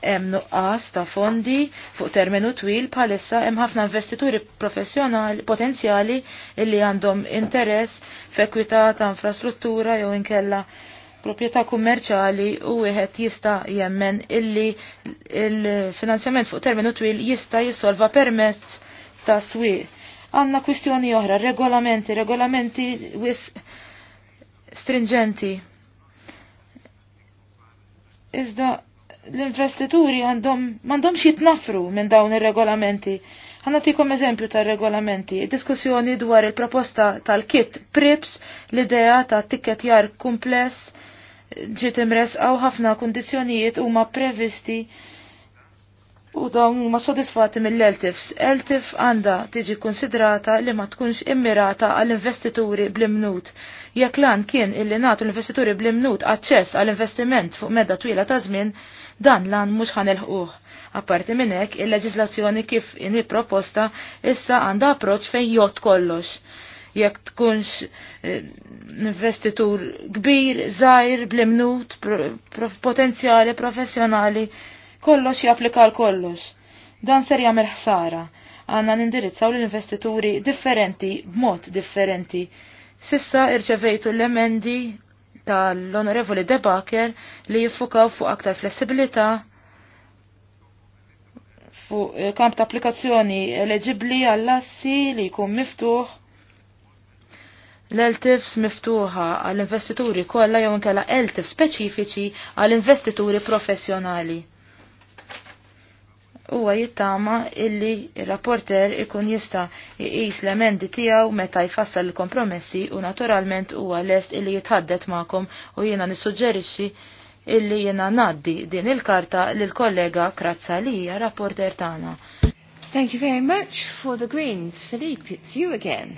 hemm nuqqas ta' fondi fuq terminu twil bħalissa hemm ħafna investituri professjonali potenzjali illi għandhom interess f'ekwità ta' infrastruttura jew inkella proprjetà kummerċali u wieħed jista' jemmen illi l finanzjament fuq terminu twil jista' jissolva permezz ta' swieq. Għanna kwistjoni oħra, regolamenti, regolamenti wis stringenti. Iżda l-investituri għandhom m'għandhomx jitnafru minn dawn ir-regolamenti. tikom eżempju tar-regolamenti, diskussjoni dwar il-proposta tal-kit PRIPS, l-idea ta' tikket jar kumpless, ġiet imres għaw ħafna kondizjonijiet huma previsti u dawn huma sodisfatti mill-eltifs. Eltif għandha tiġi konsidrata li ma tkunx immirata għall-investituri bl-imnut. Jekk lan kien illi nagħtu l-investituri bl-imnut aċċess għall-investiment fuq medda twila ta' żmien, Dan lan mhux ħanelħuh. Apparti minn hekk, il leġizlazzjoni kif ini proposta issa għandha approċċ fejn jgħod kollox. Jekk tkunx eh, investitur kbir, żgħir, blemnut, potenzjali, professjonali, kollox japplika l-kollox. Dan ser jagħmel ħsara għanna nindirizzaw l-investituri differenti b'mod differenti. Sissa irċevejtu l-emendi tal-Onorevoli Debaker li jiffukaw fuq aktar flessibilità fuq eh, kamp ta' applikazzjoni eleġibli għall-assi li jkun miftuħ l-eltifs miftuħa għall-investituri kollha jew inkella eltif speċifiċi għall-investituri professjonali huwa jittama illi il-rapporter ikun jista jqis l-emendi tiegħu meta jfassal il-kompromessi u naturalment huwa lest illi jitħaddet magħkom u jiena nissuġġerixxi illi jiena ngħaddi din il-karta lil kollega Krazzalija, rapporter tagħna. Thank you very much for the Greens, Philippe, it's you again.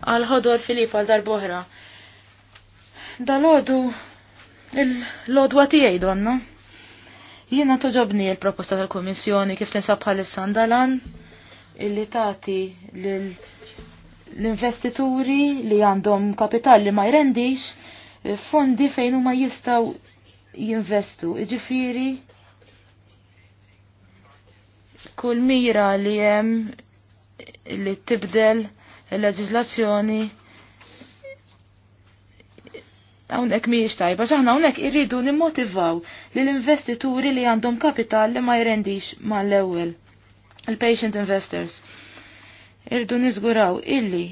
Għal ħodor Filip għal darbohra. Dal-ħodu il-lodwa tiegħi donna. Jiena toġobni l-proposta tal-Komissjoni kif tinsab bħal-Sandalan illi tati l-investituri li għandhom kapital li ma jrendix eh, fondi fejn huma jistaw jinvestu. Iġifiri, kull mira li jem li tibdel il leġiżlazzjoni hawnhekk mhijiex tajba x'aħna hawnhekk irridu nimmotivaw lill investituri li għandhom kapital li ma jrendix mal-ewwel. Il-patient investors. Irdu niżguraw illi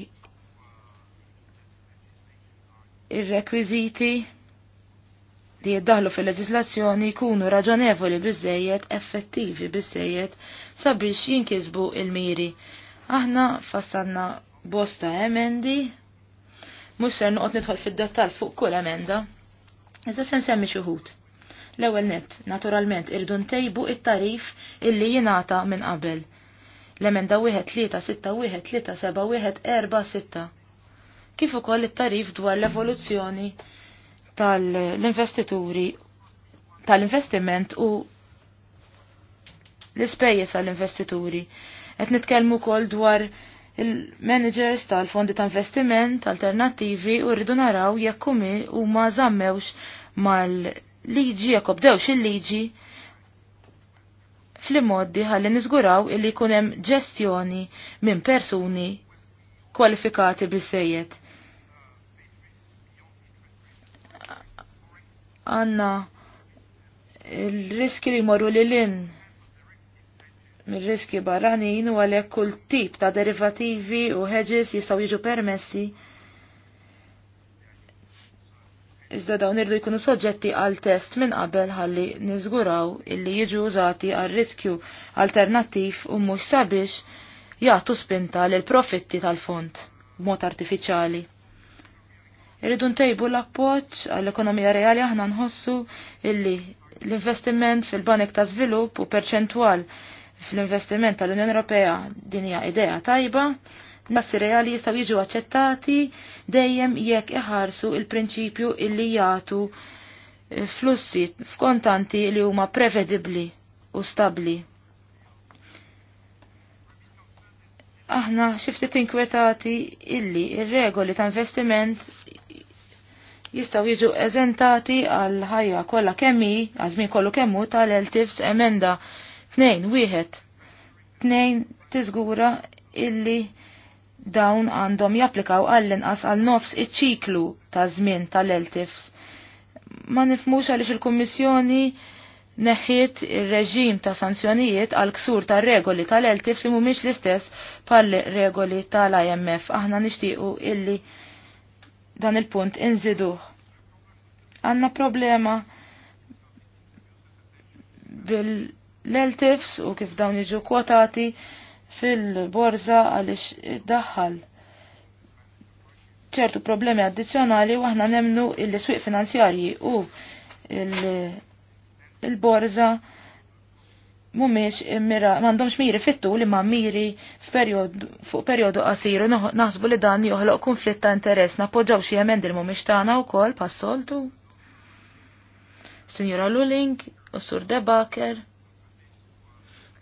ir-rekwiżiti li jiddaħlu fil-leġislazzjoni jkunu raġonevoli biżejjed effettivi biżejjed sabiex jinkisbu il-miri. Aħna fassanna bosta emendi Mux ser nuqot nidħol fid-dettal fuq kull emenda. Iżda se nsemmi xi wħud. L-ewwel nett, naturalment irdu ntejbu it-tarif illi jingħata minn qabel. L-emenda wieħed 3 sitta wieħed 1-3-6-1-3-7-1-4-6. Kif ukoll it-tarif dwar l-evoluzzjoni tal-investituri tal-investiment u l-ispejjeż għall-investituri. Qed nitkellmu wkoll dwar il-managers tal-fondi ta' investiment alternativi u rridu naraw jekk u ma zammewx mal-liġi, jekk obdewx il-liġi fl-immoddi ħalli niżguraw illi kunem ġestjoni minn persuni kwalifikati bil-sejjet. Għanna il-riski li morru li l-in mir-riski barranin u għalhekk kull tip ta' derivativi u hedges jistgħu jiġu permessi. Iżda dawn irdu jkunu soġġetti għal test minn qabel ħalli niżguraw illi jiġu użati għal riskju alternattiv u mhux sabiex jagħtu spinta l profitti tal-fond b'mod artifiċjali. Irridu ntejbu l-appoġġ għall-ekonomija reali aħna nħossu illi l-investiment fil-banek ta' żvilupp u perċentwal fl-investiment tal-Unjoni Ewropea din hija idea tajba, nassi reali jistgħu jiġu aċċettati dejjem jekk iħarsu il-prinċipju illi jagħtu eh, flussi f'kontanti li huma prevedibbli u stabbli. Aħna ftit inkwetati illi ir-regoli ta' investiment jistaw jiġu eżentati għal ħajja kollha kemmi, għażmin kollu kemmu tal-eltifs emenda tnejn, wieħed, tnejn tiżgura illi dawn għandhom japplikaw għall-inqas għal nofs iċ-ċiklu ta' żmien tal-eltifs. Ma nifmux għaliex il-Kummissjoni neħħiet ir-reġim ta' sanzjonijiet għal ksur ta' regoli tal-eltif li mhumiex l-istess pal regoli tal-IMF. Aħna nixtiequ illi dan il-punt inżiduh. Għanna problema bil- l-eltifs u kif dawn jiġu kwotati fil-borza għaliex iddaħħal ċertu problemi addizzjonali u aħna nemnu il-swiq finanzjarji u il-borza mumiex mira, mandomx miri fittu li ma miri fuq periodu qasiru naħsbu li dan joħloq konflitt ta' interess napoġġaw xi emendi li mumiex tagħna wkoll pas-soltu. Sinjura Luling, u Sur Debaker,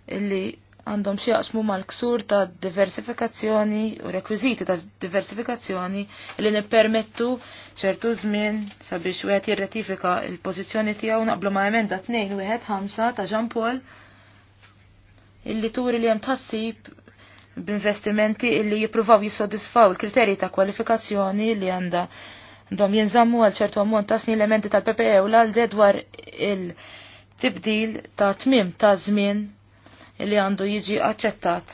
illi għandhom xi jaqsmu mal-ksur ta' diversifikazzjoni u rekwiżiti ta' diversifikazzjoni li nippermettu ċertu żmien sabiex wieħed jirretifika l-pożizzjoni tiegħu naqblu ma' emenda tnejn wieħed ħamsa ta' Jean Paul illi turi li hemm tassib b'investimenti illi jippruvaw jissodisfaw il-kriterji ta' kwalifikazzjoni li għandha għandhom jinżammu għal ċertu ammont ta' snin elementi tal-PPE u l għal dwar il-tibdil ta' tmim ta' żmien li għandu jiġi aċċettat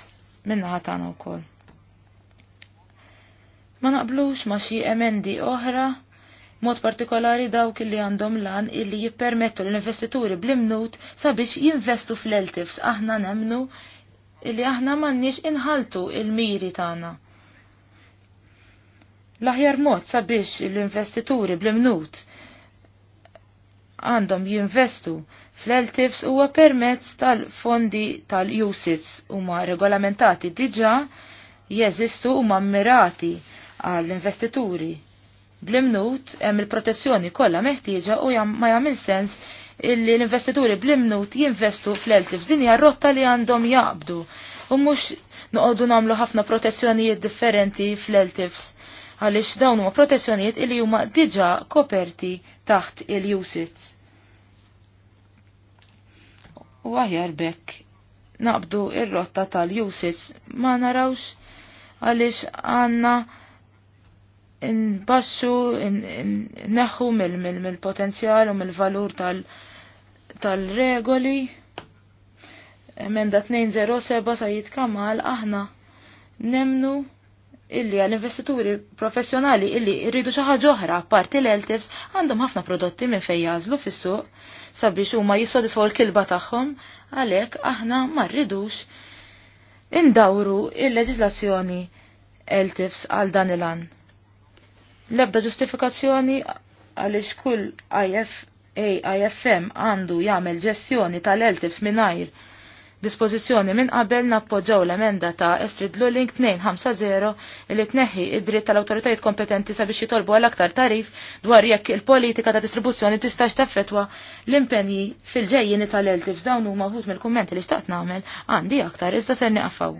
minna ħatana u koll. Ma naqblux ma xi emendi oħra, mod partikolari dawk li għandhom lan illi jippermettu l-investituri bl-imnut sabiex jinvestu fl-eltifs aħna nemnu illi aħna manniex inħaltu il-miri tagħna. L-aħjar mod sabiex l-investituri bl-imnut għandhom jinvestu fl eltifs huwa permezz tal-fondi tal-USITS huma regolamentati diġà jeżistu huma mmirati għall-investituri. Blimnut hemm il-protezzjoni kollha meħtieġa u ma jagħmel sens illi l-investituri blimnut jinvestu fl eltifs din hija rotta li għandhom jaqbdu u mhux noqogħdu nagħmlu ħafna protezzjonijiet differenti fl eltifs għaliex dawn huma protezzjonijiet illi huma diġà koperti taħt il-USITS u aħjar bekk naqbdu ir-rotta tal-usage ma narawx għaliex għanna nbassu neħu mill-potenzjal u mill-valur tal-regoli. Emenda 207 sa jitkamal aħna nemnu illi għal investituri professjonali illi rridu xi ħaġa oħra apparti l-eltifs għandhom ħafna prodotti minn fejn jażlu fis-suq sabiex huma jissodisfaw l kilba tagħhom għalhekk aħna ma rridux indawru il-leġislazzjoni eltifs għal dan il-an. Lebda ġustifikazzjoni għaliex kull IFA IFM għandu jagħmel ġestjoni tal-eltifs mingħajr dispożizzjoni minn qabel nappoġġaw l-emenda ta' Estrid Lulling 250 li tneħħi id-dritt tal-awtoritajiet kompetenti sabiex jitolbu għal aktar tarif dwar jekk il-politika ta' distribuzzjoni tistax taffetwa l-impenji fil-ġejjini tal-eltif dawn huma wħud mill-kummenti li xtaqt nagħmel għandi aktar iżda ser niqafaw.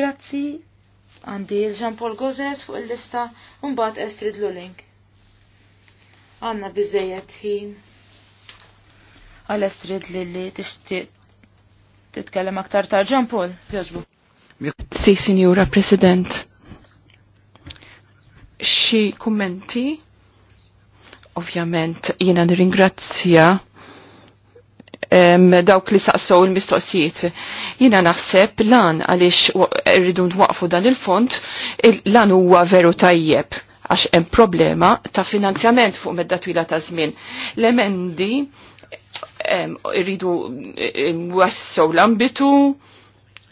Grazzi għandi Jean-Paul Gozes fuq il-lista un-bat Estrid Lulling. Għanna bizzejet ħin għal estrid li li tixtieq titkellem aktar ta' John Paul, jogħġbu. Si, Sinjura President. Xi kummenti? Ovvjament, jiena nirringrazzja dawk li saqsow il-mistoqsijiet. Jina naħseb lan għalix rridu nwaqfu dan il-font, lan huwa veru tajjeb għax hemm problema ta' finanzjament fuq medda twila ta' żmien. L-emendi irridu n-wassaw l-ambitu,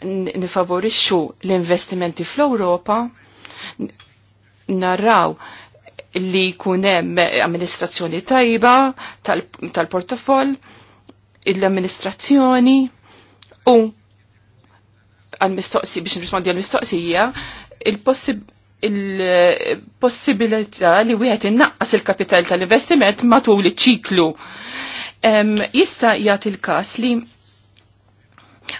nifavorixxu l-investimenti fl-Ewropa, narraw li kunem amministrazzjoni tajba tal-portafoll, tal l-amministrazzjoni u għal-mistoqsi biex nrispondi għal-mistoqsija, il-possibilità li wieħed innaqqas il-kapital tal-investiment matul iċ-ċiklu Jista jagħti il-każ li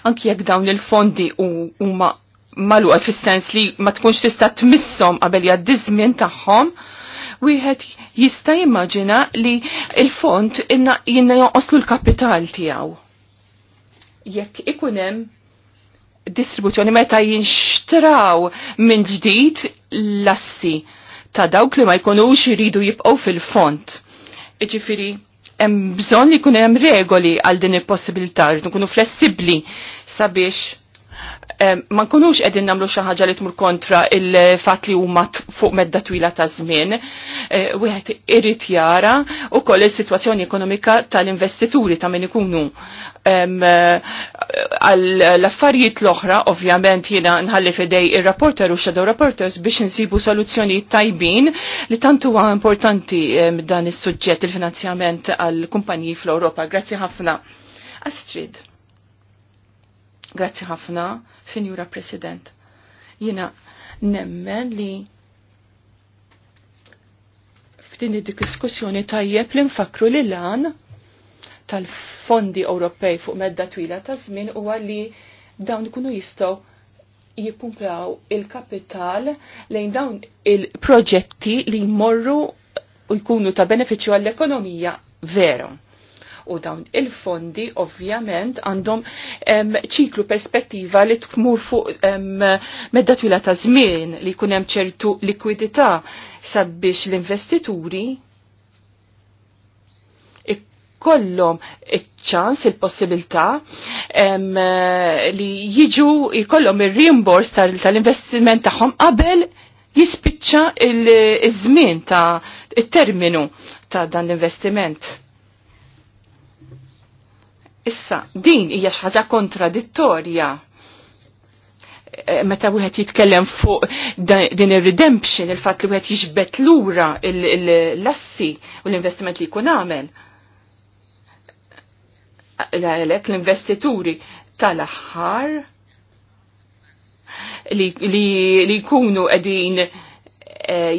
anki jekk dawn il-fondi huma malu fis-sens li ma tkunx tista' tmissom qabel jgħad-dizmin tagħhom, wieħed jista' jimmaġina li il-fond jinqoslu l-kapital tiegħu. Jekk ikun hemm distribuzzjoni meta jinxtraw minn ġdid l-assi ta' dawk li ma jkunux jridu jibqgħu fil fond Iġifieri hemm bżonn li jkun hemm regoli għal din il-possibilità, nkunu flessibbli sabiex ma nkunux qegħdin nagħmlu xi ħaġa li tmur kontra il-fatt li huma fuq medda twila ta' żmien. E, wieħed irid jara wkoll is-sitwazzjoni ekonomika tal-investituri ta' min ikunu għall-affarijiet l-oħra, ovvjament jiena nħalli fidej ir-rapporter u shadow rapporters biex insibu soluzzjonijiet tajbin li tant huwa importanti dan is-suġġett il-finanzjament għall-kumpaniji fl-Ewropa. Grazzi ħafna. Astrid. Grazzi ħafna, Sinjura President. Jina nemmen li f'din id-diskussjoni tajjeb li nfakru li lan tal-fondi Ewropej fuq medda twila ta' żmien huwa li dawn ikunu jistgħu jippumplaw il-kapital lejn dawn il-proġetti li jmorru u jkunu ta' beneficju għall-ekonomija veru u dawn il-fondi ovvjament għandhom ċiklu perspettiva li tkmur fuq medda twila ta' żmien li jkun hemm ċertu likwidità sabiex l-investituri kollom ċans il-possibilità li jiġu jkollhom ir-reimbors tal-investiment tal tagħhom qabel jispiċċa il-żmien ta' il-terminu ta' dan l-investiment. Issa, din hija xi ħaġa kontradittorja e, meta wieħed jitkellem fuq din ir-redemption, il-fatt li wieħed jiġbet lura l-assi u l-investiment li jkun għamel. Għalhekk l-investituri tal-aħħar li jkunu qegħdin e,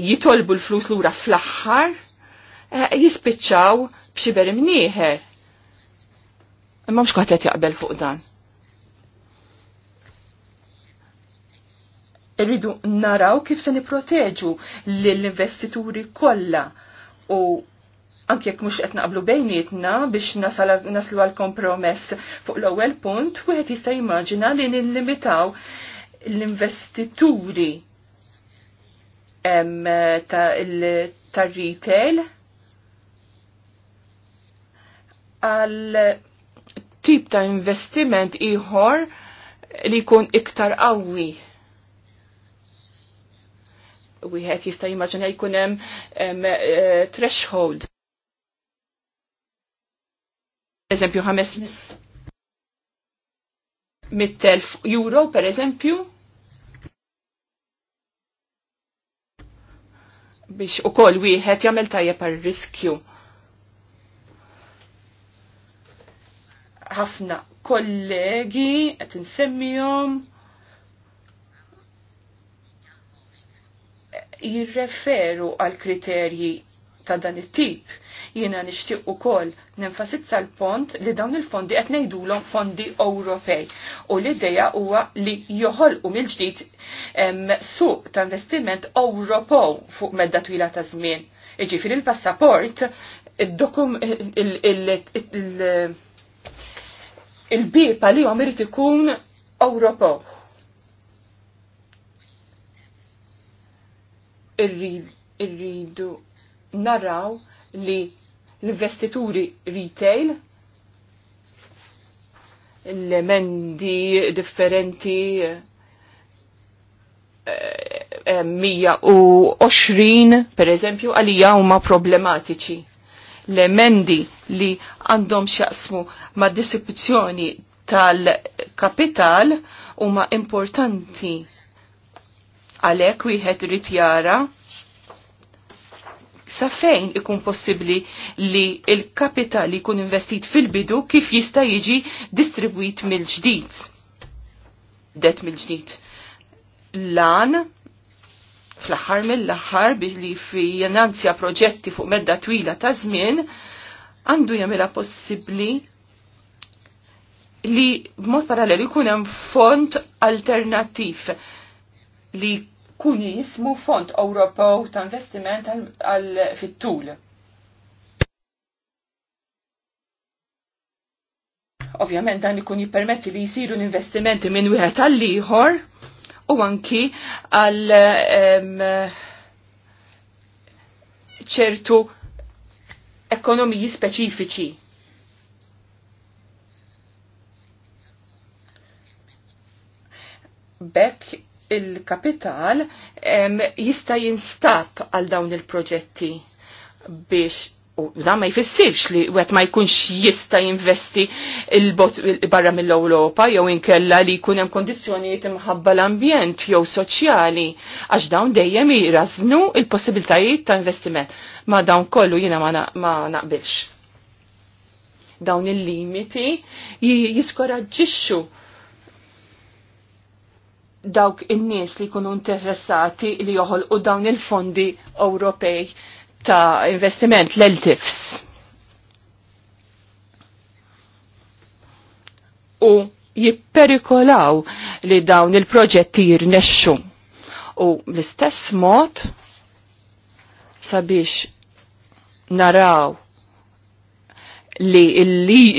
jitolbu l-flus lura fl-aħħar e, jispiċċaw b'xi berim Imma mhux qatt jaqbel fuq dan. Irridu naraw kif se niproteġu lill-investituri kollha u anke jekk mhux qed naqblu bejnietna biex naslu għal kompromess fuq l-ewwel punt, wieħed jista' jimmaġina li nillimitaw l-investituri tar-retail għal tip ta' investiment ieħor li jkun iktar qawwi. Wieħed jista' jimmaġina jkun hemm eh, threshold. Eżempju ħames mit-telf euro per eżempju biex u wieħed jagħmel tajjeb għar riskju ħafna kollegi qed insemmihom jirreferu għal kriterji ta' dan it-tip jiena nixtieq ukoll nenfasizza l-pont li dawn il-fondi qed ngħidulhom fondi Ewropej. U l-idea huwa li joħolqu mill-ġdid suq ta' investiment Ewropew fuq medda twila ta' żmien. Iġifieri il-passaport il-dokum il-, il, il, il, il il-bib għalihom irid ikun Ewropa. Irridu naraw li l-investituri retail l-emendi differenti 120 eh, eh, per eżempju għalija huma problematiċi. L-emendi li għandhom xjaqsmu ma' distribuzzjoni tal-kapital huma importanti għalhekk wieħed irid jara sa fejn ikun possibbli li il-kapital jkun investit fil-bidu kif jista' jiġi distribwit mill-ġdid. Det mill-ġdid. Lan fl-aħħar mill-aħħar li finanzja proġetti fuq medda twila ta' żmien għandu jagħmilha possibbli li b'mod paralleli jkun hemm font alternattiv li kun jismu font Ewropew ta' investiment għal fit-tul. Ovvjament dan ikun jippermetti li jisiru l-investimenti minn wieħed għal ieħor u anki għal ċertu um, ekonomiji speċifiċi. Bekk il-kapital jista jinstab għal dawn il-proġetti biex U da ma jfissirx li għet ma jkunx jista jinvesti il-bot barra mill-Ewropa jew inkella li jkun hemm kondizzjonijiet imħabba l-ambjent jew soċjali għax dawn dejjem jirażnu il-possibiltajiet ta' investiment. Ma dawn kollu jiena ma naqbilx. Dawn il-limiti jiskoraġġixxu dawk in-nies li jkunu interessati li joħolqu dawn il-fondi Ewropej ta' investiment l-LTIFs. U jipperikolaw li dawn il-proġetti jirnexxu. U l-istess mod sabiex naraw li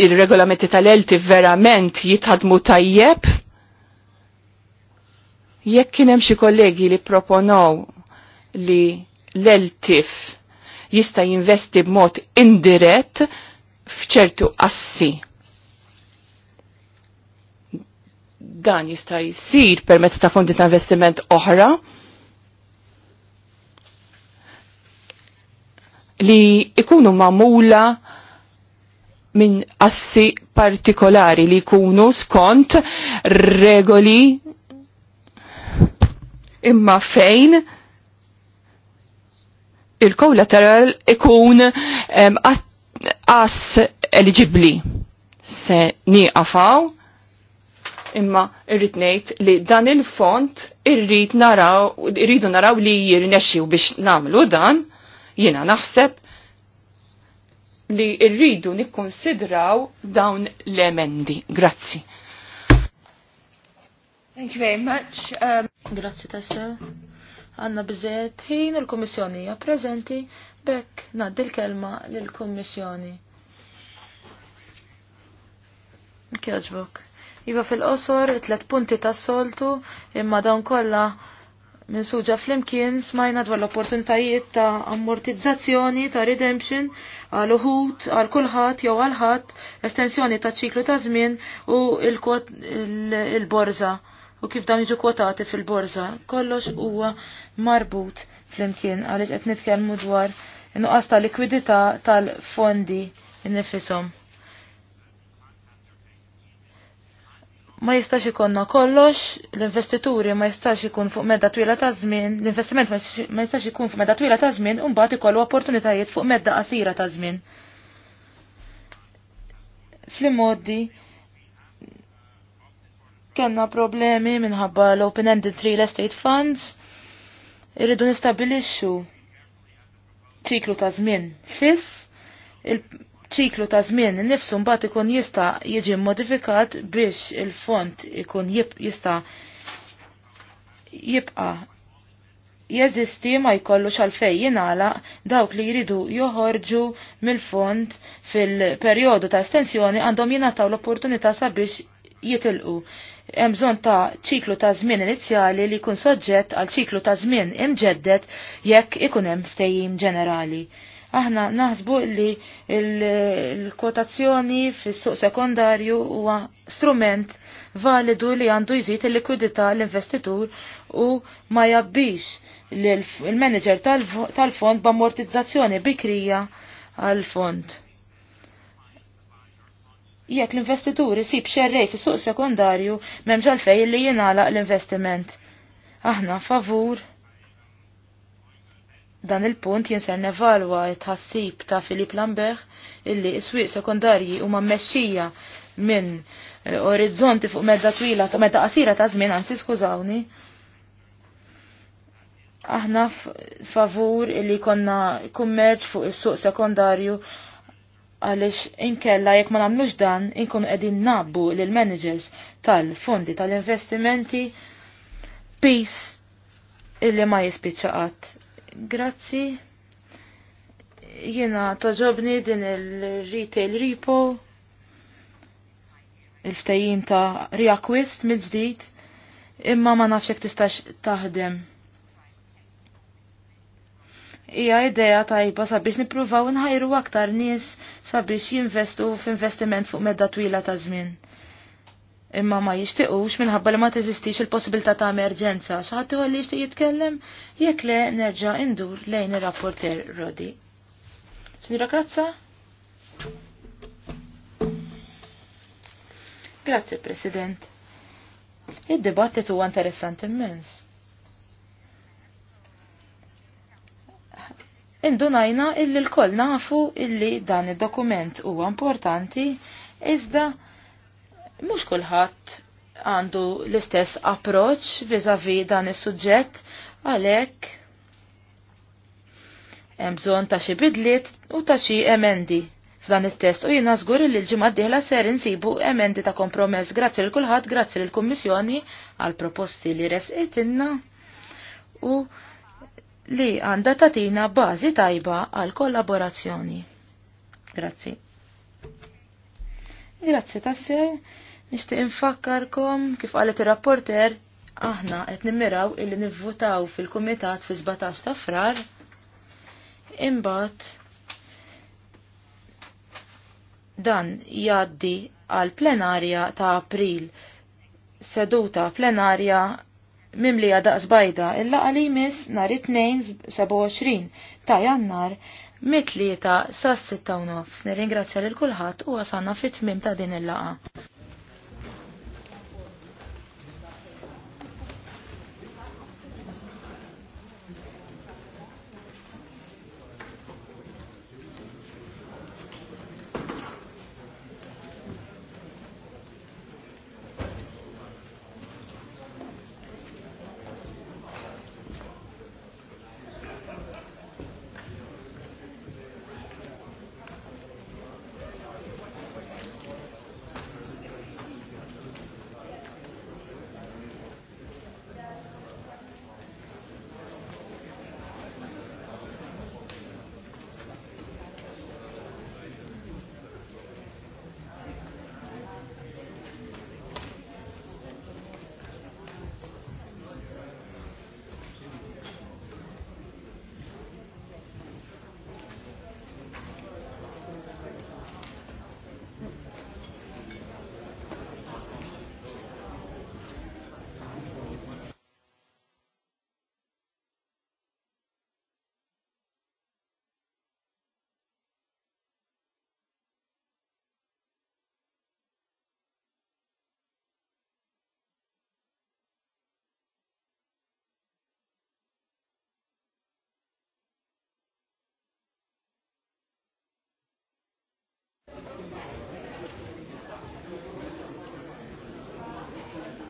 il-regolamenti tal-elti verament jitħadmu tajjeb? Jekk kien hemm xi kollegi li proponow li l-eltif jista' jinvesti b'mod indirett f'ċertu assi. Dan jista' jsir permezz ta' fondi ta' investiment oħra li ikunu mamula minn assi partikolari li jkunu skont regoli imma fejn il-collateral ikun għas eligibli se niqafaw imma irritnejt ngħid li dan il-font irrit naraw irridu naraw li jirnexxi biex nagħmlu dan jiena naħseb li irridu nikkonsidraw dawn l-emendi. Grazzi. Thank you very much. Um... Grazzi tassew għanna bżed ħin il-Kommissjoni hija preżenti bekk naddi l-kelma lill-Kommissjoni. Kjaġbok. Iva fil-qosor, tlet punti tas-soltu, imma dawn kollha minn suġa flimkien smajna dwar l-opportunitajiet ta' ammortizzazzjoni ta' redemption għal uħut għal kulħadd jew għal ħadd estensjoni ta' ċiklu ta' żmien u il-borza u kif dawn jiġu kwotati fil-borza. Kollox huwa marbut flimkien għaliex qed nitkellmu dwar nuqqas ta' likwidità tal-fondi nifisom. Ma jistax ikonna kollox, l-investituri ma jistax ikun fuq medda twila ta' żmien, l-investiment ma jistax ikun fuq medda twila ta' żmien, u mbagħad ikollu opportunitajiet fuq medda qasira ta' żmien. Fl-modi, kena problemi minħabba l-open-ended real estate funds. Irridu nistabilixxu ċiklu ta' żmien fiss, il-ċiklu ta' żmien nifsu mbagħad ikun jista' jiġi modifikat biex il-font ikun jista' jibqa' jeżisti ma jkollux fej jinala dawk li jridu joħorġu mill-fond fil-perjodu ta' estensjoni għandhom jingħataw l-opportunità sabiex jitilqu. Hemm bżonn ta' ċiklu ta' żmien inizjali li jkun soġġett għal ċiklu ta' żmien imġeddet jekk ikun hemm ftehim ġenerali. Aħna naħsbu li l-kwotazzjoni fis-suq sekondarju huwa strument validu li għandu jżid il-likwidità l-investitur u ma jabbix l-manager tal-fond b'ammortizzazzjoni bikrija għal-fond jekk l-investitur isib xerrej fis suq sekundarju m'hemmx għalfej li jingħalaq l-investiment. Aħna favur dan il-punt jinser nevalwa it-ħassib ta' Filip Lambert illi s-swieq sekundarji huma mmexxija minn eh, orizzonti fuq medda twila ta' medda qasira ta' żmien anzi skużawni. Aħna favur illi konna kummerċ fuq is-suq sekundarju għalix inkella jekk ma namlux dan inkun qegħdin nabbu l managers tal-fondi tal-investimenti peace illi ma jispiċaqat. Grazzi. Jiena toġobni din il-retail repo il-ftajim ta' reacquist mid-ġdid imma ma nafx jekk tistax taħdem hija idea tajba sabiex nippruvaw nħajru aktar nies sabiex jinvestu f'investiment fuq medda twila ta' żmien. Imma ma jixtiqux minħabba li ma teżistix il-possibilità ta' emerġenza. Xaħat li jixtieq jitkellem jekk le nerġa' indur lejn ir-rapporter Rodi. Sinjura Krazza? Grazie, President. Id-dibattitu huwa interessant immens indunajna illi l-koll nafu illi dan id-dokument huwa importanti iżda mhux kulħadd għandu l-istess approċ vizavi dan is-suġġett għalhekk hemm bżonn ta' xi bidliet u ta' xi emendi f'dan it-test u jiena żgur li l ġimad diħla ser insibu emendi ta' kompromess grazzi lil kulħadd, grazzi lill kummissjoni għal proposti li resqitilna u li għanda tatina bażi tajba għal kollaborazzjoni. Grazzi. Grazzi tassew, Nishti infakkarkom kif qalet ir-rapporter aħna qed nimmiraw illi nivvutaw fil-kumitat fi 17 ta' frar imbagħad dan jgħaddi għal plenarja ta' April seduta plenarja mimlija daqs bajda il-laqa li jmiss nhar it-tnejn 27 ta' jannar mitlieta sas 6 u nofs. Nirringrazzja lil kulħadd u għasanna fit-tmim ta' din il-laqa.